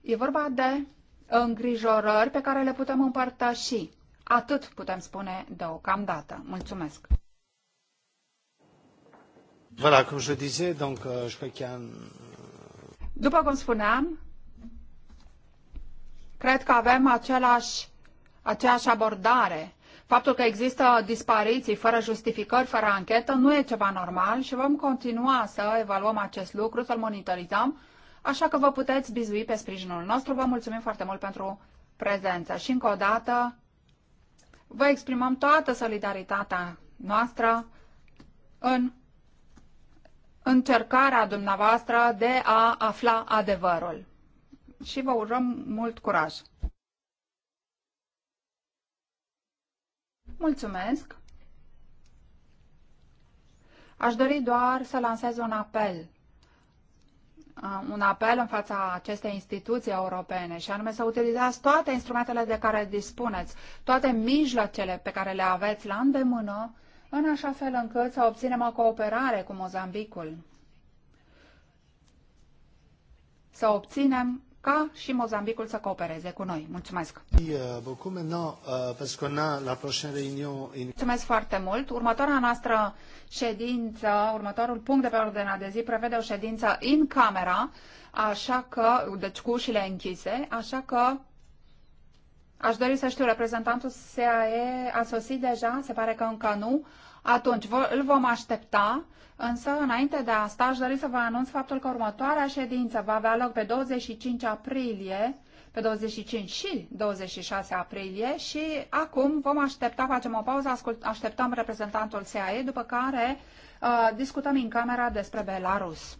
E vorba de îngrijorări pe care le putem împărtăși. Atât putem spune deocamdată. Mulțumesc! Voilà, cum je disais, donc, euh, je crois qu'il y a un... Euh, După cum spuneam, cred că avem același, aceeași abordare. Faptul că există dispariții fără justificări, fără anchetă, nu e ceva normal și vom continua să evaluăm acest lucru, să-l monitorizăm Așa că vă puteți bizui pe sprijinul nostru. Vă mulțumim foarte mult pentru prezență și încă o dată vă exprimăm toată solidaritatea noastră în încercarea dumneavoastră de a afla adevărul. Și vă urăm mult curaj! Mulțumesc! Aș dori doar să lansez un apel Uh, un apel în fața acestei instituții europene și anume să utilizați toate instrumentele de care dispuneți, toate mijloacele pe care le aveți la îndemână, în așa fel încât să obținem o cooperare cu Mozambicul. Să obținem ca și Mozambicul să coopereze cu noi. Mulțumesc! Mulțumesc foarte mult! Următoarea noastră ședință, următorul punct de pe ordinea de zi prevede o ședință în camera, așa că, deci cu ușile închise, așa că aș dori să știu, reprezentantul SAE a sosit deja, se pare că încă nu, atunci îl vom aștepta, însă înainte de asta aș dori să vă anunț faptul că următoarea ședință va avea loc pe 25 aprilie, pe 25 și 26 aprilie și acum vom aștepta, facem o pauză, ascult, așteptăm reprezentantul CIA, după care uh, discutăm în camera despre Belarus.